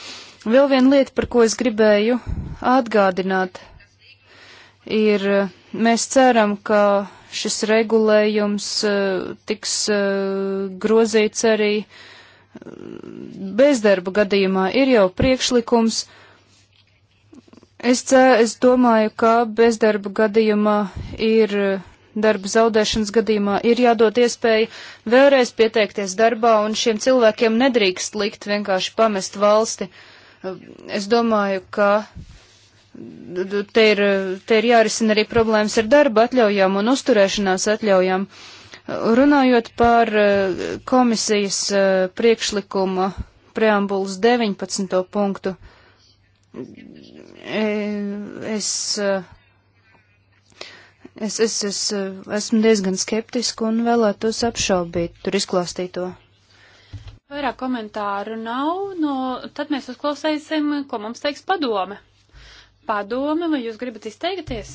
Vēl viena lieta, par ko es gribēju atgādināt, ir mēs ceram, ka šis regulējums eh, tiks eh, grozīts arī eh, bezdarba gadījumā. Ir jau priekšlikums, uh, Es, es domāju, ka bezdarba gadījumā ir, darba zaudēšanas gadījumā ir jādod iespēja vēlreiz pieteikties darbā, un šiem cilvēkiem nedrīkst likt vienkārši pamest valsti. Es domāju, ka te ir, te ir jārisina arī problēmas ar darba atļaujām un uzturēšanās atļaujām. Runājot par eh, komisijas eh, priekšlikuma preambulas 19. punktu es, es, es, es esmu diezgan skeptiska un vēlētos apšaubīt tur izklāstīto. Vairāk komentāru nav, no tad mēs uzklausīsim, ko mums teiks padome. Padome, vai jūs gribat izteikties?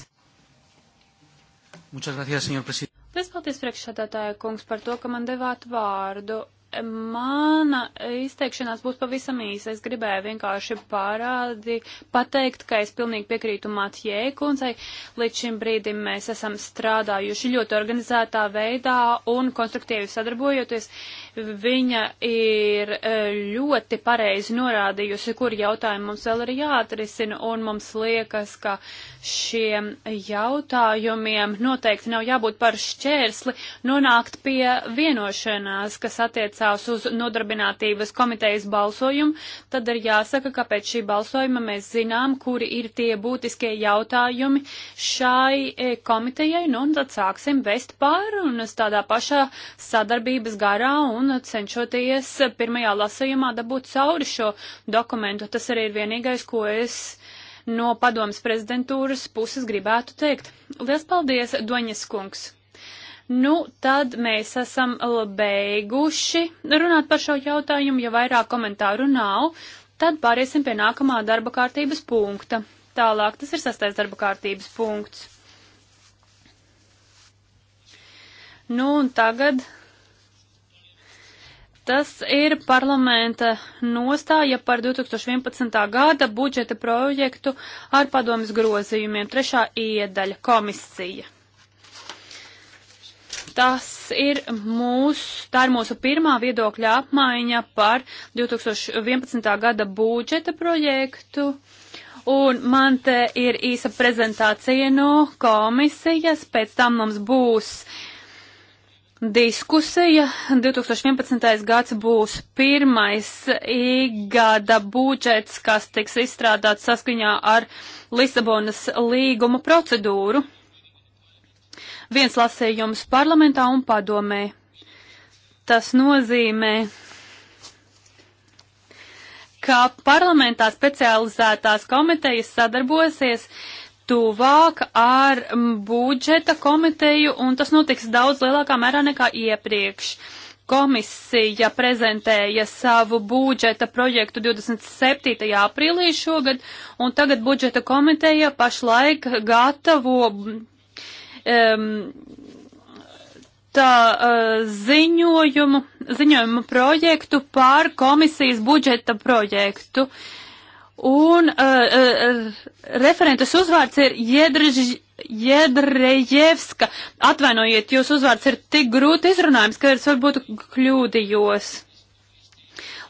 Muchas gracias, señor presidente. Liels paldies priekšsādātāja kungs par to, ka man devāt vārdu. Mana izteikšanās būs pavisam īsa. Es gribēju vienkārši pārādi pateikt, ka es pilnīgi piekrītu Matjē kundzei. Līdz šim brīdim mēs esam strādājuši ļoti organizētā veidā un konstruktīvi sadarbojoties. Uh, Viņa ir e, ļoti pareizi norādījusi, kur jautājumi mums vēl ir jāatrisina, un mums liekas, ka šiem jautājumiem noteikti nav jābūt par šķērsli nonākt pie vienošanās, kas attiecās uz nodarbinātības komitejas balsojumu. Tad ir jāsaka, ka pēc šī balsojuma mēs zinām, kuri ir tie būtiskie jautājumi šai e, komitejai, nu, un tad sāksim vest pārunas tādā pašā sadarbības garā un un cenšoties pirmajā lasījumā dabūt cauri šo dokumentu. Tas arī ir vienīgais, ko es no padomas prezidentūras puses gribētu teikt. Lielas paldies, Doņas kungs! Nu, tad mēs esam beiguši runāt par šo jautājumu, ja vairāk komentāru nav, tad pāriesim pie nākamā darba kārtības punkta. Tālāk tas ir sastais darba kārtības punkts. Nu, un tagad Tas ir parlamenta nostāja par 2011. gada budžeta projektu ar padomas grozījumiem. Trešā iedaļa - komisija. Tas ir mūsu, tā ir mūsu pirmā viedokļa apmaiņa par 2011. gada budžeta projektu. Un man te ir īsa prezentācija no komisijas, pēc tam mums būs uh, diskusija. 2011. gads būs pirmais gada budžets, kas tiks izstrādāts saskaņā ar Lisabonas līguma procedūru. Viens lasījums parlamentā un padomē. Tas nozīmē, ka parlamentā specializētās komitejas sadarbosies uh, tuvāk ar budžeta komiteju, un tas notiks daudz lielākā mērā nekā iepriekš. Komisija prezentēja savu budžeta projektu 27. aprīlī šogad, un tagad budžeta komiteja pašlaik gatavo um, tā uh, ziņojumu, ziņojumu projektu par komisijas budžeta projektu. Uh, Un uh, uh, referentes uzvārds ir Jedrž, Jedrejevska. Atvainojiet, jūs uzvārds ir tik grūti izrunājums, ka es varbūt kļūdījos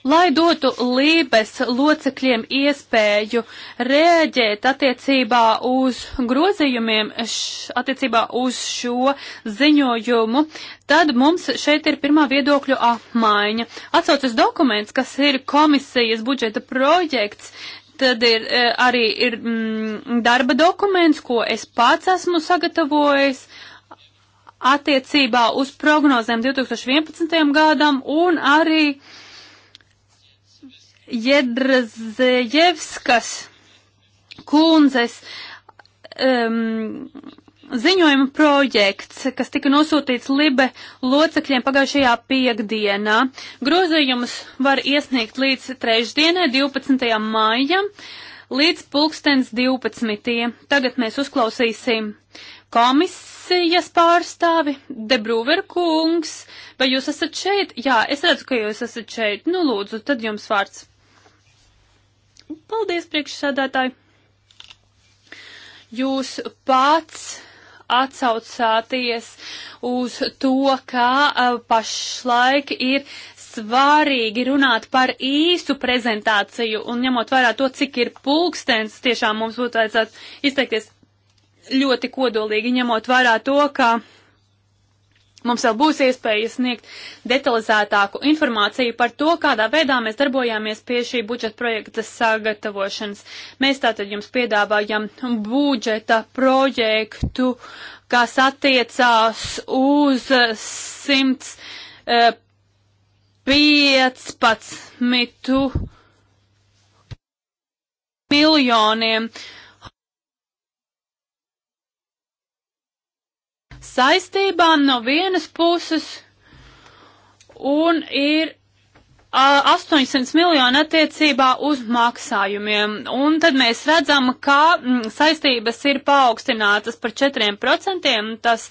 lai dotu lībes locekļiem iespēju rēģēt attiecībā uz grozījumiem, š, attiecībā uz šo ziņojumu, tad mums šeit ir pirmā viedokļu apmaiņa. Atsaucas dokuments, kas ir komisijas budžeta projekts, tad ir eh, arī ir mm, darba dokuments, ko es pats esmu sagatavojis attiecībā uz prognozēm 2011. gadam un arī uh, Jedrzejevskas kundzes um, ziņojuma projekts, kas tika nosūtīts Libe locekļiem pagājušajā piekdienā. Grozījumus var iesniegt līdz trešdienai, 12. maijam, līdz pulkstens 12. Tagad mēs uzklausīsim komisijas pārstāvi, Debrūver kungs. Vai jūs esat šeit? Jā, es redzu, ka jūs esat šeit. Nu, lūdzu, tad jums vārds. Paldies, priekšsēdētāji! Jūs pats atsaucāties uz to, kā e, pašlaik ir svarīgi runāt par īstu prezentāciju un ņemot vērā to, cik ir pulkstens, tiešām mums būtu vajadzētu izteikties ļoti kodolīgi, ņemot vērā to, ka Mums vēl būs iespēja sniegt detalizētāku informāciju par to, kādā veidā mēs darbojāmies pie šī budžeta projekta sagatavošanas. Mēs tātad jums piedāvājam budžeta projektu, kas attiecās uz 115 e, miljoniem. Uh, saistībām no vienas puses un ir 800 miljoni attiecībā uz maksājumiem. Un tad mēs redzam, ka saistības ir paaugstinātas par 4%. Tas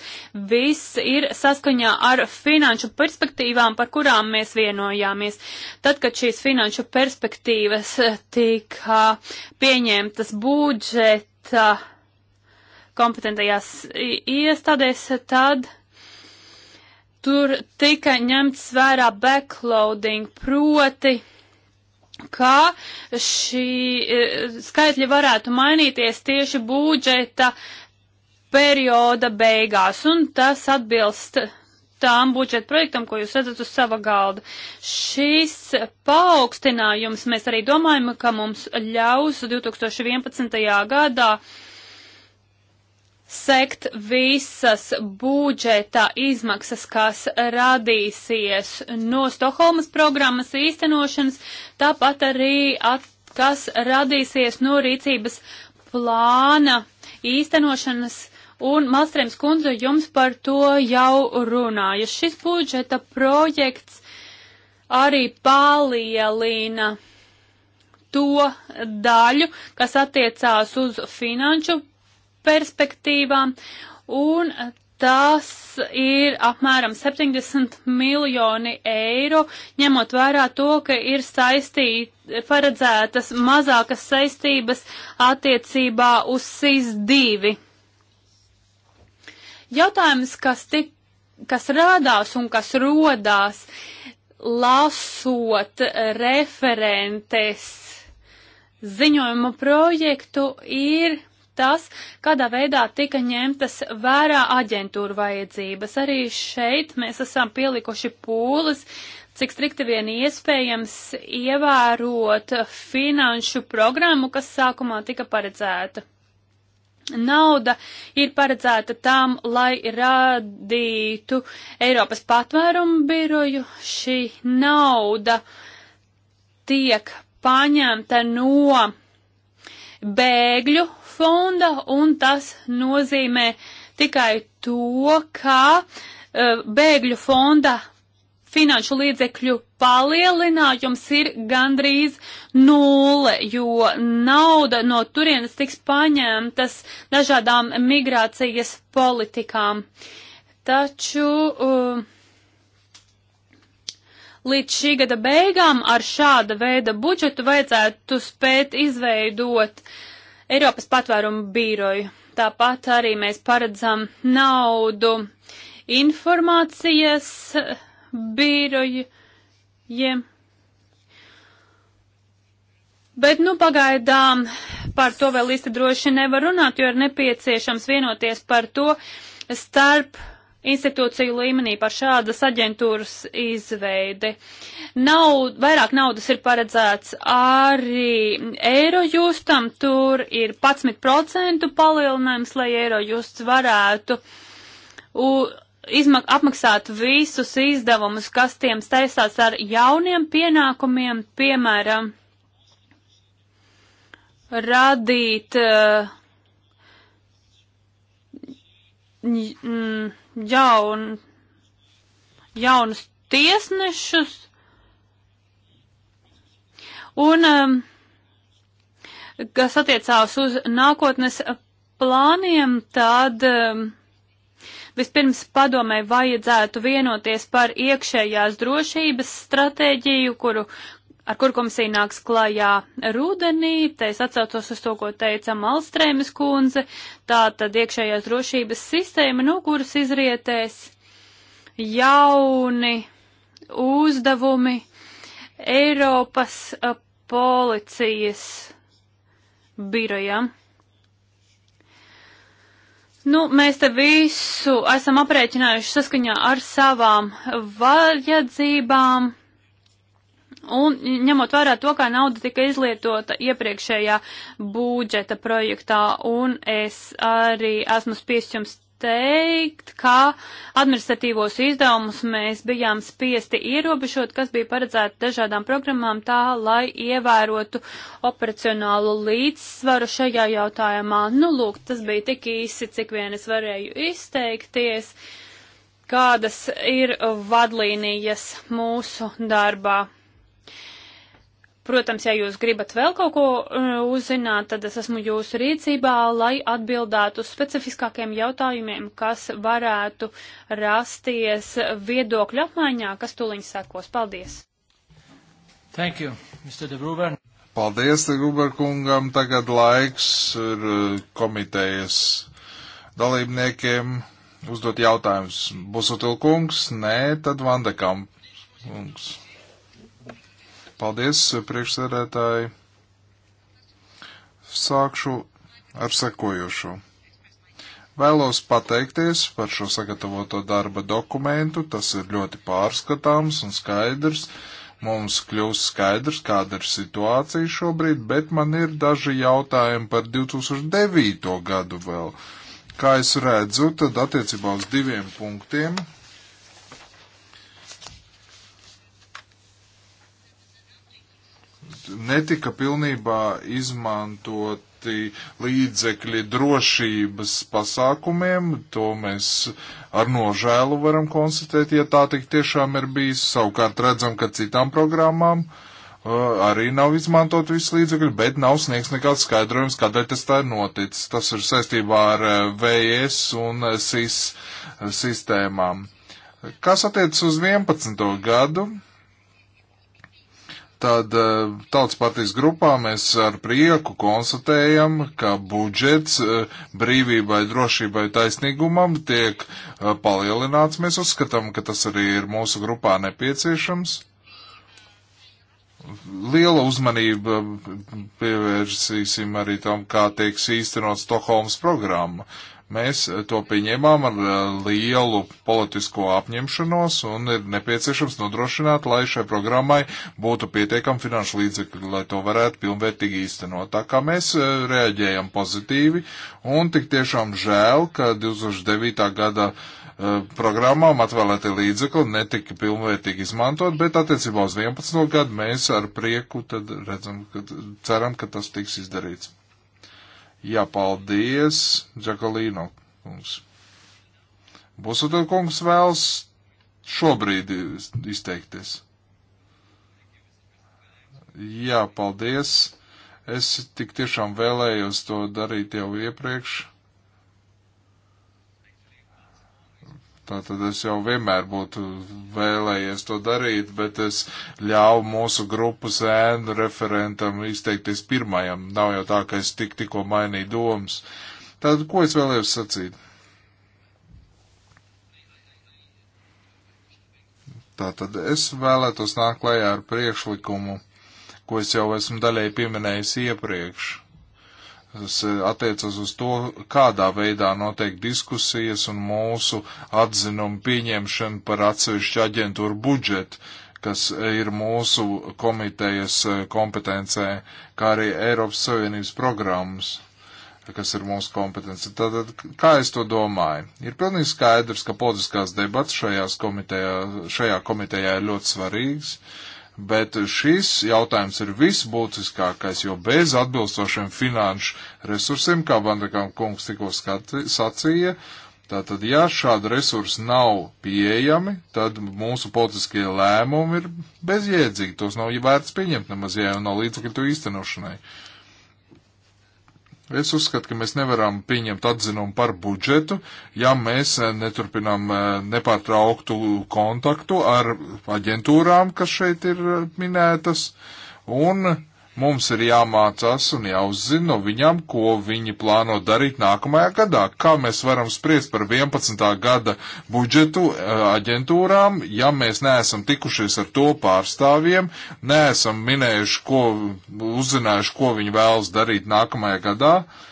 viss ir saskaņā ar finanšu perspektīvām, par kurām mēs vienojāmies. Tad, kad šīs finanšu perspektīvas tika pieņemtas budžeta kompetentajās iestādēs, tad tur tika ņemts vērā backloading, proti, kā šī e, skaitļi varētu mainīties tieši budžeta perioda beigās, un tas atbilst tām budžeta projektam, ko jūs redzat uz sava galda. Šis paaugstinājums mēs arī domājam, ka mums ļaus 2011. gadā uh, sekt visas budžeta izmaksas, kas radīsies no Stokholmas programmas īstenošanas, tāpat arī, at, kas radīsies no rīcības plāna īstenošanas. Un Malstrēms kundze jums par to jau runāja. Šis budžeta projekts arī palielina to daļu, kas attiecās uz finanšu perspektīvām, un tas ir apmēram 70 miljoni eiro, ņemot vērā to, ka ir saistīt, paredzētas mazākas saistības attiecībā uz SIS-2. Jautājums, kas, tik, kas rādās un kas rodās, lasot referentes ziņojuma projektu, ir tas, kādā veidā tika ņemtas vērā aģentūra vajadzības. Arī šeit mēs esam pielikuši pūles, cik strikti vien iespējams ievērot finanšu programmu, kas sākumā tika paredzēta. Nauda ir paredzēta tam, lai radītu Eiropas patvērumu biroju. Šī nauda tiek paņemta no bēgļu fonda, un tas nozīmē tikai to, ka uh, bēgļu fonda finanšu līdzekļu palielinājums ir gandrīz nulle, jo nauda no turienes tiks paņemtas dažādām migrācijas politikām. Taču uh, līdz šī gada beigām ar šāda veida budžetu vajadzētu spēt izveidot uh, Eiropas patvērumu bīroju. Tāpat arī mēs paredzam naudu informācijas bīrojiem. Bet, nu, pagaidām par to vēl īsti droši nevar runāt, jo ir nepieciešams vienoties par to starp institūciju līmenī par šādas aģentūras izveidi. Nav, vairāk naudas ir paredzēts arī Eirojustam, tur ir 11% palielinājums, lai Eirojusts varētu u, izmak, apmaksāt visus izdevumus, kas tiem staisās ar jauniem pienākumiem, piemēram, radīt uh, mm, jaun, jaunus tiesnešus. Un, um, kas attiecās uz nākotnes plāniem, tad um, vispirms padomē vajadzētu vienoties par iekšējās drošības stratēģiju, kuru ar kur komisija nāks klajā rudenī. Te es atcaucos uz to, ko teica Malstrēmas kundze. Tā tad iekšējās drošības sistēma, no kuras izrietēs jauni uzdevumi Eiropas policijas birojam. Nu, mēs te visu esam aprēķinājuši saskaņā ar savām vajadzībām Un ņemot vērā to, kā nauda tika izlietota iepriekšējā budžeta projektā, un es arī esmu spiest jums teikt, ka administratīvos izdevumus mēs bijām spiesti ierobežot, kas bija paredzēti dažādām programmām tā, lai ievērotu operacionālu līdzsvaru šajā jautājumā. Nu, lūk, tas bija tik īsi, cik vien es varēju izteikties, kādas ir vadlīnijas mūsu darbā. Protams, ja jūs gribat vēl kaut ko uh, uzzināt, tad es esmu jūsu rīcībā, lai atbildētu uz specifiskākiem jautājumiem, kas varētu rasties viedokļu apmaiņā, kas tuliņ sekos. Paldies! Thank you, Mr. De Bruber. Paldies, De Bruber kungam. Tagad laiks ir uh, komitejas dalībniekiem uzdot jautājumus. Busotil kungs, nē, tad Vandekamp kungs. Paldies, priekšsēdētāji. Sākšu ar sekojošo. Vēlos pateikties par šo sagatavoto darba dokumentu. Tas ir ļoti pārskatāms un skaidrs. Mums kļūst skaidrs, kāda ir situācija šobrīd, bet man ir daži jautājumi par 2009. gadu vēl. Kā es redzu, tad attiecībā uz diviem punktiem netika pilnībā izmantoti līdzekļi drošības pasākumiem, to mēs ar nožēlu varam konstatēt, ja tā tik tiešām ir bijis. Savukārt redzam, ka citām programmām uh, arī nav izmantot visi līdzekļi, bet nav sniegs nekāds skaidrojums, kādēļ tas tā ir noticis. Tas ir saistībā ar uh, VS un uh, SIS uh, sistēmām. Kas attiec uz 11. gadu? tad eh, tautas partijas grupā mēs ar prieku konstatējam, ka budžets eh, brīvībai, drošībai, taisnīgumam tiek eh, palielināts. Mēs uzskatām, ka tas arī ir mūsu grupā nepieciešams. Liela uzmanība mm, pievērsīsim arī tam, kā tiek īstenot Stokholmas programma. Mēs eh, to pieņēmām ar eh, lielu politisko apņemšanos un ir nepieciešams nodrošināt, lai šai programmai būtu pietiekami finanšu līdzekļi, lai to varētu pilnvērtīgi īstenot. Tā kā mēs eh, reaģējam pozitīvi un tik tiešām žēl, ka 2009. gada programmām atvēlētie līdzekļi netika pilnvērtīgi izmantot, bet attiecībā uz 11. gadu mēs ar prieku tad redzam, ka ceram, ka tas tiks izdarīts. Jā, paldies, Džakalīno kungs. Busutel kungs vēlas šobrīd izteikties. Jā, paldies. Es tik tiešām vēlējos to darīt jau iepriekš. Tātad es jau vienmēr būtu vēlējies to darīt, bet es ļāvu mūsu grupas ēnu referentam izteikties pirmajam. Nav jau tā, ka es tik tikko mainīju domas. Tātad, ko es vēlējos sacīt? Tātad es vēlētos nākt klajā ar priekšlikumu, ko es jau esmu daļēji pieminējis iepriekš Eh, attiecas uz to, kādā veidā notiek diskusijas un mūsu atzinumu pieņemšana par atsevišķu aģentūru budžetu, kas eh, ir mūsu komitejas eh, kompetencē, kā arī Eiropas Savienības programmas, kas ir mūsu kompetence. Tātad, kā es to domāju? Ir pilnīgi skaidrs, ka politiskās debats šajās komitejā, šajā komitejā ir ļoti svarīgs. Uh, bet šis jautājums ir visbūtiskākais, jo bez atbilstošiem finanšu resursiem, kā Vandekam kungs tikko sacīja, tātad, ja šāda resursa nav pieejami, tad mūsu politiskie lēmumi ir bezjēdzīgi, tos nav vērts pieņemt nemaz, ja jau nav līdzekļu to īstenošanai. Uh, Es uzskatu, ka mēs nevaram pieņemt atzinumu par budžetu, ja mēs eh, neturpinām eh, nepārtrauktu kontaktu ar aģentūrām, kas šeit ir eh, minētas, un Mums ir jāmācās un jāuzzina no viņām, ko viņi plāno darīt nākamajā gadā. Kā mēs varam spriest par 11. gada budžetu eh, aģentūrām, ja mēs neesam tikušies ar to pārstāvjiem, neesam minējuši, ko, uzzinājuši, ko viņi vēlas darīt nākamajā gadā. Uh,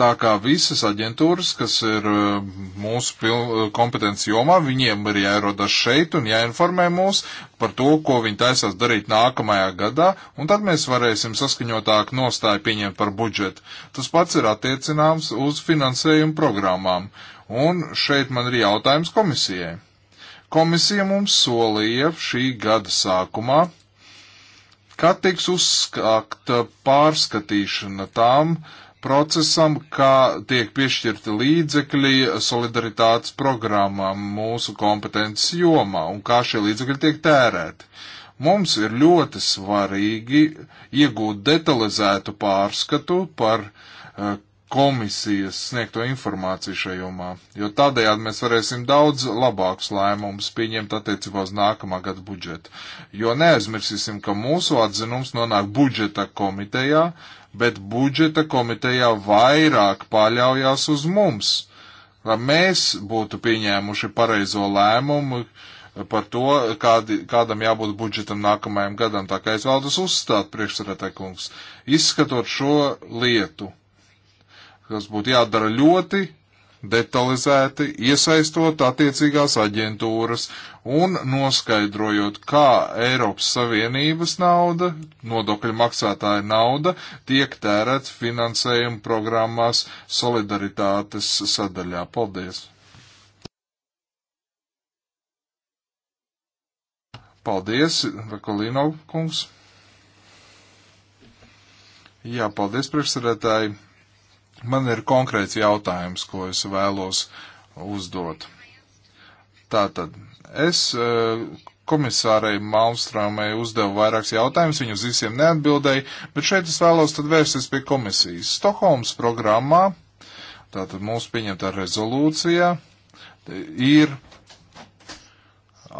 Tā kā visas aģentūras, kas ir uh, mūsu uh, kompetenci jomā, viņiem ir jāierodas šeit un jāinformē mūs par to, ko viņi taisās darīt nākamajā gadā, un tad mēs varēsim saskaņotāk nostāju pieņemt par budžetu. Tas pats ir attiecināms uz finansējumu programmām, un šeit man ir jautājums komisijai. Komisija mums solīja šī gada sākumā, kad tiks uzskakta pārskatīšana tām, uh, procesam, kā tiek piešķirti līdzekļi solidaritātes programmām mūsu kompetences jomā un kā šie līdzekļi tiek tērēti. Mums ir ļoti svarīgi iegūt detalizētu pārskatu par eh, komisijas sniegto informāciju šajā jomā, jo tādējādi mēs varēsim daudz labākus lēmumus pieņemt attiecībā uz nākamā gada budžetu. Jo neaizmirsīsim, ka mūsu atzinums nonāk budžeta komitejā, bet budžeta komitejā vairāk paļaujās uz mums, lai mēs būtu pieņēmuši pareizo lēmumu par to, kādi, kādam jābūt budžetam nākamajam gadam. Tā kā es vēlos uzstāt priekšsarētāj kungs, izskatot šo lietu, kas būtu jādara ļoti detalizēti, iesaistot attiecīgās aģentūras un noskaidrojot, kā Eiropas Savienības nauda, nodokļu maksātāja nauda, tiek tērēts finansējuma programmās solidaritātes sadaļā. Paldies! Paldies, Rakolīnov kungs! Jā, paldies, priekšsarētāji! Man ir konkrēts jautājums, ko es vēlos uzdot. Tātad, es e, komisārai Malmstrāmai uzdevu vairākus jautājumus, viņu uz visiem neatbildēju, bet šeit es vēlos tad vērsties pie komisijas. Stokholmas programmā, tātad mūsu pieņemtā rezolūcijā, ir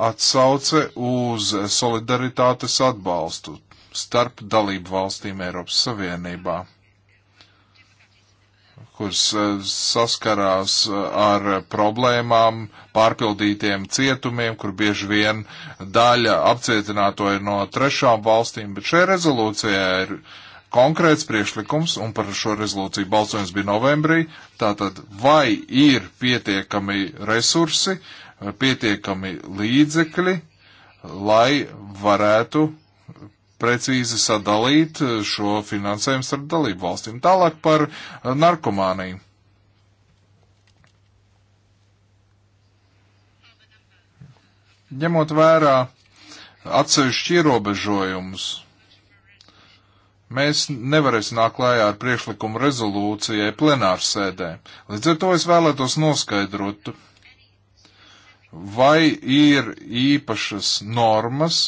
atsauce uz solidaritātes atbalstu starp dalību valstīm Eiropas Savienībā kuras eh, saskarās eh, ar problēmām, pārpildītiem cietumiem, kur bieži vien daļa apcietināto ir no trešām valstīm, bet šajā rezolūcijā ir konkrēts priekšlikums, un par šo rezolūciju balsojums bija novembrī, tātad vai ir pietiekami resursi, pietiekami līdzekļi, lai varētu precīzi sadalīt eh, šo finansējumu starp dalību valstīm. Tālāk par eh, narkomāniju. Ņemot vērā atsevišķi ierobežojumus, mēs nevarēsim nākt klājā ar priekšlikumu rezolūcijai plenārsēdē. Līdz ar to es vēlētos noskaidrot, vai ir īpašas normas,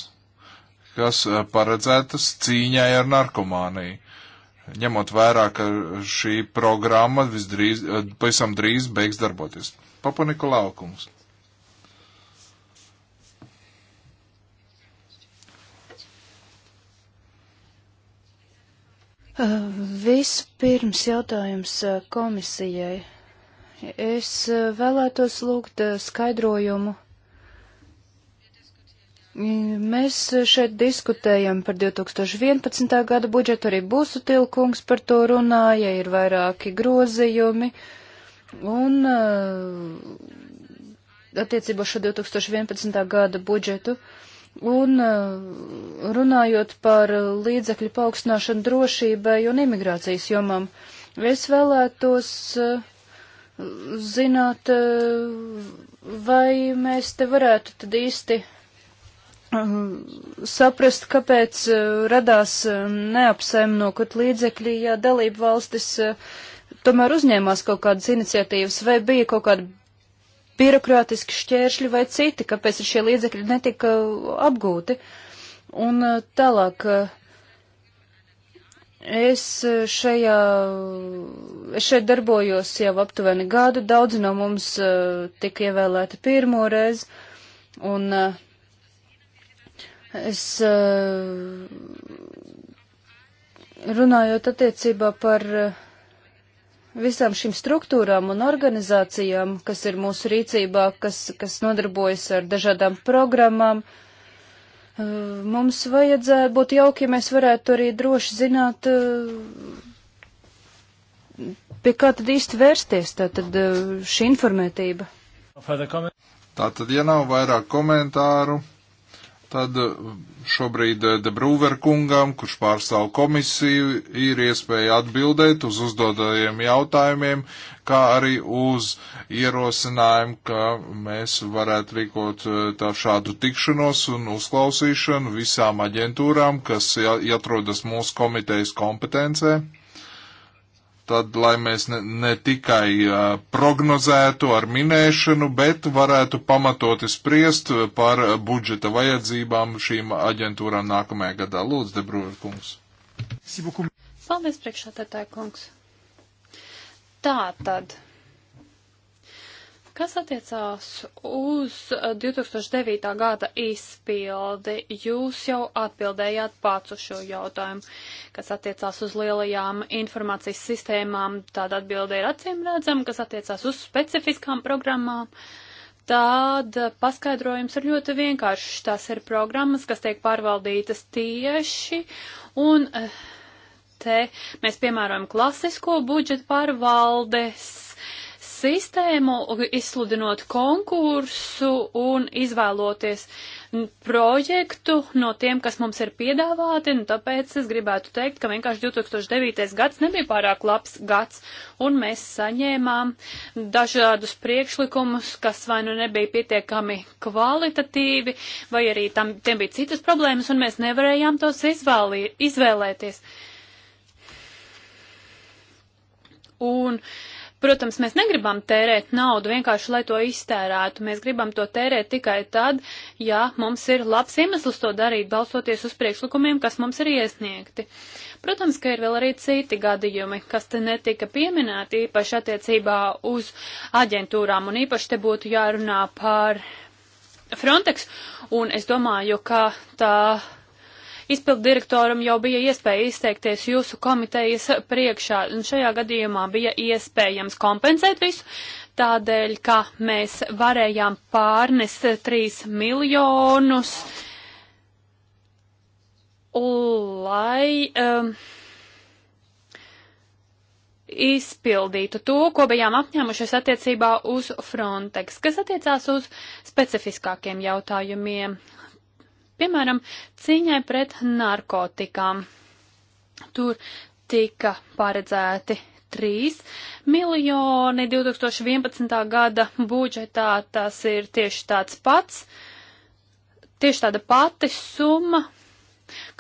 kas eh, paredzētas cīņai ar narkomāniju. Ņemot vērā, ka šī programma visdrīz, eh, pavisam drīz beigs darboties. Papa Nikolaukums. Eh, vispirms jautājums komisijai. Es vēlētos lūgt skaidrojumu Mēs šeit diskutējam par 2011. gada budžetu, arī būsu tilkungs par to runāja, ir vairāki grozījumi, un eh, attiecībā šo 2011. gada budžetu, un eh, runājot par līdzekļu paaugstināšanu drošībai un imigrācijas jomam, es vēlētos eh, zināt, vai mēs te varētu tad īsti saprast, kāpēc eh, radās eh, neapsaimnokot līdzekļi, ja dalību valstis eh, tomēr uzņēmās kaut kādas iniciatīvas, vai bija kaut kāda birokrātiski šķēršļi vai citi, kāpēc šie līdzekļi netika apgūti. Un tālāk, es šajā, es šeit darbojos jau aptuveni gadu, daudzi no mums tika ievēlēti pirmo reizi, un uh, Es runājot attiecībā par visām šīm struktūrām un organizācijām, kas ir mūsu rīcībā, kas, kas nodarbojas ar dažādām programmām, mums vajadzētu būt jauki, ja mēs varētu arī droši zināt, pie kā tad īsti vērsties, tātad šī informētība. Tātad, ja nav vairāk komentāru. Tad eh, šobrīd eh, De Brūver kungam, kurš pārstāv komisiju, ir iespēja atbildēt uz uzdotajiem jautājumiem, kā arī uz ierosinājumu, ka mēs varētu rīkot eh, tā šādu tikšanos un uzklausīšanu visām aģentūrām, kas atrodas mūsu komitejas kompetencē tad, lai mēs ne, ne tikai uh, prognozētu ar minēšanu, bet varētu pamatoti spriest par budžeta vajadzībām šīm aģentūrām nākamajā gadā. Lūdzu, Debrūver kungs. Paldies, priekšsādātāja kungs. Tā tad Kas attiecās uz 2009. Eh, gada izpildi, jūs jau atbildējāt pats uz šo jautājumu. Kas attiecās uz lielajām informācijas sistēmām, tāda atbilde ir acīm redzama. Kas attiecās uz specifiskām programmām, tad paskaidrojums ir ļoti vienkāršs. Tās ir programmas, kas tiek pārvaldītas tieši un eh, te mēs piemērojam klasisko budžetu pārvaldes sistēmu, izsludinot konkursu un izvēloties projektu no tiem, kas mums ir piedāvāti, un nu, tāpēc es gribētu teikt, ka vienkārši 2009. gads nebija pārāk labs gads, un mēs saņēmām dažādus priekšlikumus, kas vai nu nebija pietiekami kvalitatīvi, vai arī tam, tiem bija citas problēmas, un mēs nevarējām tos izvēlī, izvēlēties. Un uh, Protams, mēs negribam tērēt naudu vienkārši, lai to iztērētu. Mēs gribam to tērēt tikai tad, ja mums ir labs iemesls to darīt, balstoties uz priekšlikumiem, kas mums ir iesniegti. Protams, ka ir vēl arī citi gadījumi, kas te netika pieminēti, īpaši attiecībā uz aģentūrām, un īpaši te būtu jārunā par Frontex, un es domāju, ka tā Izpildu direktoram jau bija iespēja izteikties jūsu komitejas priekšā, un šajā gadījumā bija iespējams kompensēt visu, tādēļ, ka mēs varējām pārnest 3 miljonus, lai. Um, izpildītu to, ko bijām apņēmušies attiecībā uz Frontex, kas attiecās uz specifiskākiem jautājumiem. Piemēram, cīņai pret narkotikām. Tur tika paredzēti 3 miljoni 2011. gada budžetā. Tas ir tieši tāds pats, tieši tāda pati summa,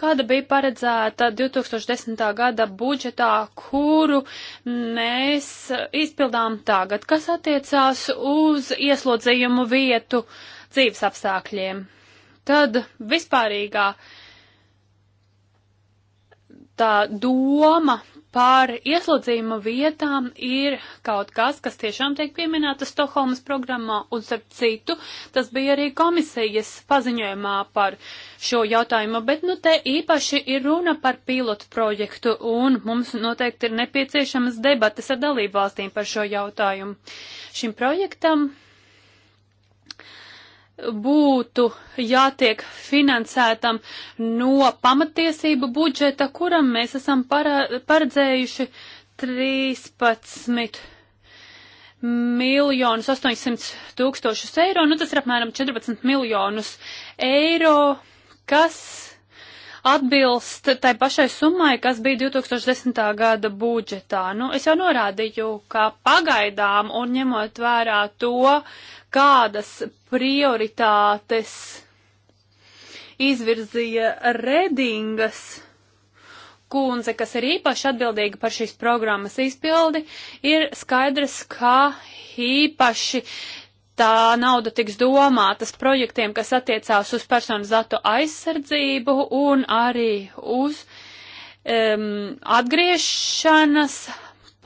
kāda bija paredzēta 2010. gada budžetā, kuru mēs izpildām tagad, kas attiecās uz ieslodzījumu vietu dzīves apstākļiem tad vispārīgā tā doma par ieslodzījuma vietām ir kaut kas, kas tiešām tiek pieminēta Stokholmas programmā, un starp citu, tas bija arī komisijas paziņojumā par šo jautājumu, bet nu te īpaši ir runa par pilotu projektu, un mums noteikti ir nepieciešamas debates ar dalībvalstīm par šo jautājumu. Šim projektam būtu jātiek finansētam no pamatiesību budžeta, kuram mēs esam paredzējuši 13 miljonus 800 tūkstošus eiro, nu tas ir apmēram 14 miljonus eiro, kas atbilst tai pašai summai, kas bija 2010. gada budžetā. Nu, es jau norādīju, ka pagaidām un ņemot vērā to, uh, kādas prioritātes izvirzīja Redingas kundze, kas ir īpaši atbildīga par šīs programmas izpildi, ir skaidrs, ka īpaši tā nauda tiks domātas projektiem, kas attiecās uz personas datu aizsardzību un arī uz um, atgriešanas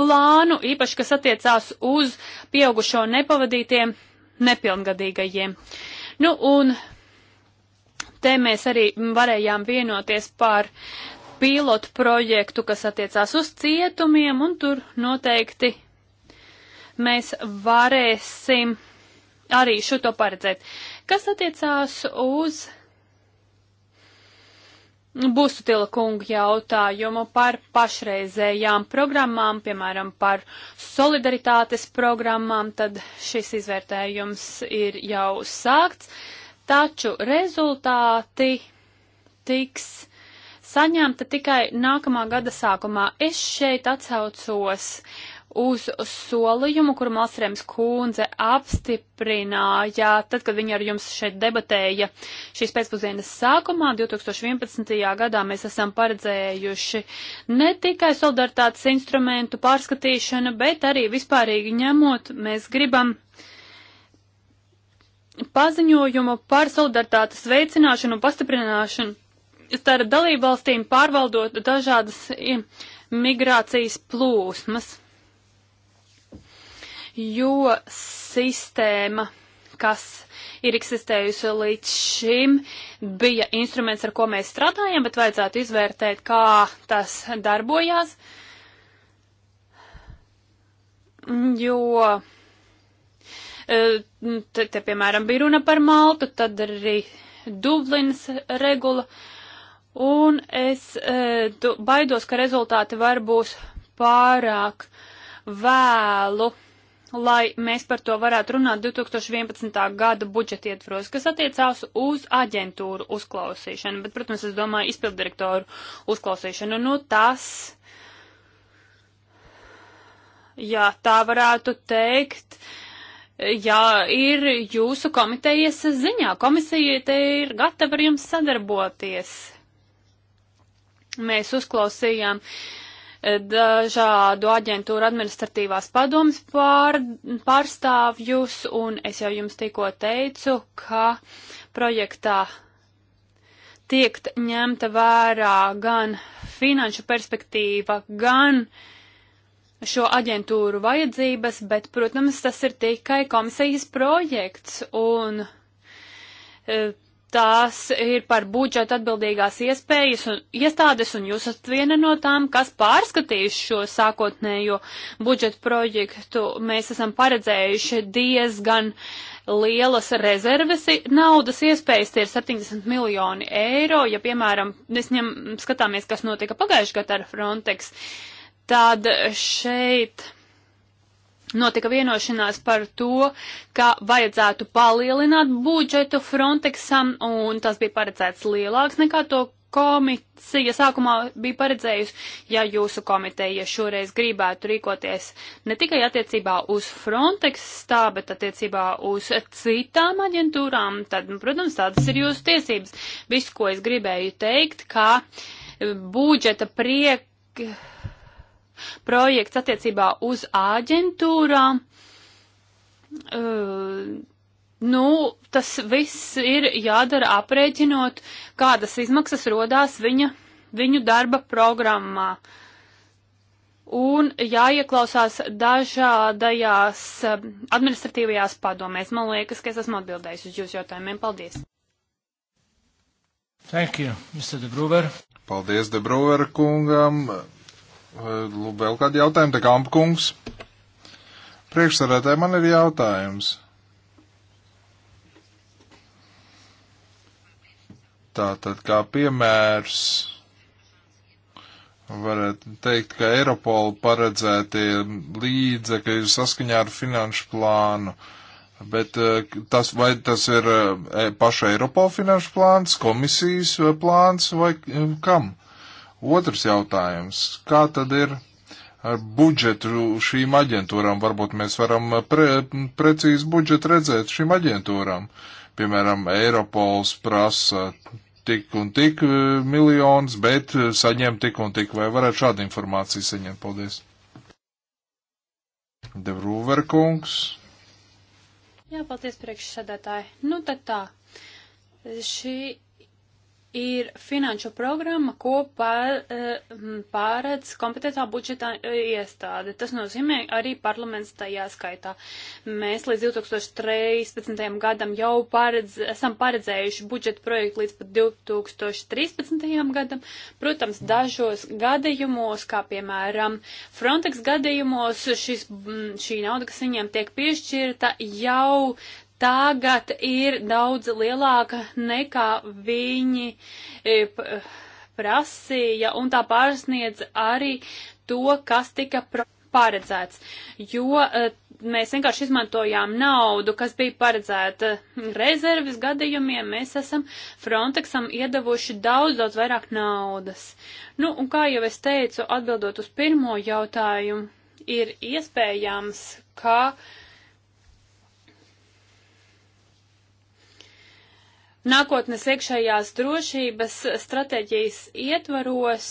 plānu, īpaši kas attiecās uz pieaugušo nepavadītiem nepilngadīgajiem. Nu, un te mēs arī varējām vienoties par pilotu projektu, kas attiecās uz cietumiem, un tur noteikti mēs varēsim arī šo to paredzēt. Kas attiecās uz Būsutila kunga jautājumu par pašreizējām programmām, piemēram, par solidaritātes programmām, tad šis izvērtējums ir jau sākts, taču rezultāti tiks saņemta tikai nākamā gada sākumā. Es šeit atsaucos uz solījumu, kuru Malsrēms kundze apstiprināja, tad, kad viņa ar jums šeit debatēja šīs pēcpusdienas sākumā, 2011. gadā mēs esam paredzējuši ne tikai solidaritātes instrumentu pārskatīšanu, bet arī vispārīgi ņemot, mēs gribam paziņojumu par solidaritātes veicināšanu un pastiprināšanu starp dalībvalstīm pārvaldot dažādas migrācijas plūsmas jo sistēma, kas ir eksistējusi līdz šim, bija instruments, ar ko mēs strādājam, bet vajadzētu izvērtēt, kā tas darbojās. Jo eh, te, te piemēram, bija runa par Maltu, tad arī Dublinas regula, un es e, baidos, ka rezultāti var būs pārāk vēlu lai mēs par to varētu runāt 2011. gada budžeta ietvaros, kas attiecās uz aģentūru uzklausīšanu, bet, protams, es domāju izpildirektoru uzklausīšanu. Nu, tas, jā, tā varētu teikt, jā, ir jūsu komitejas ziņā. Komisija te ir gatava ar jums sadarboties. Mēs uzklausījām uh, dažādu aģentūru administratīvās padomas pār, pārstāvjus, un es jau jums tikko teicu, ka projektā tiek ņemta vērā gan finanšu perspektīva, gan šo aģentūru vajadzības, bet, protams, tas ir tikai komisijas projekts, un e, tās ir par budžetu atbildīgās iespējas un iestādes, un jūs esat viena no tām, kas pārskatīs šo sākotnējo budžetu projektu. Mēs esam paredzējuši diezgan lielas rezerves naudas iespējas, tie ir 70 miljoni eiro, ja, piemēram, mēs ņem, skatāmies, kas notika pagājušajā gadā ar Frontex, tad šeit notika vienošanās par to, ka vajadzētu palielināt budžetu Frontexam, un tas bija paredzēts lielāks nekā to komisija sākumā bija paredzējusi, ja jūsu komiteja šoreiz gribētu rīkoties ne tikai attiecībā uz Frontex stā, bet attiecībā uz citām aģentūrām, tad, nu, protams, tādas ir jūsu tiesības. Viss, ko es gribēju teikt, kā budžeta priek projekts attiecībā uz āģentūrām. Uh, nu, tas viss ir jādara aprēķinot, kādas izmaksas rodās viņa, viņu darba programmā. Un jāieklausās dažādajās um, administratīvajās padomēs. Man liekas, ka es esmu atbildējis uz jūsu jautājumiem. Paldies! Thank you, Mr. De Bruver. Paldies, De Bruver kungam. Vēl kādi jautājumi, te Kampkungs? Priekšsarētāji, man ir jautājums. Tātad, kā piemērs, varētu teikt, ka Eiropola paredzētie līdzekļi ir saskaņā ar finanšu plānu. Bet eh, tas, vai tas ir eh, paša Eiropola finanšu plāns, komisijas eh, plāns vai kam? Otrs jautājums. Kā tad ir ar budžetu šīm aģentūrām? Varbūt mēs varam uh, pre, precīzi budžetu redzēt šīm aģentūrām. Piemēram, Eiropols prasa tik un tik uh, miljonus, bet uh, saņem tik un tik. Vai varētu šādu informāciju saņemt? Paldies. Devrūverkungs. Jā, paldies priekšsēdētāji. Nu tad tā. Šī ir finanšu programma, ko pār, eh, pārēdz kompetentā budžeta eh, iestāde. Tas nozīmē arī parlaments tajā skaitā. Mēs līdz 2013. gadam jau pārēdz, esam paredzējuši budžeta projektu līdz pat 2013. gadam. Protams, dažos gadījumos, kā piemēram Frontex gadījumos, šis, šī nauda, kas viņiem tiek piešķirta, jau tagad ir daudz lielāka nekā viņi e, prasīja un tā pārsniedz arī to, kas tika paredzēts, jo e, mēs vienkārši izmantojām naudu, kas bija paredzēta rezerves gadījumiem, mēs esam Frontexam iedavuši daudz, daudz vairāk naudas. Nu, un kā jau es teicu, atbildot uz pirmo jautājumu, ir iespējams, ka uh, nākotnes iekšējās drošības stratēģijas ietvaros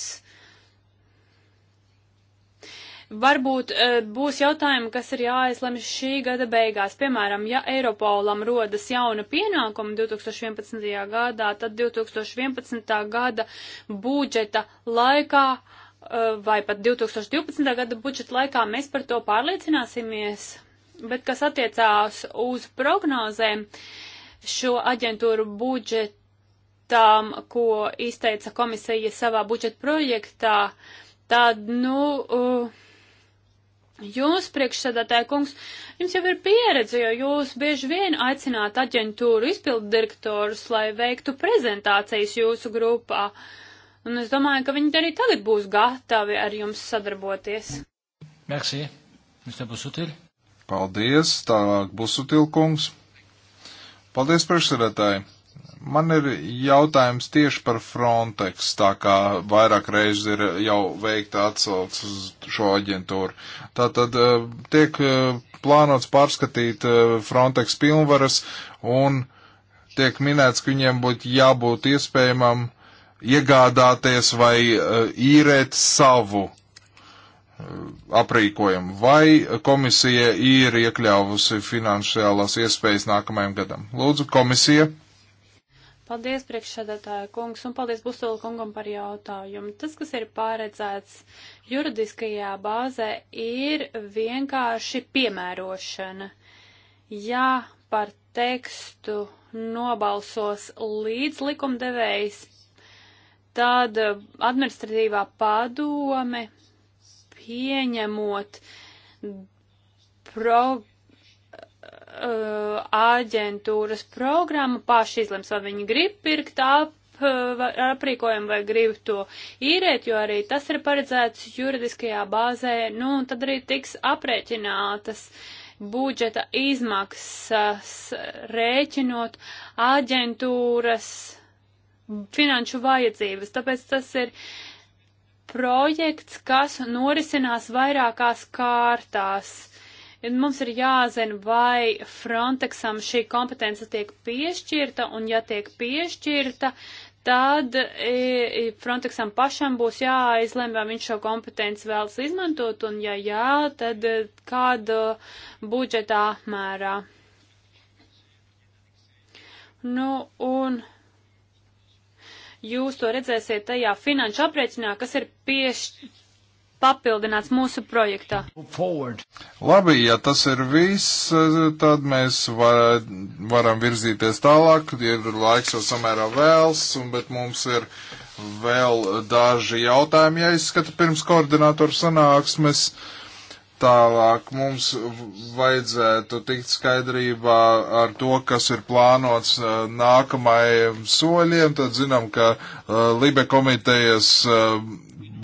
varbūt e, būs jautājumi, kas ir jāizlemj šī gada beigās. Piemēram, ja Eiropolam rodas jauna pienākuma 2011. gadā, tad 2011. gada budžeta laikā e, vai pat 2012. gada budžeta laikā mēs par to pārliecināsimies. Bet kas attiecās uz prognozēm, uh, šo aģentūru budžetām, ko izteica komisija savā budžeta projektā, tad, nu, uh, Jūs, priekšsēdētāja kungs, jums jau ir pieredze, jo jūs bieži vien aicināt aģentūru izpildu direktorus, lai veiktu prezentācijas jūsu grupā. Un es domāju, ka viņi arī tagad būs gatavi ar jums sadarboties. Merci. Mr. Busutil. Paldies. Tālāk Busutil kungs. Paldies, priekšsēdētāji! Man ir jautājums tieši par Frontex, tā kā vairāk reizes ir jau veikta atsauc uz šo aģentūru. Tātad eh, tiek eh, plānots pārskatīt eh, Frontex pilnvaras un tiek minēts, ka viņiem būtu jābūt iespējamam iegādāties vai īrēt savu aprīkojumu, vai komisija ir iekļāvusi finansiālās iespējas nākamajam gadam. Lūdzu, komisija. Paldies, priekšsēdētāja kungs, un paldies Bustola kungam par jautājumu. Tas, kas ir paredzēts juridiskajā bāzē, ir vienkārši piemērošana. Ja par tekstu nobalsos līdz likumdevējs, tad administratīvā padome pieņemot pro, uh, aģentūras programmu paši izlems, vai viņi grib pirkt ap, uh, aprīkojumu vai grib to īrēt, jo arī tas ir paredzēts juridiskajā bāzē, nu, un tad arī tiks aprēķinātas budžeta izmaksas, rēķinot aģentūras finanšu vajadzības. Tāpēc tas ir uh, projekts, kas norisinās vairākās kārtās. Mums ir jāzina, vai Frontexam šī kompetence tiek piešķirta, un ja tiek piešķirta, tad e, e Frontexam pašam būs jāizlem, vai viņš šo kompetenci vēlas izmantot, un ja jā, tad e, kādu budžetā apmērā. Nu, un Jūs to redzēsiet tajā finanšu aprēķinā, kas ir piešķirts papildināts mūsu projektā. Forward. Labi, ja tas ir viss, tad mēs var, varam virzīties tālāk. Ir laiks jau samērā vēls, un, bet mums ir vēl daži jautājumi jāizskata pirms koordinātoru sanāksmes. Uh, Tālāk mums vajadzētu tikt skaidrībā ar to, kas ir plānots uh, nākamajiem soļiem. Tad zinām, ka uh, Libe komitejas uh,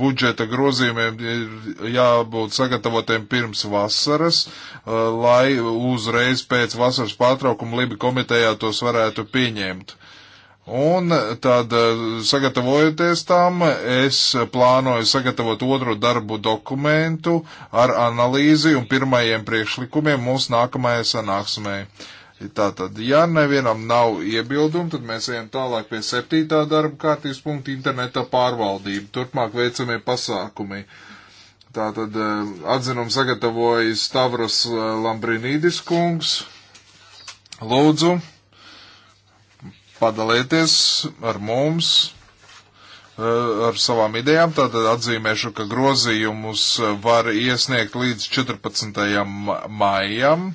budžeta grozījumiem ir jābūt sagatavotiem pirms vasaras, lai uzreiz pēc vasaras pārtraukuma Libe komitejā tos varētu pieņemt. Un tad eh, sagatavojoties tam, es plānoju sagatavot otro darbu dokumentu ar analīzi un pirmajiem priekšlikumiem mūsu nākamajai sanāksmē. Tātad, ja nevienam nav iebildumu, tad mēs ejam tālāk pie septītā darba kārtības punkta interneta pārvaldība. Turpmāk veicamie pasākumi. Tātad eh, atzinumu sagatavoja Stavros eh, Lambrinīdis kungs. Lūdzu padalieties ar mums eh, ar savām idejām. Tātad atzīmēšu, ka grozījumus eh, var iesniegt līdz 14. maijam.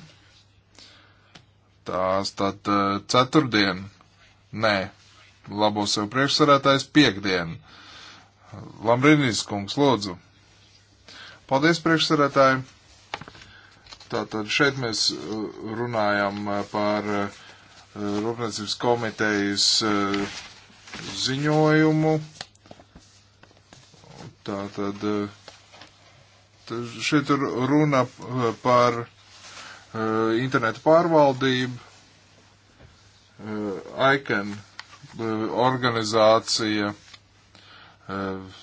Tās tad eh, ceturtdien. Nē, labos jau priekšsarētājs piekdien. Lambrīnīs kungs, lūdzu. Paldies, priekšsarētāji. Tātad šeit mēs runājam par uh, Eh, Rūpniecības komitejas eh, ziņojumu. Tātad eh, šeit ir runa par internetu pārvaldību. ICAN organizācija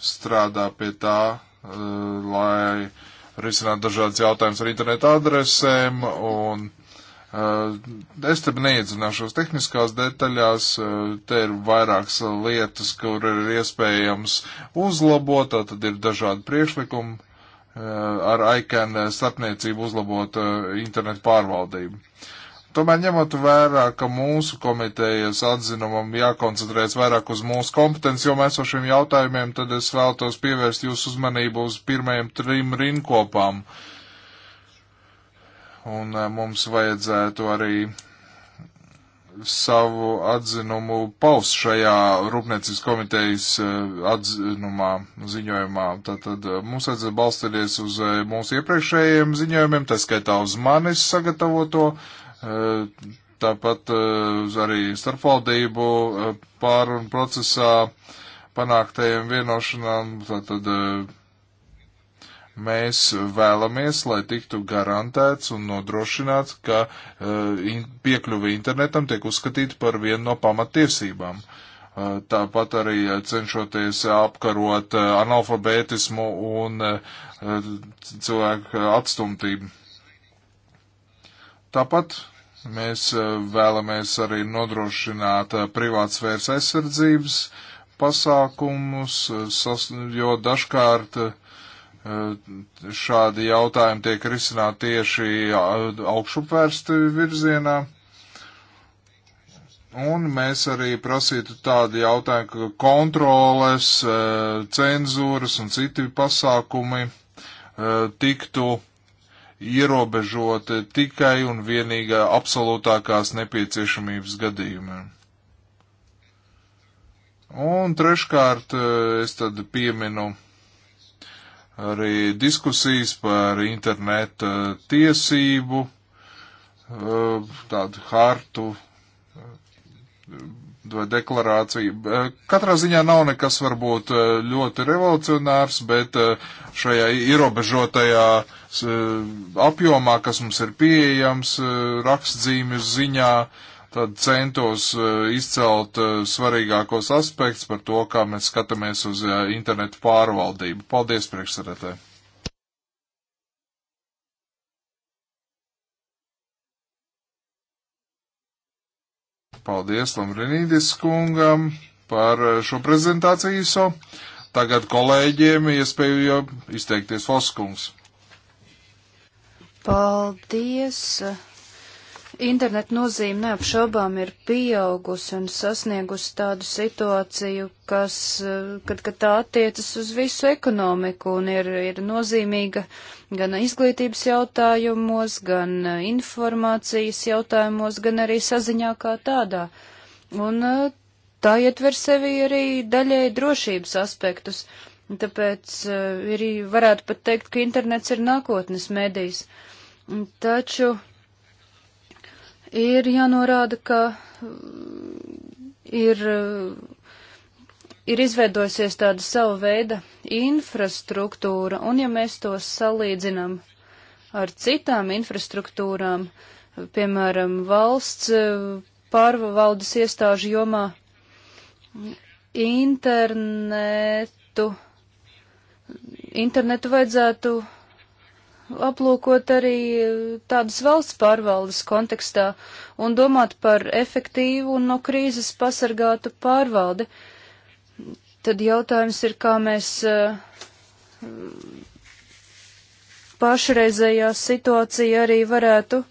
strādā pie tā, lai risinātu dažādas jautājumas ar internetu adresēm un Es te neiedzināšos tehniskās detaļās, te ir vairākas lietas, kur ir iespējams uzlabot, tad ir dažādi priekšlikumi eh, ar ICAN starpniecību uzlabot eh, internetu pārvaldību. Tomēr ņemot vērā, ka mūsu komitejas atzinumam jākoncentrēs vairāk uz mūsu kompetenci, jo mēs ar šiem jautājumiem, tad es vēltos pievērst jūsu uzmanību uz pirmajiem trim rinkopām. Uh, un eh, mums vajadzētu arī savu atzinumu paust šajā Rūpniecības komitejas eh, atzinumā, ziņojumā. Tātad eh, mums vajadzētu balstīties uz mūsu iepriekšējiem ziņojumiem, tā skaitā uz manis sagatavoto, tāpat arī starpvaldību pārunu procesā panāktajiem vienošanām, tātad Mēs vēlamies, lai tiktu garantēts un nodrošināts, ka uh, in, piekļuvi internetam tiek uzskatīta par vienu no pamattiesībām. Uh, tāpat arī eh, cenšoties apkarot uh, analfabētismu un cilvēku atstumtību. Tāpat mēs vēlamies arī nodrošināt privātsfēras aizsardzības pasākumus, sas, jo dažkārt uh, šādi jautājumi tiek risināti tieši augšupvērsti virzienā. Un mēs arī prasītu tādu jautājumu, ka kontroles, cenzūras un citi pasākumi tiktu ierobežoti tikai un vienīgi absolūtākās nepieciešamības gadījumiem. Un treškārt es tad pieminu arī diskusijas par interneta tiesību, eh, tādu hartu eh, vai deklarāciju. Eh, katrā ziņā nav nekas varbūt ļoti revolucionārs, bet šajā ierobežotajā apjomā, kas mums ir pieejams rakstzīmes ziņā, uh, tad centos eh, izcelt eh, svarīgākos aspektus par to, kā mēs skatāmies uz eh, internetu pārvaldību. Paldies, priekšsarētāji! Paldies Lambrinīdis kungam par šo prezentāciju ISO. Tagad kolēģiem iespēju jau izteikties Foskungs. Paldies! Internet nozīme neapšaubām ir pieaugusi un sasniegusi tādu situāciju, kas, eh, kad, kad tā attiecas uz visu ekonomiku un ir, ir nozīmīga gan izglītības jautājumos, gan eh, informācijas jautājumos, gan arī saziņā kā tādā. Un eh, tā ietver sevi arī daļēji drošības aspektus, tāpēc arī varētu pat teikt, ka internets ir nākotnes medijs. Taču ir jānorāda, ka ir, ir izveidojusies tāda sava veida infrastruktūra, un ja mēs to salīdzinām ar citām infrastruktūrām, piemēram, valsts eh, pārvaldes iestāžu jomā, internetu, internetu vajadzētu aplūkot arī eh, tādas valsts pārvaldes kontekstā un domāt par efektīvu un no krīzes pasargātu pārvaldi. Tad jautājums ir, kā mēs eh, pašreizējā situācija arī varētu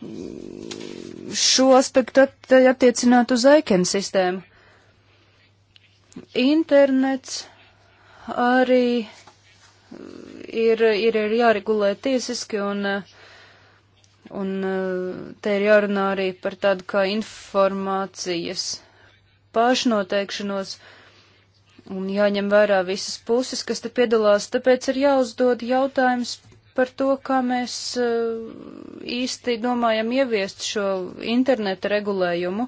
mm, šo aspektu attiecināt uz aiken sistēmu. Internets arī ir, ir, ir jāregulē tiesiski un, un te ir jārunā arī par tādu kā informācijas pašnoteikšanos un jāņem vērā visas puses, kas te piedalās, tāpēc ir jāuzdod jautājums par to, kā mēs eh, īsti domājam ieviest šo interneta regulējumu,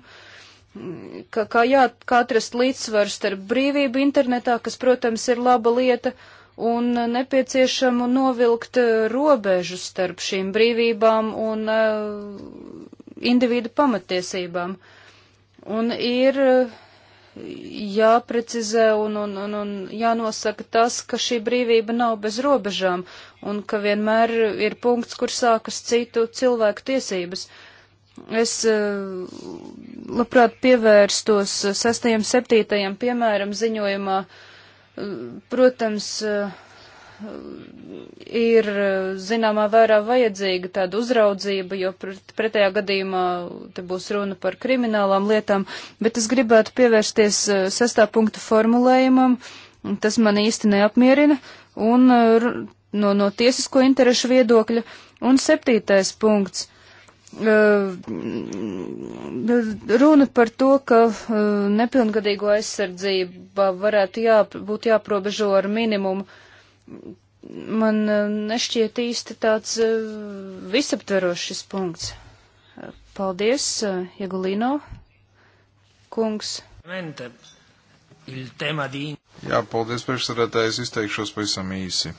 kā, kā, jā, kā atrast līdzsvaru starp brīvību internetā, kas, protams, ir laba lieta, un nepieciešama novilkt eh, robežu starp šīm brīvībām un eh, individu pamatiesībām. Un ir eh, jāprecizē un, un, un, un jānosaka tas, ka šī brīvība nav bez robežām un ka vienmēr ir punkts, kur sākas citu cilvēku tiesības. Es labprāt pievērstos sastajam, septītajam piemēram ziņojumā, uh, protams, ir zināmā vērā vajadzīga tāda uzraudzība, jo pret, pretējā gadījumā te būs runa par kriminālām lietām, bet es gribētu pievērsties eh, sestā punkta formulējumam, tas man īsti neapmierina, un eh, no, no tiesisko interešu viedokļa, un septītais punkts. Eh, mm, runa par to, ka eh, nepilngadīgo aizsardzība varētu jā, būt jāprobežo ar minimumu, man eh, nešķiet īsti tāds visaptverošs punkts. Paldies, Jegulino. Kungs. Jā, paldies priekšsarētājs, izteikšos pavisam īsi.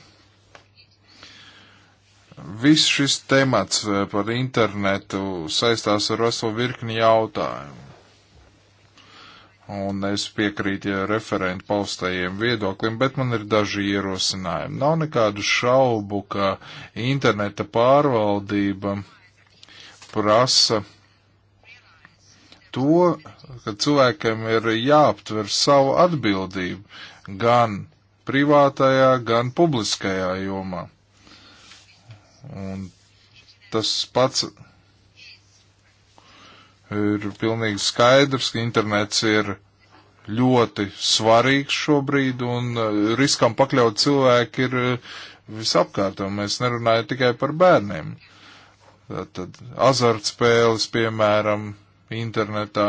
Viss šis temats eh, par internetu saistās ar veselu virkni jautājumu. Un es piekrītu ja referentu paustajiem viedokļiem, bet man ir daži ierosinājumi. Nav nekādu šaubu, ka interneta pārvaldība prasa to, ka cilvēkam ir jāaptver savu atbildību gan privātajā, gan publiskajā jomā. Un tas pats ir pilnīgi skaidrs, ka internets ir ļoti svarīgs šobrīd un eh, riskam pakļaut cilvēki ir eh, visapkārt, un mēs nerunājam tikai par bērniem. Tad azartspēles, piemēram, internetā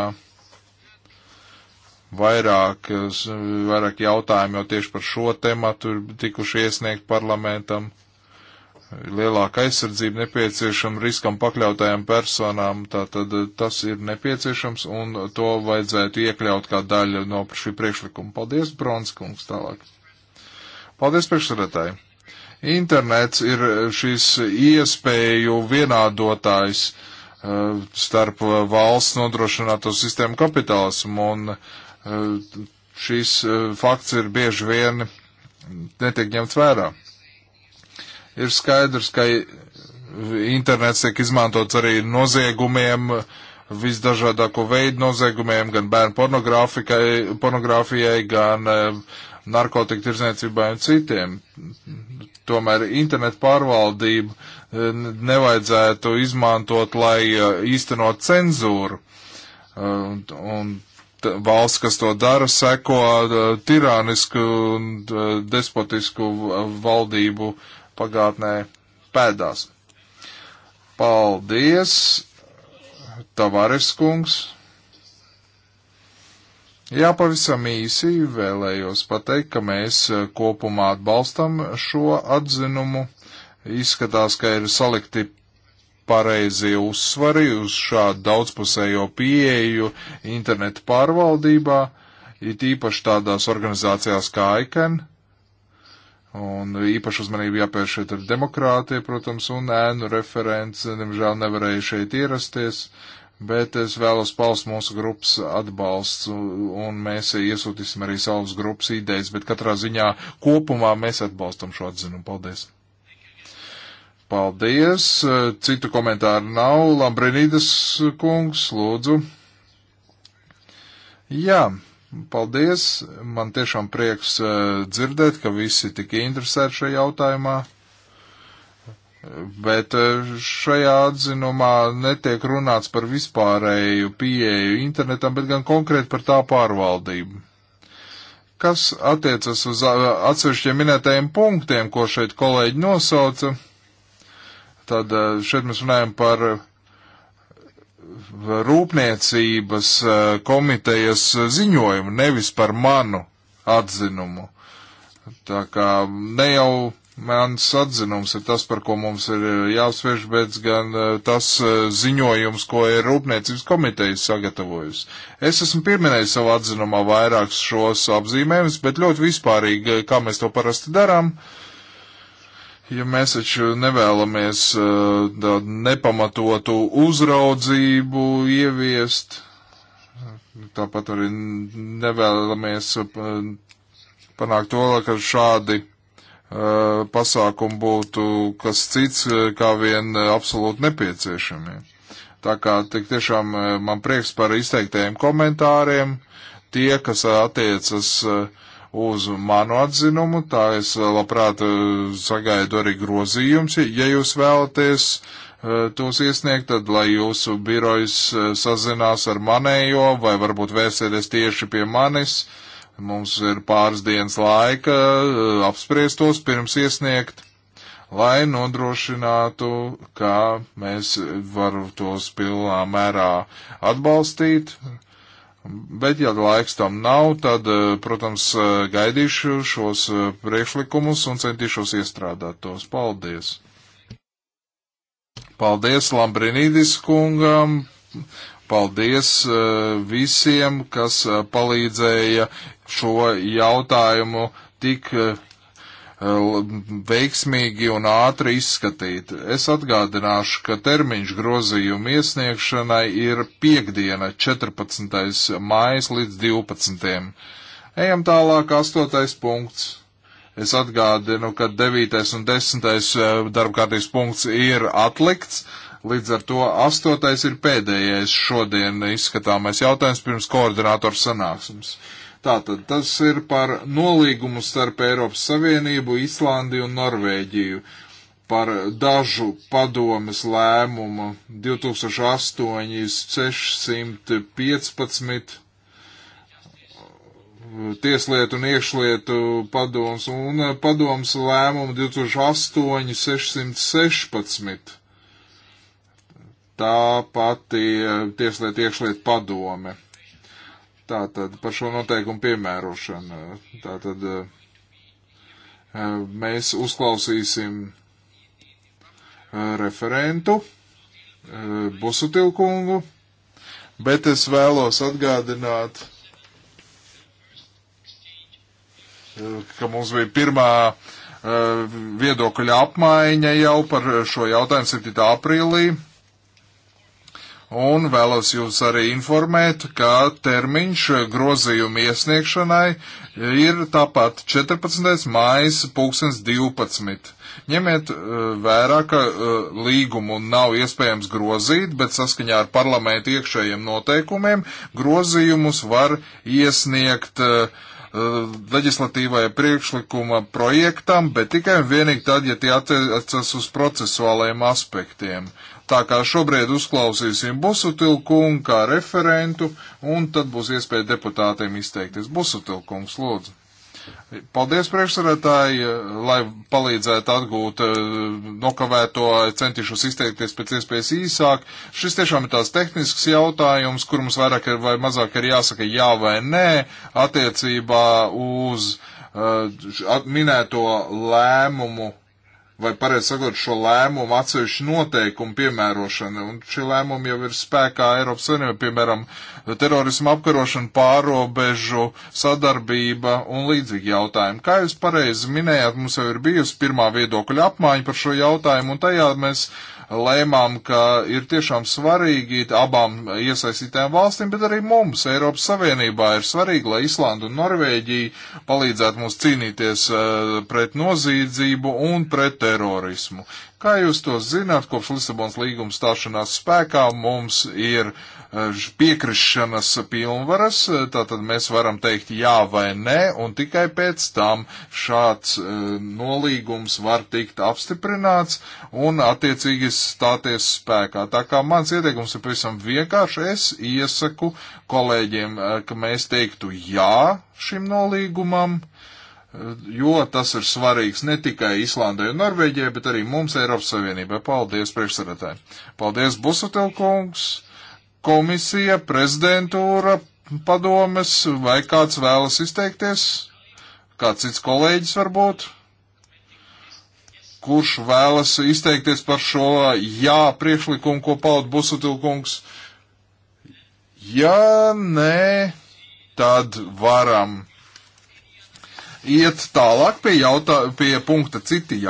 vairāk, eh, vairāk jautājumu jau tieši par šo tematu ir tikuši iesniegt parlamentam lielāka aizsardzība nepieciešama riskam pakļautajām personām, tātad eh, tas ir nepieciešams un to vajadzētu iekļaut kā daļa no šī priekšlikuma. Paldies, Bronskungs, tālāk. Paldies, priekšsarētāji. Internets ir šis iespēju vienādotājs uh, starp valsts nodrošināto sistēmu kapitālismu un uh, eh, šīs uh, fakts ir bieži vien netiek ņemts vērā. Ir skaidrs, ka internets tiek izmantots arī noziegumiem, visdažādāko veidu noziegumiem, gan bērnu pornogrāfijai, gan eh, narkotiku tirzniecībai un citiem. Tomēr internetu pārvaldību eh, nevajadzētu izmantot, lai eh, īstenot cenzūru. Un, un valsts, kas to dara, seko tirānisku un despotisku valdību uh, pagātnē pēdās. Paldies, Tavares kungs! Jā, pavisam īsi vēlējos pateikt, ka mēs e, kopumā atbalstam šo atzinumu. Izskatās, ka ir salikti pareizie uzsvari uz šādu daudzpusējo pieeju internetu pārvaldībā, it īpaši tādās organizācijās kā ICANN. Un īpaši uzmanību jāpērš šeit ar demokrātiju, protams, un ēnu referents, nemžēl nevarēja šeit ierasties, bet es vēlos paust mūsu grupas atbalsts, un mēs iesūtīsim arī savas grupas idejas, bet katrā ziņā kopumā mēs atbalstam šo atzinu. Paldies! Paldies! Citu komentāru nav. Lambrinīdas kungs, lūdzu. Jā. Yeah. Paldies! Man tiešām prieks eh, dzirdēt, ka visi tik interesēti šajā jautājumā. Bet eh, šajā atzinumā netiek runāts par vispārēju pieeju internetam, bet gan konkrēti par tā pārvaldību kas attiecas uz eh, atsevišķiem minētajiem punktiem, ko šeit kolēģi nosauca. Tad šeit mēs runājam par rūpniecības eh, komitejas ziņojumu, nevis par manu atzinumu. Tā kā ne jau mans atzinums ir tas, par ko mums ir jāsvērš, bet gan eh, tas eh, ziņojums, ko ir Rūpniecības komitejas sagatavojusi. Es esmu pieminējis savā atzinumā vairākus šos apzīmējumus, bet ļoti vispārīgi, kā mēs to parasti darām. Uh, Ja mēs taču nevēlamies eh, tādu nepamatotu uzraudzību ieviest, tāpat arī nevēlamies eh, panākt to, ka šādi eh, pasākumi būtu kas cits, kā vien absolūti nepieciešami. Tā kā tik tiešām man prieks par izteiktajiem komentāriem, tie, kas attiecas uh, uz manu atzinumu, tā es eh, labprāt eh, sagaidu arī grozījums. Ja jūs vēlaties eh, tos iesniegt, tad lai jūsu birojs sazinās ar manējo vai varbūt vērsieties tieši pie manis. Mums ir pāris dienas laika apspriest tos pirms iesniegt, lai nodrošinātu, ka mēs varam tos pilnā mērā atbalstīt. Uh, Bet, ja laiks tam nav, tad, eh, protams, eh, gaidīšu šos eh, priekšlikumus un centīšos iestrādāt tos. Paldies! Paldies Lambrinīdis kungam! Paldies visiem, kas palīdzēja šo jautājumu tik Eh, veiksmīgi un ātri izskatīt. Es atgādināšu, ka termiņš grozījumu iesniegšanai ir piekdiena 14. mājas līdz 12. Ejam tālāk, 8. punkts. Es atgādinu, ka 9. un 10. Eh, darbkārtības punkts ir atlikts. Līdz ar to astotais ir pēdējais šodien izskatāmais jautājums pirms koordinātoru sanāksmes. Tātad tas ir par nolīgumu starp Eiropas Savienību, Islandi un Norvēģiju par dažu padomes lēmumu 2008 615 Tieslietu un iekšlietu padoms un padoms lēmumu 2008 616. Tā pati Tieslietu iekšlietu padome. Tātad par šo noteikumu piemērošanu. Tātad eh, mēs uzklausīsim eh, referentu eh, Busutilkungu, bet es vēlos atgādināt, ka mums bija pirmā viedokļa apmaiņa jau par šo jautājumu 7. aprīlī un vēlos jūs arī informēt, ka termiņš grozījuma iesniegšanai ir tāpat 14. mājas 2012. Ņemiet eh, vērā, ka eh, līgumu nav iespējams grozīt, bet saskaņā ar parlamentu iekšējiem noteikumiem grozījumus var iesniegt eh, leģislatīvajā priekšlikuma projektam, bet tikai un vienīgi tad, ja tie attiecas uz procesuālajiem aspektiem. Tā kā šobrīd uzklausīsim Busutilkungu kā referentu, un tad būs iespēja deputātiem izteikties. Busutilkungs, lūdzu. Paldies, priekšsarētāji, lai palīdzētu atgūt eh, nokavēto, centīšos izteikties pēc iespējas īsāk. Šis tiešām ir tās tehnisks jautājums, kur mums vairāk ir, vai mazāk ir jāsaka jā vai nē attiecībā uz uh, minēto lēmumu vai pareizi sakot, šo lēmumu atsevišķu noteikumu piemērošana. Un šie lēmumi jau ir spēkā Eiropas Savienībā, piemēram, terorismu apkarošana, pārobežu sadarbība un līdzīgi jautājumi. Kā jūs pareizi minējāt, mums jau ir bijusi pirmā viedokļa apmaiņa par šo jautājumu, un tajā mēs lēmām, ka ir tiešām svarīgi abām iesaistītām valstīm, bet arī mums, Eiropas Savienībā, ir svarīgi, lai Islanda un Norvēģija palīdzētu mums cīnīties eh, pret nozīdzību un pret terorismu. Kā jūs to zināt, kopš Lisabonas līguma stāšanās spēkā mums ir uh, piekrišanas pilnvaras, e, tātad mēs varam teikt jā vai nē, un tikai pēc tam šāds e, nolīgums var tikt apstiprināts un attiecīgi stāties spēkā. Tā kā mans ieteikums ir pavisam vienkārši, es iesaku kolēģiem, e, ka mēs teiktu jā šim nolīgumam jo tas ir svarīgs ne tikai Islandai un Norvēģijai, bet arī mums Eiropas Savienībai. Paldies, priekšsēdētāji! Paldies, Busutelkungs! komisija, prezidentūra, padomes, vai kāds vēlas izteikties? Kāds cits kolēģis varbūt? Kurš vēlas izteikties par šo jā priekšlikumu, ko paud Busutilkungs? Ja nē, tad varam iet tālāk pie, jautā, pie punkta citi.